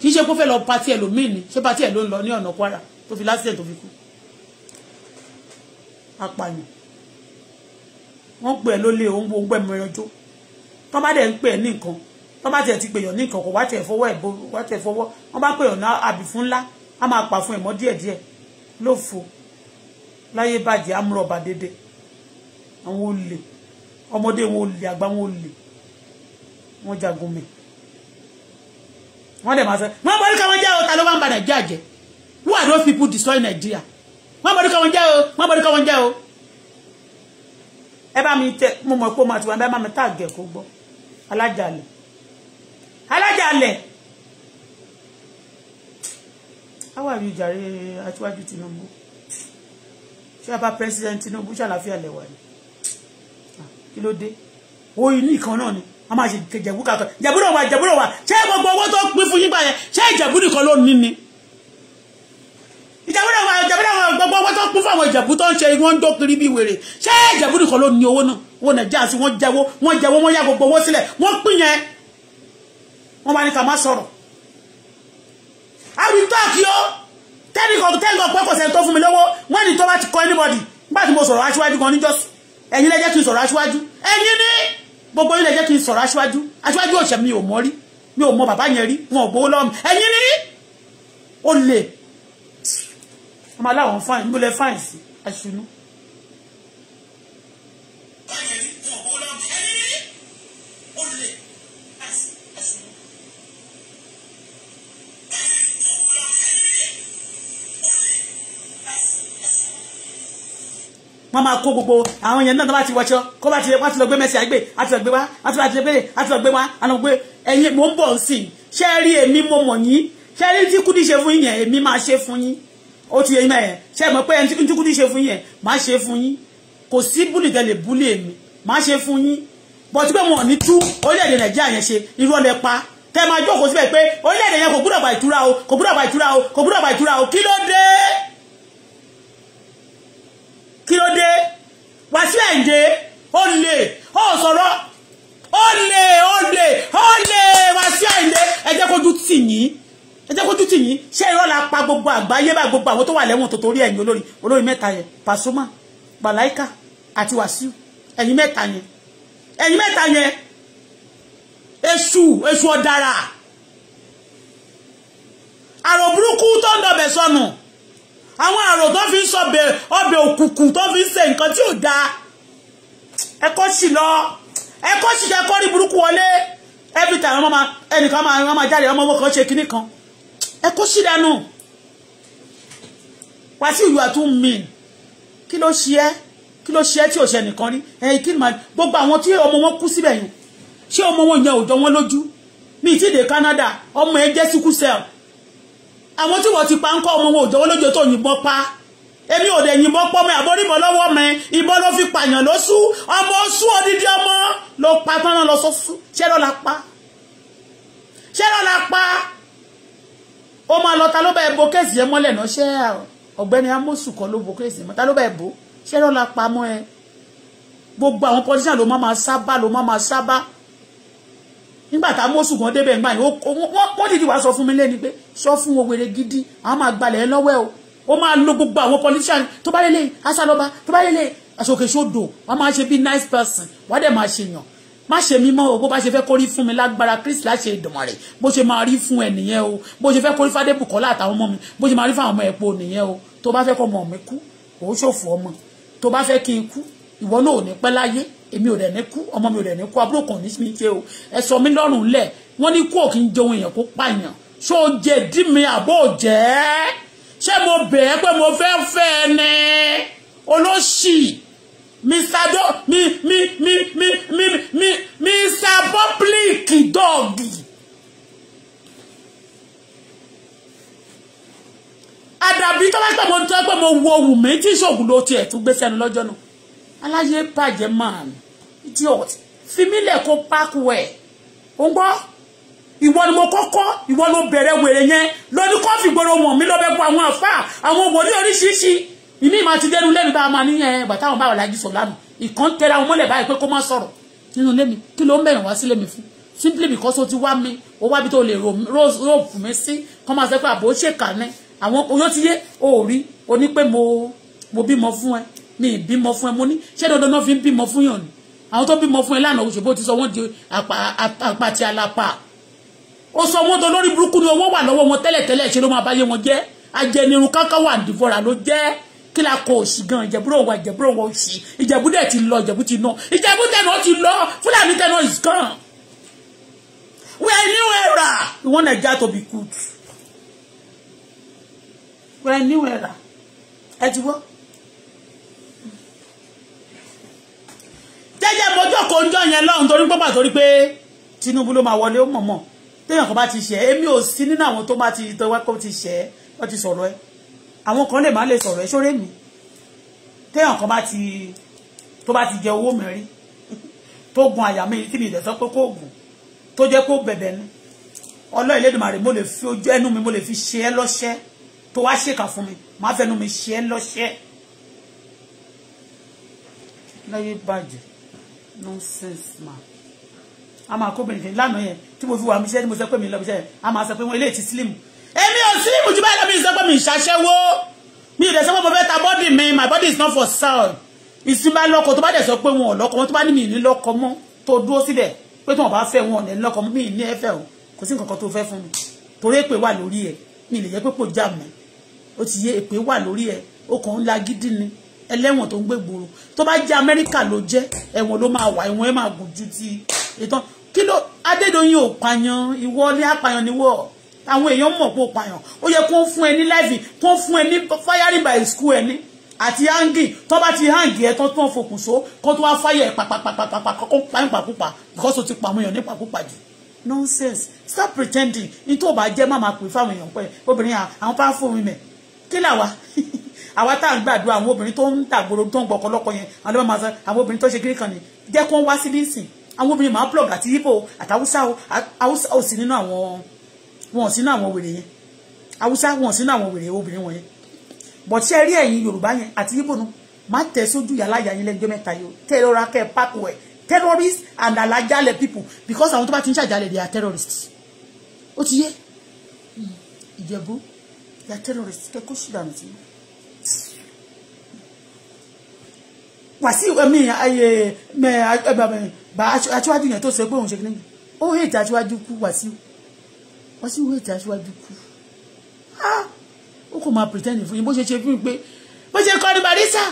kì í ṣe kó fẹ́ lọ pati ẹlòmíì ni ṣé pati ẹ ló ń lọ ní ọ̀nà Kwara tó fi lásìlẹ̀ tó fi kú apààyàn wọ́n pè ẹ́ lólè òun gbogbo ẹ̀mọ ẹranjó tó bá dẹ̀ ń pè ẹ́ ní nǹkan tó bá tiẹ̀ ti pè yàn ní nǹkan kò wá tiẹ̀ fọwọ́ ẹ̀ bó wá tiẹ̀ fọwọ́ wọ́n bá pè yàn ní àbí fún ńlá á máa pa fún ẹ̀mọ́ díẹ̀díẹ̀ lófo láyé bàjẹ́ amúrọ̀bà dédé àwọn olè ọmọdé wọn olè àgbà wọn olè wọn jagun mi wọn dẹ̀ máa sẹ́ wọn bọ́dún káwọn jẹ́ ọ̀tá ló máa ń ba nàìjíríà jẹ́ who are those people destroy nàìjíríà wọn bọ́dún káwọn jẹ́ o wọn bọ́dún káwọn jẹ́ o ẹ bá mi tẹ mo mọ̀ pé mo àti wọn bá máa mi tá àgẹ̀ kó gbọ́ alájàlẹ̀ alájàlẹ̀ how are you jàre aṣíwájú Tinubu ṣọlá president Tinubu ṣàlàfíà lẹwà ni ah, kí ló dé owó inú ìkan náà ni a máa ṣe jẹ̀bú kankan jẹ̀bú náà wà jẹ̀bú náà wà ṣé gbogbo owó tó pín fún yín gbà yẹn ṣé ìjẹ̀bú nìkan ló ní ni ìjẹ̀bú náà wà jẹ̀bú náà wà gbogbo owó tó pín fún àwọn ìjẹ̀bú tó ń ṣe wọ́n ń dó kiri bí wèrè ṣé ìjẹ̀bú nìkan ló ní owó náà owó nàìjíríà sí wọ́n jẹ́wó wọ́n jẹ́wó wọ́n yá gbogbo owó sílẹ̀ wọ́n pín yẹn wọ́n bá ní ká má sọ̀rọ̀ I will tẹ́nìkan tẹ́nìkan pé kò sẹ́ni tó fún mi lọ́wọ́ wọ́n ní tó bá ti kọ́ anybody nígbà tí mo sọ̀rọ̀ aṣíwájú kan níjọ́sí ẹ̀yin lẹ́jẹ́ kí n sọ̀rọ̀ aṣíwájú ẹ̀yin ní gbogbo yín lẹ́jẹ́ kí n sọ̀rọ̀ aṣíwájú aṣíwájú òṣè mi ò mọ̀ rí mi ò mọ̀ bàbá yẹn rí wọn ò gbowó lọ́wọ́ mi ẹ̀yin ní ó lè ọmọ aláwọ̀ fáìn níbo lẹ fáìn sí aṣunú. báyẹn rí wọn ò gbowó lọ́wọ́ ẹ̀yin ní ó lè wọ́n máa kó gbogbo àwọn yẹn náà tó bá ti wọṣọ kó bá ti wọ́n ti lọ gbé mẹ́sì àgbè àti lọ gbé wá àti lọ gbé àti lọ gbé wá àti lọ gbé ẹ̀yin mò ń bọ̀ sí i ṣé rí èmi mo mọ̀ yín ṣé rí tí Kudi ṣe fún yín yẹn èmi máa ṣe fún yín ó ti yẹn mẹ́ẹ̀ ṣé mọ̀ pé ẹni tí Kudi ṣe fún yín yẹn máa ṣe fún yín kò sí búlì tẹ́lẹ̀ búlì èmi máa ṣe fún yín bọ̀tí pé wọn ò ní tú orílẹ̀ pa tẹ máa jókòó síbẹ̀ pé orílẹ̀-èdè yẹn kò gbúdọ̀ o kò gbúdọ̀ gba o kò gbúdọ̀ gba o kí ló kí ló dé Wasiu Ayinde ó lè ó sọ̀rọ̀ ó lè ó lè ó lè Wasiu Ayinde ẹ jẹ́ kójú tì yín ẹ jẹ́ kójú tì yín ṣé irọ́ la pa gbogbo àgbáyé bá gbogbo àwọn tó wà lẹ́wọ̀n tó torí ẹ̀yìn olórí olórí mẹ́ta yẹn Pasuma Malaika àti Wasiu ẹ̀yìn mẹ́ta yẹn ẹ̀yìn mẹ́ta yẹn èṣù èṣù ọ̀dàrà àrò burúkú tó ń dọ̀bẹ̀ sọnù àwọn àrò tó fi ń sọbẹ̀ ọbẹ̀ òkùnkùn tó fi ń ṣe nǹkan tí ò da ẹ̀kọ́ sì lọ ẹ̀kọ́ sì kẹ́kọ́ rí burúkú wọlé every time ọmọ ẹnìkan máa máa jáde ọmọ ọmọ kan ṣe kinní kan ẹ̀kọ́ sì dànù Wàsíù you are too mean kí ló ṣe ẹ́ kí ló ṣe ẹ́ tí ò ṣe nìkan rí ẹ̀yìn kí ni màá gbogbo àwọn tí ọmọ wọn kú síbẹ̀ yẹn ṣé ọmọ wọn yẹn ò jọ wọn lójú mi ti dé Canada ọmọ ẹ jẹ́ sickle cell àwọn tí wọ́n ti pa ń kọ́ ọmọ wọn ò jọwọ́ lójó tó yìnbọn pa èmi ò dẹ̀ yìnbọn pọ́ mi àbọ̀rìbọ̀ lọ́wọ́ mi ìbọn ló fi pààyàn ló sú ọmọ sú odidi ọmọ ló pa tán lọ sọ sú ṣé lọ́la pa ṣé lọ́la pa ó máa lọ ta ló bá ẹ bo kéèsì yẹn mọ́lẹ̀ náà ṣé ọ̀gbẹ́ni amósù kan ló bo kéèsì yẹn mọ́ ta ló bá ẹ bo ṣé lọ́la pa mọ́ ẹ gbogbo àwọn politician ló máa máa sábà ló máa máa sábà nígbà tá mọ́sù kan débẹ̀ gbà yìí wọ́n dìdí wàá sọ fún mi lẹ́ni pé sọ fún òwèrè gidi àwọn máa gbalẹ̀ ẹ lọ́wọ́ ẹ o ó máa lo gbogbo àwọn politician tó bá lélẹ̀ asálọ́ba tó bá lélẹ̀ àṣòkèṣodò wọ́n máa ṣe bí nice person wọ́n dẹ̀ máa ṣèyàn má ṣe mí mọ́ o bó bá ṣe fẹ́ kórí fún mi lágbára Christ láṣẹ ìdùnmọ̀ rẹ̀ bó ṣe máa rí fún ẹ nìyẹn o bó ṣe fẹ́ kórí fádébùkọ́lá àtàwọn ọmọ mi bó ṣe máa rí fún àwọn ọmọ ẹ̀pọ̀ nìyẹn o tó bá fẹ́ kọ́ ọmọ mi kú òun ṣòfò ọmọ tó bá fẹ́ kí n kú ìwọ náà ò ní pẹ́ láyé èmi ò dẹ̀ ní kú ọmọ mi ò dẹ̀ ní kú àbúrò kan ní mi ṣe o ẹ sọ mí lọ́rùn lẹ̀ wọ́n ní kú òkì ń jẹun èèyàn kó pààyàn ṣó jẹ dí mi àbó jẹ́ ṣé mo bẹ̀ẹ́ pé mo fẹ́ fẹ́ ẹ ní olóṣì mr do mi mi mi mi mi mi mr public dog. àdàbí tó bá pẹ̀ mo tọ́ pé mo wo òwú mi tí ló tiẹ̀ tún gbé sẹ́nu lọ́jọ́ náà aláyé bàjẹ́ man idiot fi mí lẹ̀ kó páàkù ẹ̀ ó ń gbọ́ ìwọ ni mo kọ́kọ́ ìwọ ló bẹ̀rẹ̀ wèrè yẹn lọ́dún kọ́ fi gbọ́dọ̀ wọ̀n mí lọ́bẹ̀ bu àwọn àfa àwọn wòlíì oríṣiríṣi ìmí ìmọ̀ àti dẹnu lẹ́nu bá a máa níyẹn ìgbà táwọn báwọn lájú sọ lánàá ìkan tẹra wọn mọ́lẹ̀ báyìí pé kó má sọ̀rọ̀ nínú ilé mi kí ló ń bẹ̀rẹ̀ wá sílé mi fún simply because o ti wá mi o wá bí tó lè ròpù mi sí kọ́ máa sọ pé àbò ó ṣèkà ní àwọn oyó ti yé o ò o ní pé mo bímọ fún ẹ mi ìbímọ fún ẹ mo ní ṣé dandan náà fi ń bímọ fún yàn ni àwọn tó bímọ fún ẹ lánàá oṣù bó ti sọ wọn di àpàtì alápà ó sọ wọn tó lórí burúkú ni owó wà lọ́wọ́ wọn tẹ́lẹ̀tẹ́lẹ̀ ṣe ló máa báyé wọn jẹ́ ajẹnirun kankan wà dìfọ́ra ló jẹ́ kí la kọ òsì gan ìjẹ̀búrò wa ìjẹ̀búrò wa òsì ìjẹ̀bú dẹ̀ ti lọ ìjẹ̀bú ti ná ìjẹ̀bú tẹ̀nà ti lọ fúlàní tẹ̀nà is gone we are new era we want naija to be good we are new era ẹ ti wọ́n. jẹ́jẹ́ mọ́jọ́ kò ń jọ yẹn lọ́hùn torí pọ́pà torí pé Tinubu ló máa wọlé ó mọ̀mọ́ téèyàn kan bá ti ṣe èmi ò sí nínú àwọn tó bá ti tọwọ́ kó ti ṣe wọ́n ti sọ̀rọ̀ ẹ àwọn kan lè má lè sọ̀rọ̀ ẹ ṣóré mi téèyàn kan bá ti tó bá ti jẹ owó mẹ́rin tó gun àyà mi tí mi ìdẹ̀sọ́ pé kó gùn tó jẹ́ kó bẹ̀bẹ̀ ni ọlọ́ọ̀ Elédùmarè mo lè fi ojú ẹnu mi mo lè fi ṣe ẹ́ lọ́ṣẹ́ tó wá ṣèkà fún mi màá fẹnu mi ṣe ẹ́ lọ́ṣẹ́ láyé bàjẹ́ nonsense ma a máa kó bẹ̀rẹ̀ lánàá yẹn tí mo fi wà míṣẹ́ tí mo sọ pé mi lọ míṣẹ́ a máa sọ pé wọn eléyìí ti sílímù èmi ò sílímù jù báyìí lọ mi sọ pé mi ń ṣàṣẹ́wó mi ò dẹ̀ sọ pé mo fẹ́ ta bọ́dì mi my body is not for sale ìsinmi alọ́kọ tó bá dẹ̀ sọ pé wọn ò lọ́kọ wọn tó bá ní mi ní lọ́kọ mọ́ tó dúró síbẹ̀ pé tí wọn bá fẹ́ wọn ò ní lọ́kọ mi ní ẹ̀fẹ́ o kò sí nǹkan kan tó fẹ́ fún mi torí èpè wà lórí ẹ̀ mi lè jẹ́ pé kò já mi ó ti yé èpè wà lórí ẹ̀ ó kàn ń la gidi ni ẹlẹ́wọ̀n tó ń gbé gbòòrò tó bá jẹ́ amẹ́ríkà ló jẹ́ ẹ̀wọ̀n ló máa wà ẹ̀wọ̀n ẹ̀ máa gùn ju ti ìtàn kí ló adédọ̀yìn ò pààyàn ìwọ ní apààyàn níwọ̀ àwọn èèyàn mọ̀ pé ó pààyàn ó yẹ kó fún ẹ ní láìfì kó fún ẹ ní firing by school ẹ ní àti hanging tó bá ti hang ẹ tán tó ń fokùn so kó tó wá fáyà ẹ pàpàpàpàpà nonsense stop pretending nítorí ò bá jẹ́ má máa pè fáwọn èèyàn pẹ́ àwa tá à ń gbàdúrà àwọn obìnrin tó ń tàgbòrò tó ń gbọkọ lọkọ yẹn àwọn ọlọ́mọ àti àwọn obìnrin tó ṣe kiri kan ni jẹ́ kó ń wá sí nísìn àwọn obìnrin máa plug àti yípo àtàwùsá o àwùsá ò sí nínú àwọn wọn ò sínú àwọn wèrè yẹn àwùsá wọn ò sínú àwọn wèrè obìnrin wọn yẹn bọ̀ tí ẹ rí ẹ̀yin Yorùbá yẹn àti yípo nu má tẹ̀ sójú yàrá yàrá yẹn lẹ́jọ́ mẹ́ta yìí o tẹ́lọ́ra kẹ́ pákó ẹ̀ terrorists and alajale people because àwọn tó bá ti ń ṣàjálẹ̀ they are terrorists ó ti yé hmm. ìjẹ̀bú they are terrorists kẹ́kọ̀ọ́ ṣùgbọ́n àmì sí i. wàsíù ẹ̀mí ayé mẹ́ bá aṣíwájú yẹn tó sọ pé òun ṣe kíní ó hètè aṣíwájú kú wàsíù wàsíù hètè aṣíwájú kú ó kò máa pretend fún yín bó ṣe ṣe fún mi pé bó ṣe kọ́ ni barisa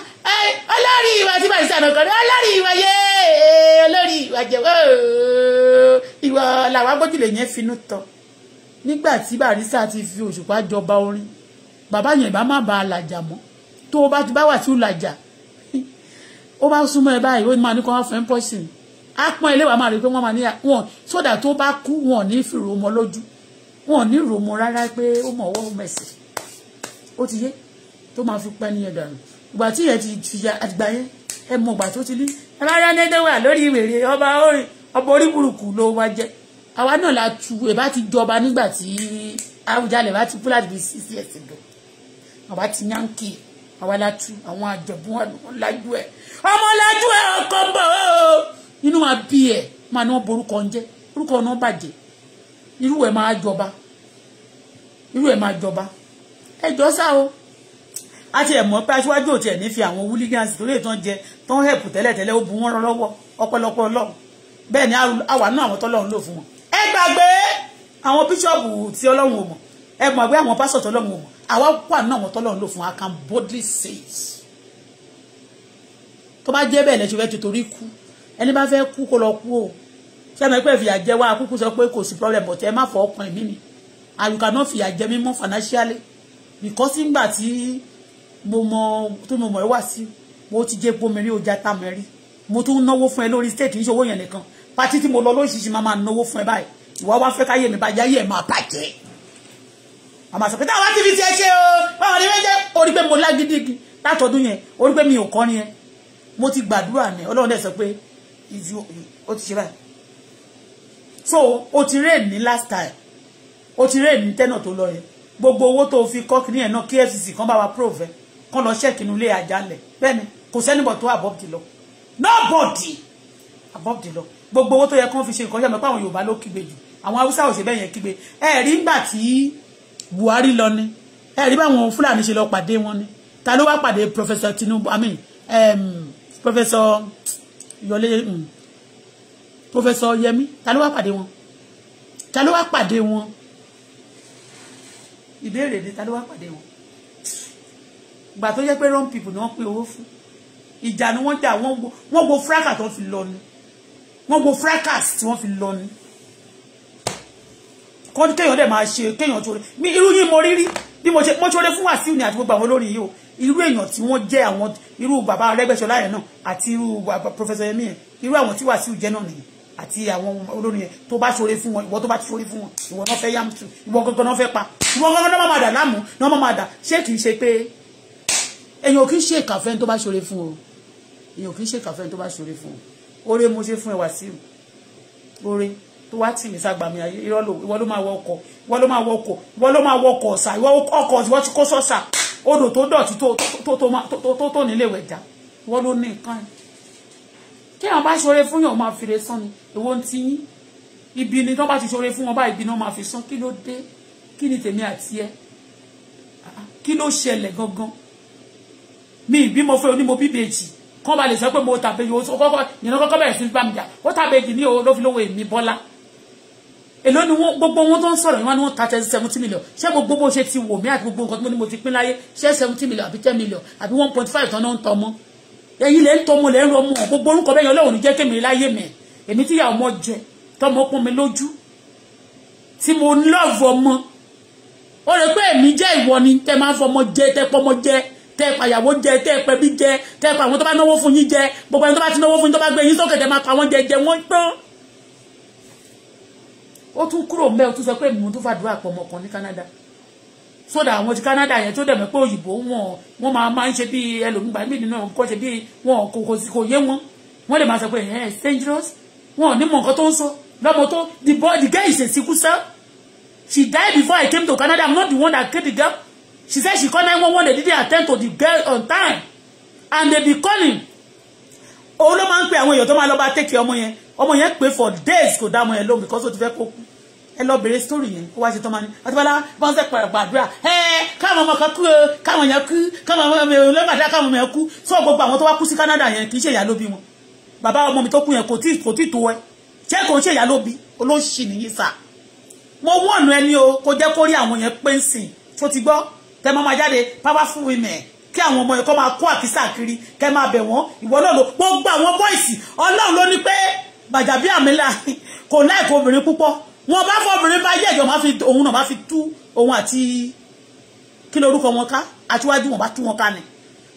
olórí ìwà tí barisa náà kọ́ ni olórí ìwà yé olórí ìwà jẹ ìwà làwọn agbójúlé yẹn finú tán nígbà tí barisa ti fi òṣùpá jọba orin bàbá yẹn bá má ba làjà mọ́ tó o bá ti bá wà tí ó làjà ó bá súnmọ́ ẹ báyìí ó máa ní kó wọ́n fẹ́ ń pọ́sìn á pọ́n ilé wa máa rí pé wọ́n máa ní wọn sódà tó bá kú wọn ní fìròmọ lójú wọn ní ròmọ rárá pé ó mọ̀ ọwọ́ mẹ̀sì ó ti yé tó máa fi pẹ́ níyẹn dànù ìgbà tí yẹn ti fìyà àgbà yẹn ẹ mọ ìgbà tó ti ní rárá dédé wà lórí ìwèrè ọba orin ọba orí burúkú ló wá jẹ àwa náà la tu ìbá ti jọba nígbà tí Awùjalẹ̀ bá ti kú láti fi six years ago àwa ti yánkì àwa la tu àwọn àjọ̀bọ̀n ọ̀làjú ẹ̀ ọmọlájú ẹ ọkọ ń bọ̀ inú máa bí ẹ máa náà borúkọ ń jẹ orúkọ náà bàjẹ́ irú ẹ máa jọba irú ẹ máa jọba ẹ jọ sá o a ti ẹ̀ mọ̀ pé aṣíwájú òtí ẹ̀ ní fi àwọn wúlígáns torí ètò ọ̀jẹ̀ tó ń hẹ̀pù tẹ́lẹ̀tẹ́lẹ̀ ó bu wọ́n lọ́wọ́ ọ̀pọ̀lọpọ̀ ọlọ́run bẹ́ẹ̀ ni àwa náà àwọn tọ́lọ́run lò fún wọn. ẹ gbàgbé àwọn bíṣọ̀bù tí ọlọ́run ò mọ̀ ẹ gbàgbé àwọn pásọ̀ tọ́lọ́run ò mọ̀ àwa wà náà àwọn tọ́lọ́run lò fún wa I can boldly say it tó bá jẹ́ bẹ́ẹ̀ lẹ́sẹ̀ fẹ́ ti torí kú ẹni bá fẹ́ kú kó lọ kú o sẹ́mi pé fìyà jẹ wá kúkú sọ pé kò sí problem but ẹ má fọ ọkàn ẹ̀mí mi and you fìyà jẹ mí mọ́ financially because ngbà tí mo mọ tó mo mọ̀ ẹ́ wá sí mo ti jẹ́ bomi rí ọjà tá mi rí mo tún náwó fún ẹ lórí state níṣẹ́ owó yẹn nìkan pati tí mo lọ lóṣìṣì máa máa náwó fún ẹ báyìí ìwà wá fẹ́ káyé mi bàjẹ́ ayé ẹ̀ máa bàjẹ́ àmọ́ àṣọ pé táwọn láti ti ẹ ṣe o báwọn ni wọ́n jẹ́ orí pé mo lágídí látọdún yẹn orí pé mi ò kọ́ ni yẹn mo ti gbàdúrà ní ọlọ́run dẹ̀ sọ pé ìjú ti ṣe báyìí so o ti rè ní last time o ti rè ní tẹ́nà tó lọ yẹn gbogbo owó tó fi kọ́ kìnìyàn náà KFCC kan bá wa prove kan lọ ṣẹ́kìnú ilé àjálẹ̀ bẹ́ẹ̀ ni kò sẹ́nìbọ̀ tó above the law nobody above the law gbogbo owó tó yẹ kán fi ṣe nǹkan yàmọ́ pé àwọn Yorùbá ló kígbe jù àwọn Haúsá ò ṣe bẹ́ẹ̀ yẹn kígbe ẹ̀rí ńgbà tí Buhari lọ ni ẹ̀rí báwọn Fúlàní ṣe lọ pàdé wọn ni ta ló wá pàdé Professor Tinubu I mean um, professor yọlé hmm, professor Yemi, ta ló wá pàdé wọn ta ló wá pàdé wọn ìbéèrè ni ta ló wá pàdé wọn ìgbà tó yẹ pé wrong people ni wọ́n pín owó fún ìjà ni wọ́n jà wọ́n wo fracas tí wọ́n fi lọ ni wọ́n wo fracas tí wọ́n fi lọ ni kọ́ kéèyàn dẹ̀ máa ṣe kéèyàn tó rẹ̀ mi irú yìí mo rí rí bí mo ṣe mo ṣe rẹ̀ fún ni àti gbogbo àwọn olórin yìí o irú èèyàn tí wọ́n jẹ́ àwọn irú bàbá Arẹ́gbẹ́ṣọlá yẹn náà àti irú bàbá Professor Yẹmí yẹn irú àwọn tí Wàsíù jẹ́ náà nìyẹn àti àwọn olórin yẹn tó bá ṣoore fún wọn ìwọ tó bá ti ṣoore fún wọn ìwọ náà fẹ́ yam tu ìwọ gangan náà fẹ́ pa ìwọ gangan náà máa dà láàmú náà máa dà ṣé kì í ṣe pé èèyàn ò kì í ṣe ìkàfẹ́ tó bá ṣoore fún o èèyàn ò kì í ṣe ìkàfẹ́ tó bá ṣoore fún o oore mo ṣe fún ẹ Wàsíù oore tó wá tì mí sàgbà ayé irọ́ lò ìwọ ló máa wọ ọkọ̀ ìwọ ló máa wọ ọkọ̀ ọ̀sà ìwọ ọkọ̀ ọ̀sà ìwọ ti kó sọ́sà odò tó dọ̀tí tó tó nílé wẹ̀já wọ́n ló ní nǹkan ẹ̀ kí àwọn bá ṣoore fún yàn máa fi re sán ni èwo ń ti yín ibi ni tó bá ti ṣoore fún wọn bá ibi náà máa fi sán kí ló dé kí ni tèmi àti ẹ kí ló ṣẹlẹ̀ gangan mi ìbímọ fẹ́ onímọ̀ bíbèjì kán ba lè sọ pé mo tàbí yòó kọ́kọ́ ìyẹn kọ́kọ́ bẹ̀rẹ̀ sí bá mi jà ó tàbí èjì ní o ló fi lówó èmi bọ́lá èló ni wọ́n gbogbo wọn tó ń sọ̀rọ̀ yìí wọ́n ní wọ́n ta thirty seventy million ṣé gbogbo bó ṣe ti wò mí àti gbogbo nǹkan tó ní mo ti pín láyé ṣé seventy million àbí ten million àbí one point five tán náà ń tọ́ mọ́ ẹ̀yin lẹ́ ń tọ́ mọ́ lẹ́ ń rọ mọ́ gbogbo orúkọ bẹ́ẹ̀ yẹn ọlọ́run ní jẹ́ kémi láyé mẹ́ èmi tíyà ọmọ jẹ tọmọ pọn mi lójú tí mo lọ́ọ̀fù ọmọ ó rẹ pé èmi jẹ́ ìwọ ni tẹ máa ń fọmọ jẹ tẹ pọmọ jẹ tẹ pàyàwó jẹ tẹ pẹbí jẹ tẹ pa àwọn tó bá náwó fún yín jẹ gbogbo àwọn tó bá ti náwó fún yín tó bá gbé yín sókè tẹ máa pa wọn jẹ jẹ wọn tán ó tún kúrò mẹ́ ó tún sọ pé mo tún fàdúrà pọ̀ ọmọ kan ní Canada sódà àwọn ti Canada yẹn tó dẹ̀ mọ́ pé òyìnbó wọn wọn máa máa ń ṣe bí ẹlòmígbà níbi nínú ọkọ ṣe bí wọn kò yé wọn wọn lè máa sọ pé ẹ ẹ dangerous wọn ò ní mọ nǹkan tó ń sọ lọ́mọ tó the boy the girl is a sickle cell she died before I came to Canada I'm not the one that killed the girl she said she called 911 they didn't attend to the girl on time and they be calling òun ló máa ń pe àwọn èèyàn tó máa lọ bá tẹ́kì ọmọ yẹn ọmọ yẹn pè for days kò dá ọmọ yẹn lóhùn because ó ti fẹ́ kó kú ẹ lọ bèrè story yẹn kó wá ṣe tán máa ní àtibọ́lá bá ń sẹ́ pẹ̀rẹ̀ gbàdúrà ẹ káwọn ọmọ kan kú o káwọn yẹn kú káwọn ọmọ mi lọ́gbàdá káwọn ọmọ yẹn kú sọ gbogbo àwọn tó wá kú sí Canada yẹn kì í ṣe ìyá ló bí wọn bàbá ọmọ mi tó kú yẹn kò tí kò tí tó ẹ ṣé kò ń ṣe ìyá olóṣì nìyí sà mo wọ̀nù ẹni o kò jẹ́ kó rí àwọn yẹn pé ń sìn tó ti gbọ́ tẹ máa máa jáde powerful women kí àwọn ọmọ yẹn kọ́ máa kó àkísà kiri kẹ́ máa bẹ̀ wọ́n ìwọ náà ló gbogbo àwọn bọ́ìsì ọlọ́run ló ní pé bàjàbí àmìlà kò láìkó obìnrin púpọ̀ wọn bá fọ obìnrin bá yẹ ìjọba fi òun náà bá fi tú òun àti kí lorúkọ wọn ká aṣíwájú wọn bá tú wọn ká ni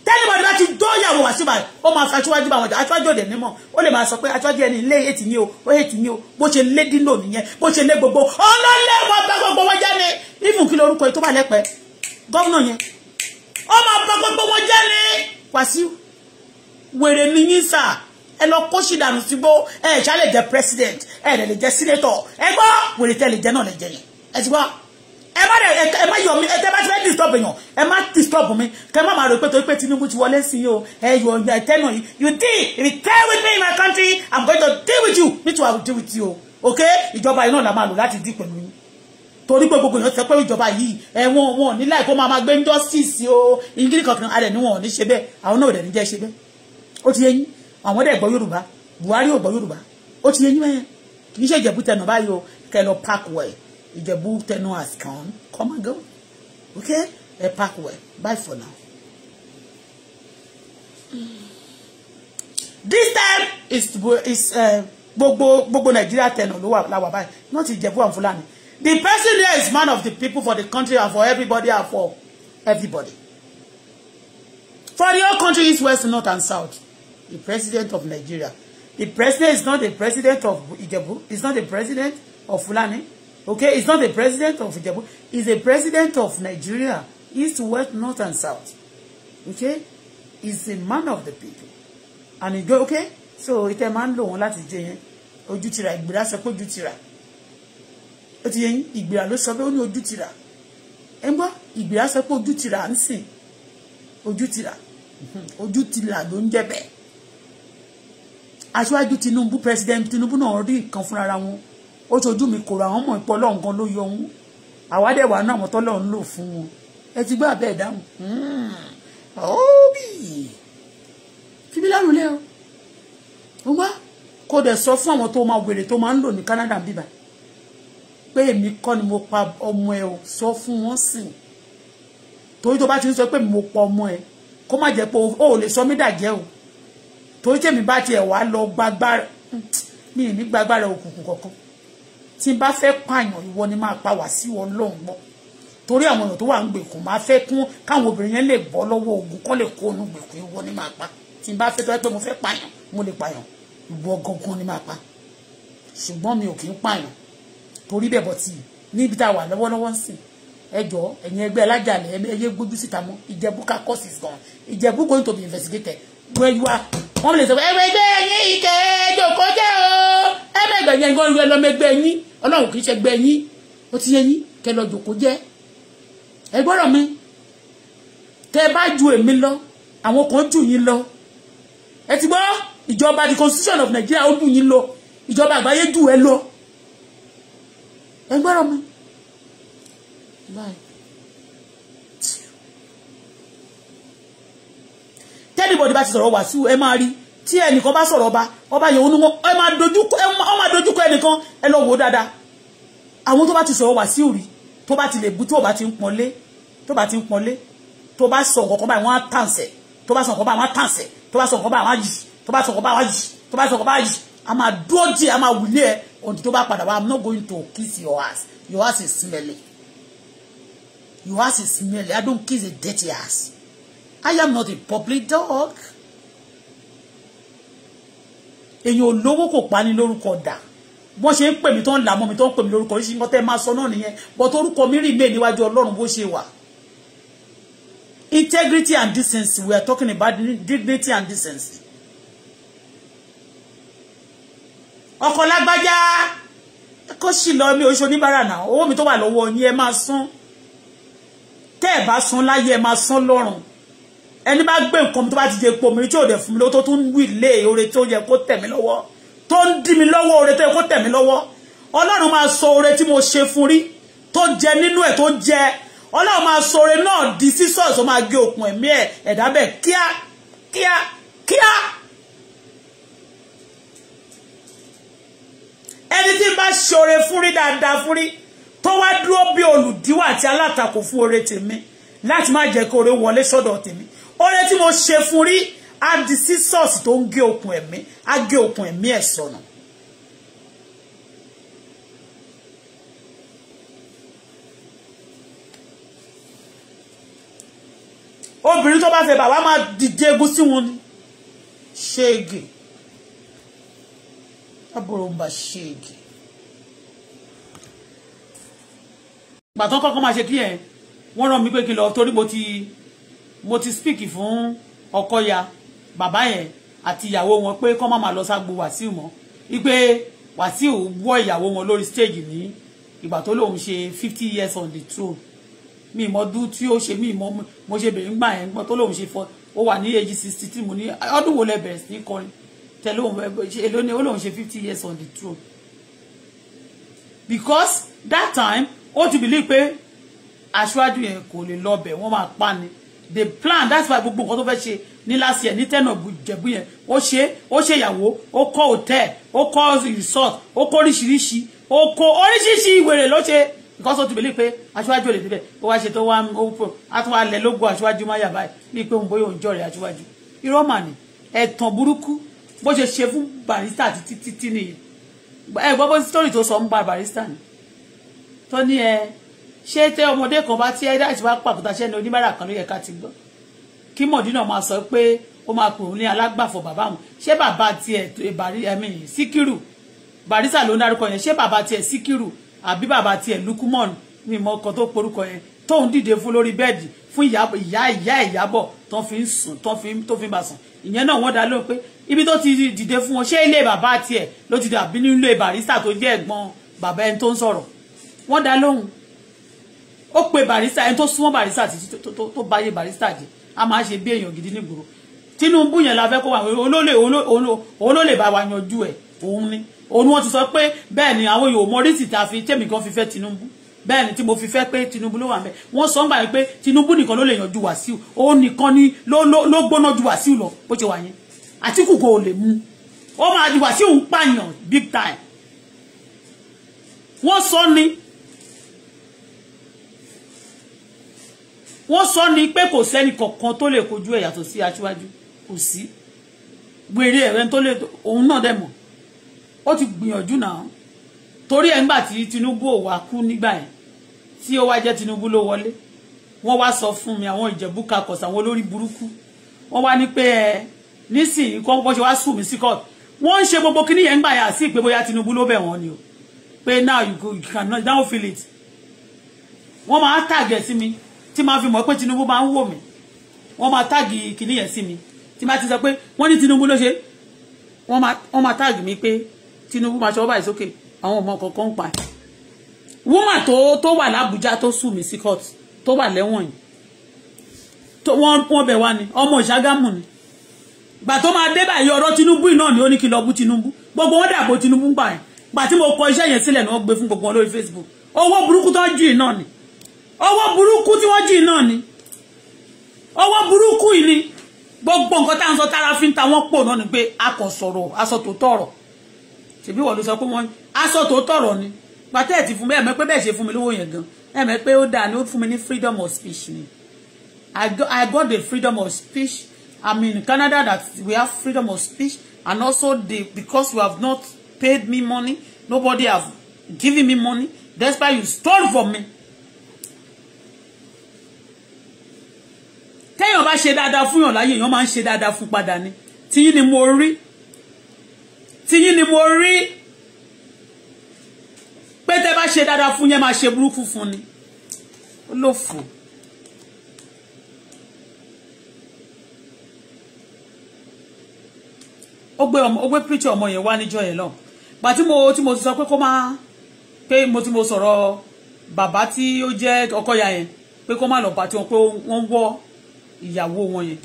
tẹ́lifọ̀dì bá ti dóyàwó wá síbà ó máa fi aṣíwájú bá wọn jà aṣíwájú òde nímọ̀ ó lè máa sọ pé aṣíwájú ẹni lé ètì ní o ó ètì ní o bó ṣe lé dínlò nìyẹn bó ṣe lé gbogbo ọlọ́lẹ́ wọn bá gbogbo wọn jẹ́ ni ìfún kí lorúkọ yìí tó bá lẹ́pẹ́ gómìnà yẹn ó máa bá gbogbo wọn jẹ́ ni Wàsíù wèrè nìyí sáà ẹ lọ kó ṣì dànù sígbó ẹ ẹ̀ ṣá lè jẹ́ president ẹ ẹ̀ lè jẹ́ senator ẹ gbọ́ wèrè tẹ́ lè jẹ́ náà lè jẹ yẹn ẹ ti gbọ́ ẹ má dẹ ẹ má yọ mi ẹ tẹ bá ti fẹ́ disturb èèyàn ẹ má disturb mi kẹ má máa rò pé torí pé Tinubu ti wọlé sí o ẹ yọ ọjà ìtẹ́nà yìí you deal if you deal with me in my country i'm going to deal with you me too i will deal with you okay ìjọba yìí náà la máa lò láti dín pẹ̀lú yín torí pé gbogbo èèyàn ti sọ pé ìjọba yìí ẹ̀wọ̀n wọn ní láì kó máa máa gbé justice o ìngírí kankan alẹ̀ ni wọn ò ní ṣe bẹ́ẹ̀ àwọn náà ò dẹ̀ ní jẹ́ ṣe bẹ́ẹ̀ ó ti yẹ yín àwọn dẹ̀ gbọ́ yorùbá buhari ò gbọ́ yorùbá ó ti yẹ yín mẹ́yẹn kì í ṣe ìjẹ̀bú tẹnu báyìí o kẹ lọ park well ìjẹ̀bú tẹnu has come come and go okay ẹ park bye for now. this time is is eh, gbogbo gbogbo nàìjíríà tẹnu ló wà láwà báyìí not ìjẹ̀bú and fúlàní the person there is man of the people for the country and for everybody and for everybody for the whole country east west north and south the president of Nigeria. The president is not the president of Ijebu. It's not the president of Fulani. Okay, it's not the president of Ijebu. He's the president of Nigeria, east, west, north, and south. Okay, he's the man of the people. And he go, okay, so it's a man lò on that day, yẹn ojú tira ìgbéra sọ pé ojú tira ó ti yẹ yín ìgbéra ló sọ pé ó ní ojú tira ẹ ń gbọ́ ìgbéra sọ tira ń sìn ojú tira ojú tira ló ń jẹ́ aṣáájú Tinubu president Tinubu náà rí nǹkan fúnra wọn ó ṣojú mi kò ra wọn mọ̀ ìpọ́ ọlọ́run gan ló yọ wọn àwádẹ́wà náà àwọn tọ́lọ́run lò fún wọn ẹ ti gbọ́ àbẹ́ ìdáhùn ọ́ọ́bì hmm. fíbí lárùn lẹ́ o ó wá kó dẹ̀ sọ fún àwọn tó máa wèrè tó máa ń lò ní Canada bíbá pé èmi kọ́ ni mo pa ọmọ ẹ o sọ fún wọn sìn torí tó bá ti ń sọ pé mo pa ọmọ ẹ kó má jẹ́ pé o ò lè sọ mí dàjẹ́ o torí tèmi bá tiẹ̀ wá lọ gbàgbára mi ì ní gbàgbára òkùnkùn kankan tí n bá fẹ́ pààyàn ìwọ ni máa pa wá sí ọlọ́run gbọ́ torí àwọn èèyàn tó wà ń gbèkùn máa fẹ́ kún káwọn obìnrin yẹn lè bọ́ lọ́wọ́ ogun kọ́ lè kó gbèkùn ìwọ ni máa pa tí n bá fẹ́ tó pé mo fẹ́ pààyàn mo lè pààyàn ìwọ gangan ni máa pa ṣùgbọ́n mi ò kì í pààyàn torí bẹ́ẹ̀ bọ́ ti níbi tá a wà lọ́wọ́lọ́wọ́ ń sìn ẹjọ ẹ̀yin ẹgbẹ́ alájàlẹ̀ ẹyẹ gbójú síta mọ́ Ìjẹ̀bú ká courses gan Ìjẹ̀bú going to be investigated where you are wọ́n lè sọ pé ẹgbẹ́gbẹ́ ẹyin ìkẹ́ jòkó jẹ́ o ẹgbẹ́gbẹ́ yẹn gan lu ẹlọ́mẹgbẹ́ yín ọlọ́run kì í ṣe gbẹ́ yín ó ti yẹ yín kẹ́ lọ jòkó jẹ́ ẹ gbọ́dọ̀ mi tẹ́ ẹ bá ju èmi lọ àwọn kan jù yín lọ ẹ ti gbọ́ ìjọba the constitution of Nigeria ó jù yín lọ ìjọba àgbáyé jù ẹ lọ ẹ gbọ́dọ̀ mi báyìí. anybody bá ti sọ̀rọ̀ Wàsíù ẹ máa rí tí ẹnìkan bá sọ̀rọ̀ ọba ọba yẹn onú wọn ẹ máa dojúkọ ẹnìkan ẹ lọ wò ó dáadáa àwọn tó bá ti sọ̀rọ̀ Wàsíù rí tó bá ti lè bú tí To bá ti ń pọnlé tó bá ti ń pọnlé tó bá sọ nǹkan báyìí wọ́n á tàǹsẹ̀ tó bá To nǹkan so wọ́n á tàǹsẹ̀ tó bá sọ nǹkan báyìí wọ́n á yì to bá sọ nǹkan báyìí wọ́n á yì tó bá sọ nǹkan báyìí a máa dúró jì a máa wùlé ẹ òdì tó bá padà wá i'm not going to kiss your ass your ass is smelly your ass is smelly i don't kiss a dirty ass. I am not a public dog. Èyàn olówó kò pa ní lórúkọ dà. Wọ́n ṣe ń pè mí tó ń là mọ́ mi tó ń pè mí lórúkọ yìí ṣùgbọ́n tẹ́ máa sọ náà nìyẹn. But orúkọ mi rìn mí níwájú Ọlọ́run bó ṣe wà. Integrity and decency we are talking about dignity and decency. Ọkọ lágbájá kó sì lọ mi oṣù oníbàárà náà owó mi tó wà lọ́wọ́ yín ẹ máa san. Tẹ́ ẹ̀ bá san láyé ẹ máa san lọ́rùn ẹni bá gbé nǹkan mi tó bá ti jẹ epo mi tí ò dẹ̀ fún mi lówó tó tún wí lé oore tó yẹ kó tẹ̀ mí lọ́wọ́ tó ń dí mi lọ́wọ́ oore tó yẹ kó tẹ̀ mí lọ́wọ́ ọlọ́run máa sọ oore tí mo ṣe fún rí tó jẹ nínú ẹ̀ tó jẹ ọlọ́run máa sọ oore náà di sísọ̀ tó máa gé okùn ẹ̀mí ẹ̀ ẹ̀dá bẹ̀ kíá kíá kíá. ẹni tí bá ṣe oore fún rí dáadáa fún rí tó wá dúró bí olùdíwọ̀ àti alátakò fún oore tèmi láti má jẹ́ kí oore wọlé sọ́dọ̀ tèmi oore tí mo ṣe fún rí á di scissors tó ń gé okùn ẹ̀mí á gé okùn ẹ̀mí ẹ̀ sọnù. obìnrin tó bá fẹ́ bàbá máa dìde egun sí wọn ni ṣéègì lábúrò ń bá ṣéègì. ìgbà tán kọ́kọ́ máa ṣe kí ẹ̀ wọ́n rán mi pé kí n lọ mo ti mo ti speak fún ọkọya bàbá yẹn àti ìyàwó wọn pé kọ́ má máa lọ ságbo wàsíù mọ́ wípé wàsíù wọ́ ìyàwó wọn lórí stage ní ìgbà tó lóun ṣe fifty years on the throne mi mọ dún tí ó ṣe mi mọ mo ṣe bẹ̀rẹ̀ ńgbà yẹn gbọ́n tó lóun ṣe fọ ó wà ní age sixty tí mo ní ọdún wo lẹ bẹ̀rẹ̀ sí kọrin tẹ lóun ṣe èló ó lóun ṣe fifty years on the throne because that time ó ti believe pé aṣáájú yẹn kò lè lọ bẹ̀ wọ́n máa pa ni The plan that's why gbogbo nǹkan tó fẹ́ ṣe ní last year ní tẹ́nà jẹ̀bú yẹn ó ṣe ó ṣe ìyàwó ó kọ́ hotel ó kọ́ resort ó kọ́ oríṣiríṣi ó kọ́ oríṣiríṣi ìwèrè ló ṣe because ó ti believe pé aṣíwájú ò lè débẹ̀ ó wá ṣe tó wá ó pọ̀ á tún wá lẹ̀ lógo aṣíwájú má yà báyìí ní pé òun bóyá òun jọ̀rẹ̀ aṣíwájú irọ́ mà ní ẹ̀tàn burúkú bó ṣe ṣe fún barista àti títí nìyẹn ẹ gbọ́ bó story tó sọ ń ba barista ni tó ní ẹ ṣé tẹ ọmọdé kan bá tí ẹdá ìṣẹ́ bá pàkúta ṣẹ́ ni oníbàárà kan ló yẹ ká ti gbọ́ kí mọ̀dínà máa sọ pé ó máa pè ní alágbàfọ̀ bàbá wọn ṣé bàbá tiẹ̀ bàrí ẹ̀mí síkírù bàrísà ló ń dárúkọ yẹn ṣé bàbá tiẹ̀ síkírù àbí bàbá tiẹ̀ lukumon ní ìmọ̀ ọkọ̀ tó porúkọ yẹn tóun dìde fún lórí bẹ́ẹ̀dì fún ìyá ìyá ìyábọ̀ tó fi ń sùn tó fi tó fi bà sùn ìyẹn náà wọ́n dá lóhùn pé ibi tó ti dìde fún wọn ṣé ilé bàbá tiẹ̀ ló ti dàbí nílé bàrísà tó jẹ́ ẹ̀gbọ́n bàbá ẹni tó ń sọ̀rọ̀ wọ́n dá lóhùn ó pe barista ẹni tó súnmọ́ barista àti tó báyé barista jẹ́ a máa ṣe bí èèyàn gidi nígboro Tinubu yẹn la fẹ́ kó wà olólè olólè bá wa yanjú ẹ̀ òun ni òun wọn ti sọ pé bẹ́ẹ̀ ni àwọn yòó mọ rísì tá a fi tèmi kan fi fẹ́ Tinubu bẹ́ẹ̀ ni tí mo fi fẹ́ pé Tinubu ló wà mẹ́ wọ́n sọ ń gbà pé Tinubu nìkan ló lè yanjú Wàsíù òun nìkan ni ló gbóná ju Wàsíù lọ bó ṣe wà yẹn Àtíkù kò lè mú ó máa di Wàsíù ń pààyàn big time wọ́n sọ ni wọ́n sọ ni pé kò sẹ́ni kankan tó lè kojú ẹ̀ yàtọ̀ sí aṣíwájú kò sí wèrè ẹ̀rẹ́ tó lè òun náà dẹ̀ mọ̀ ó ti gbìyànjú náà torí ẹ̀ ńgbà tí Tinubu ò wá kú nígbà yẹn tí ó wá jẹ́ Tinubu ló wọlé wọ́n wá sọ fún mi àwọn Ìjẹ̀bú kakọ̀sì àwọn olórí burúkú wọ́n wá ní pé ẹ nísìnyí kọ́ bọ́ ṣe wá sùn mí sí kọ́ọ̀tù wọ́n ń ṣe gbogbo kíní yẹn ń gbà yà sí ìpè bóyá Tinubu ló bẹ̀ wọ́n ni o pé now you go you can now feel it wọ́n máa tàgẹ̀ sí mi tí máa fi mọ̀ pé Tinubu máa ń wò mí wọ́n máa táàgì kìíní yẹn sí mi tí máa ti sọ pé wọ́n ní Tinubu ló ṣe wọ́n máa táàgì mi pé Tinubu máa ṣọwọ́ báyìí sókè àwọn ọmọ kankan ń pa ẹ̀. wúmà tó tó wà lábújá tó sùn mí sí court tó wà lẹ́wọ̀n yìí wọ́n bẹ̀ wá ni ọmọ ìṣàgámù ni gbà tó máa dé báyìí ọ̀rọ̀ Tinubu náà ni ó ní kí lọ bú Tinubu gbogbo wọn dàbò Tinubu ń gbà yẹn gbà tí mo kọ iṣẹ́ yẹn sílẹ̀ ni wọ́n gbé gbogbo wọn Facebook owó burúkú tó ń jù ni owó burúkú tí wọ́n jì náà ni owó burúkú yìí ni gbogbo nǹkan tá à ń sọ tára fi ń ta wọ́n pò náà ni pé a kò sọ̀rọ̀ aṣọ tó tọ̀rọ̀ ṣèbí wọ́n ló sọ pé wọ́n aṣọ tó tọ̀rọ̀ ni pàtẹ́ ẹ̀ ti fún mi ẹ̀mẹ́ pé bẹ́ẹ̀ ṣe fún mi lówó yẹn gan ẹ̀mẹ́ pé ó dáa ni ó fún mi ní freedom of speech ni I got, I got the freedom of speech I'm in Canada that we have freedom of speech and also the because you have not paid me money nobody have given me money despite you stole from me téèyàn bá ṣe dáadáa fún yàn láyé èèyàn máa ń ṣe dáadáa fún padà ni tiyín ni mo rí tiyín ni mo rí pé tẹ́ bá ṣe dáadáa fún yẹn máa ṣe burúkú fún ni ó lò fò. ó gbé ọmọ ó gbé píríṣọ ọmọ yẹn wá níjọ́ yẹn lọ gbà tí mo tí mo sọ pé kó má pé mo tí mo sọ̀rọ̀ bàbá tí ó jẹ́ ọkọ ya yẹn pé kó má lọ bàtí wọn pé wọ́n wọ́ ìyàwó wọn yẹn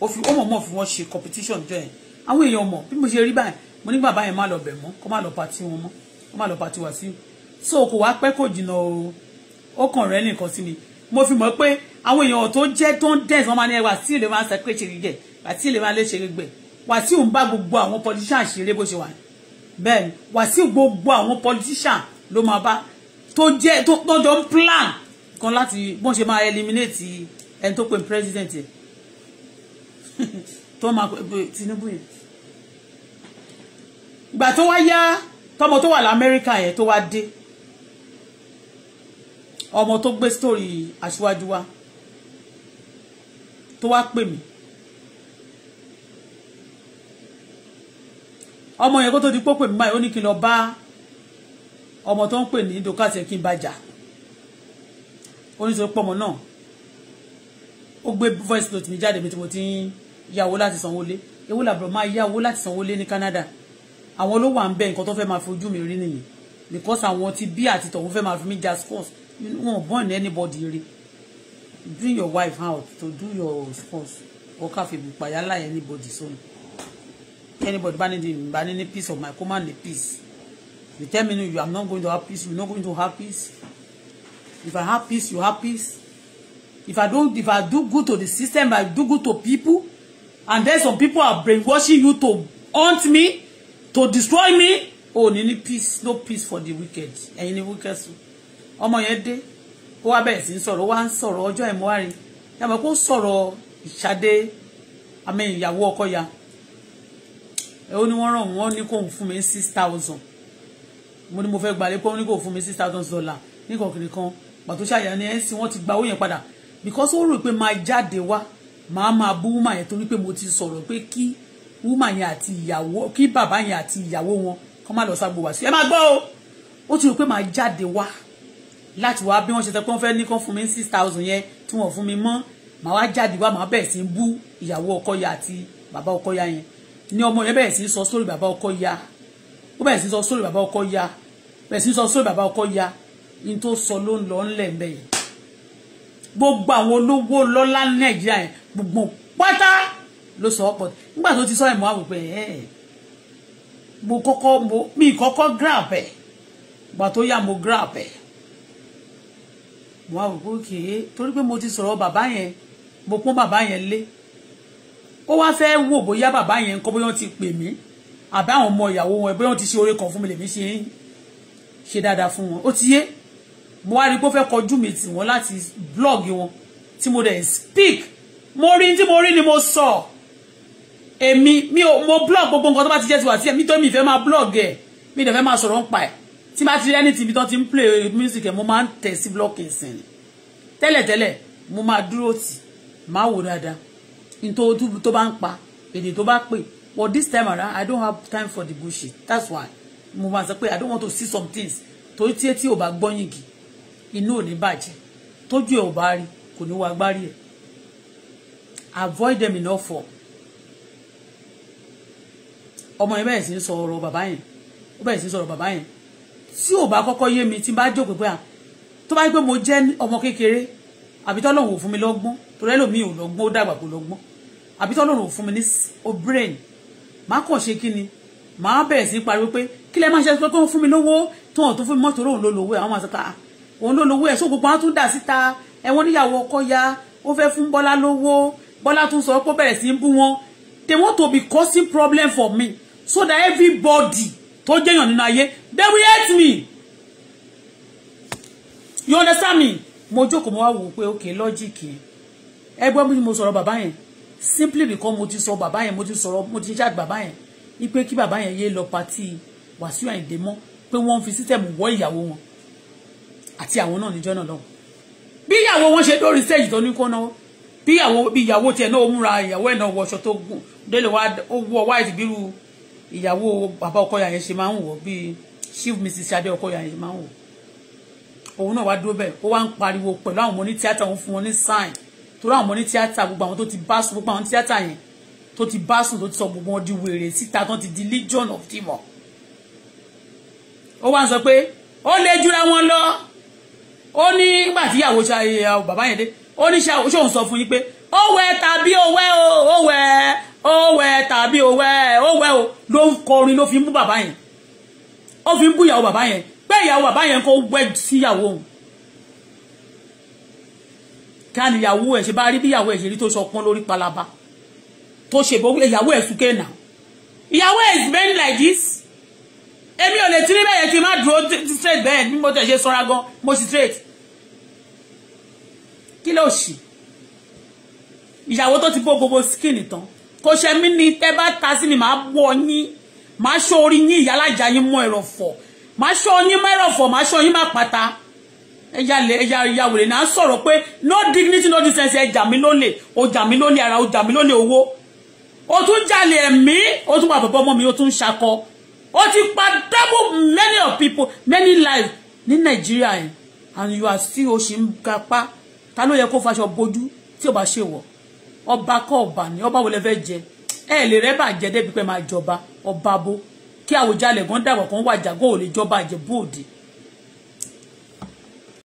ó fi ó mọ̀ọ́mọ̀ fi wọ́n ṣe competition jọ yẹn àwọn èèyàn mọ̀ bí mo ṣe rí báyìí mo ní bàbá yẹn má lọ bẹ̀ mọ́ kó má lọ pati wọn mọ́ kó má lọ pati wá sí so kò wá pẹ́ kò jìnnà o ó kàn rẹ́ nìkan sí mi mo fi mọ̀ pé àwọn èèyàn tó jẹ́ tó ń dẹ̀sán máa ní ẹwà tí ìlè máa ń sẹ́kẹ́ ṣe gbẹ̀ àti ìlè máa lè ṣe gbẹ̀ Wàsíù ń bá gbogbo àwọn politician ṣeré bó ṣe wà bẹ́ẹ̀ ni Wàsíù gbogbo àwọn politician ló máa bá tó jẹ́ tó tọ́jọ́ ń plan kan láti bọ́n ṣe máa eliminate ẹni tó pè ní president yẹ tó máa pè Tinubu yẹn ìgbà tó wá yá tọmọ tó wà lamẹ́ríkà yẹn tó wá dé ọmọ tó gbé sítórì aṣíwájú wa tó wá pè mí ọmọ yẹn kó tó di pópè mi báyìí ó ní kí n lọ bá ọmọ tó ń pè ní dokasẹ kí n bá ó ní sọ pé náà ó gbé voice note mi jáde mi tí mo ti ń yàwó láti sanwó lé ewu làbúrò máa yàwó láti sanwó lé ní Canada àwọn ló wà ń bẹ nǹkan tó fẹ́ máa fojú mi rí nìyẹn because àwọn ti bí àti tọ̀hún fẹ́ máa fi mí ja sports wọn ò bọ́ọ̀nù anybody rí bring your wife out to do your sports or ká fi bùpàyà láì anybody sóni anybody bá ní di bá ní ní peace of my kó má ní peace you tell me no you are not going to have peace you are not going to have peace if I have peace you have peace if I don't if I do good to the system I do good to people and then some people are brainwashing you to haunt me to destroy me oh ní peace no peace for the wicked ẹ̀yin ni wicked so ọmọ yẹn dé ó wá bẹ̀rẹ̀ sí sorrow sọ̀rọ̀ ó wá ń sọ̀rọ̀ ọjọ́ ẹ̀ mọ́wárin yàtọ̀ kó sọ̀rọ̀ ìṣadé àmì ìyàwó ya ó ní wọ́n ràn wọ́n ní kò fún six thousand mo ní mo fẹ́ gbalẹ̀ pé wọ́n ní kò mi six thousand dollar ní kọ̀ọ̀kiri kan pàtó ṣàyà ni ẹ̀ ń sin wọ́n ti gba owó yẹn padà because ó rò pé máa jáde wá màá máa bú woman yẹn torí pé mo ti sọ̀rọ̀ pé kí woman yẹn àti ìyàwó kí bàbá yẹn àti ìyàwó wọn kọ́ má lọ sábò wá sí ẹ má gbọ́ o ó ti rò pé máa jáde wá láti wá bí wọ́n ṣe tẹ́ pé wọ́n fẹ́ ní kán fún mi six thousand yẹn tí wọ́n fún mi mọ́ màá wá jáde wá màá bẹ̀rẹ̀ sí bú ìyàwó ọkọ ya àti bàbá ọkọ ya yẹn ni ọmọ yẹn bẹ̀rẹ̀ sí sọ sórí bàbá ọkọ ya ó bẹ̀rẹ̀ sí sọ sórí bàbá ọkọ ya bẹ̀rẹ̀ sí sọ sórí bàbá ọkọ ya ní tó sọ ló ń lọ ńlẹ̀ mbẹ́yìí gbogbo àwọn olówó lọ́lá nàìjíríà yẹn gbogbo pátá ló sọ ọ́pọ̀ nígbà tó ti sọ ìmọ̀ àwọn pé ẹ̀ mo kọ́kọ́ mo mi kọ́kọ́ grab ẹ̀ gbà tó yá mo grab ẹ̀ mo wá wò pé òkè torí pé mo ti sọ̀rọ̀ bàbá yẹn mo pọ́n bàbá yẹn lé ó wá fẹ́ wò bóyá bàbá yẹn ń kọ́ bóyá wọ́n ti pè mí àbí àwọn ọmọ ìyàwó wọn bóyá wọ́n ti ṣe oore kan fún mi lèmi ṣe ń ṣe dáadáa fún wọn ó ti yé mo wá rí pé ó fẹ́ kọjú mi tì wọ́n láti blog wọn tí mo dẹ̀ speak mo rí tí mo rí ni mo sọ èmi mi ò mo blog gbogbo nǹkan tó bá ti jẹ́ ti wà sí èmi tó mi fẹ́ máa blog ẹ̀ mi dẹ̀ fẹ́ máa sọ̀rọ̀ ń pa ẹ̀ tí bá ti rí ẹni tìbí tó ti ń play music ẹ̀ mo máa ń tẹ̀ sí blog ẹ̀sìn ni tẹ́lẹ̀tẹ́lẹ̀ mo máa dúró tì máa wò dáadáa nítorí tó bá ń pa èdè tó bá pè but this time around i don't have time for the bullshit that's why mo máa sọ pé i don't want to see some things torí tí etí ò bá gbọ́ yìngì inú ò ní bàjẹ́ tójú ẹ̀ ò bá rí kò ní wá gbárí ẹ̀ avoid them in all form ọmọ yẹn bẹ̀rẹ̀ sí ń sọ ọ̀rọ̀ bàbá yẹn ó bẹ̀rẹ̀ sí ń sọ ọ̀rọ̀ bàbá yẹn tí ò bá kọ́kọ́ yé mi tí n bá jókòó pé à tó bá yẹ pé mo jẹ́ ọmọ kékeré àbí tọ́lọ́run ò fún mi lọ́gbọ́n torí ẹlòmíì ò lọ́gbọ́n ó dàgbà kó lọ́gbọ́n àbí tọ́lọ́run ò fún mi ní o brain máa kàn ṣe kí ni máa bẹ̀rẹ̀ sí pariwo pé kí lẹ́ máa ṣe pé kó fún mi lówó tó hàn tó fún mi mọ́tò lóhùn ló lówó àwọn àti ká òun ló lówó ẹ̀ só gbogbo wọn tún dà síta ẹ̀wọ̀n níyàwó ọkọ ya ó fẹ́ fún Bọ́lá lówó Bọ́lá tún sọ pé ó bẹ̀rẹ̀ sí í bú wọn they want to be causing problem for me so that everybody tó jẹ́yàn nínú ayé they will hate me you understand me mo jókòó mo wá wò pé okay logic ẹ gbọ́ bí mo sọ̀rọ̀ bàbá yẹn simply because mo ti sọ bàbá yẹn mo ti sọ̀rọ̀ mo ti ṣáàdì bàbá yẹn ipe kí bàbá yẹn yé lọ pati Wàsíù Àyìndé mọ́ pé wọ́n fi sítẹ̀mù wọ́ ìyàwó wọn àti àwọn náà níjọ́ náà lọ́hùn bí ìyàwó wọn ṣe dórí stage tó ní kó náwó bí ìyàwó bí ìyàwó tiẹ̀ náà ó múra ìyàwó ẹ̀ náà wọṣọ tó gùn délé wa ó wọ white bírú ìyàwó bàbá ọkọyà yẹn ṣe máa ń wọ̀ bíi chief mrs sade ọkọyà yẹn ṣe máa ń wọ̀ òun náà wá dúró bẹ́ẹ̀ ó wá ń pariwo pẹ̀lú àwọn ọmọ ní tíátà òun fún wọn ní sign torí àwọn ọmọ ní tíátà gbogbo àwọn tó ti bá sùn gbogbo àwọn tíátà yẹn tó ti bá sùn tó ti sọ gbogbo wọn di wèrè síta tán ti di legion of demon ó wá ń sọ pé ó lè jura wọn lọ ó ní nígbà tí ìyàwó ṣe eh, bàbá yẹn dé ó ní ṣe òun sọ fún yín pé ó wẹ tàbí ó wẹ o ó wẹ ó wẹ tàbí ó wẹ ó wẹ o ló ń kọrin ló fi ń bú bàbá yẹn ó fi ń bú ìyàwó bàbá yẹn pé ìyàwó bàbá yẹn kò wẹ síyàwó òun ká ní ìyàwó ẹ̀ ṣe bá rí bí ìyàwó ẹ̀ ṣe rí tó ṣọpọ́n lórí palaba tó ṣe bó ìyàwó ẹ̀ súnkẹ́ náà ìyàwó ẹ̀ is been like this Emi ò lè ti rí bẹ́ẹ̀ yẹn kí n má straight bẹ́ẹ̀ bí mo tẹ̀ ṣe sọ́ra gan mo sì straight kí ló ṣì ìyàwó tó ti bó gbogbo skin tán kò ṣe mí ni tẹ́ bá ta sí ni ma wọ yín màá ṣọ́ orí yín ìyá alájà yín mọ́ ẹ̀rọ ma màá ṣọ́ yín mọ́ ẹ̀rọ fọ̀ màá ṣọ́ yín má pata ẹ̀yà ẹ̀yà ẹ̀yà wèrè náà sọ̀rọ̀ no dignity no decency ẹ̀jà mi lólè ọjà mi lólè ara ọjà mi lólè owo o tún jalè ẹ̀mí o tún wà bọ̀bọ̀ ọmọ mi o tún ṣakọ ó ti pa double many of people many lives ní Nigeria, yẹn and you are still oṣù ń gapá ta ló yẹ kó faṣọ bojú tí ò bá ṣe wọ ọba kọ ọba ni ọba wo lẹ fẹ́ jẹ ẹ lè rẹ bàjẹ́ débi pé máa jọba ọba bo kí àwòjalè gan dàgbà kan wàjà gan ò lè jọba àjẹbú òde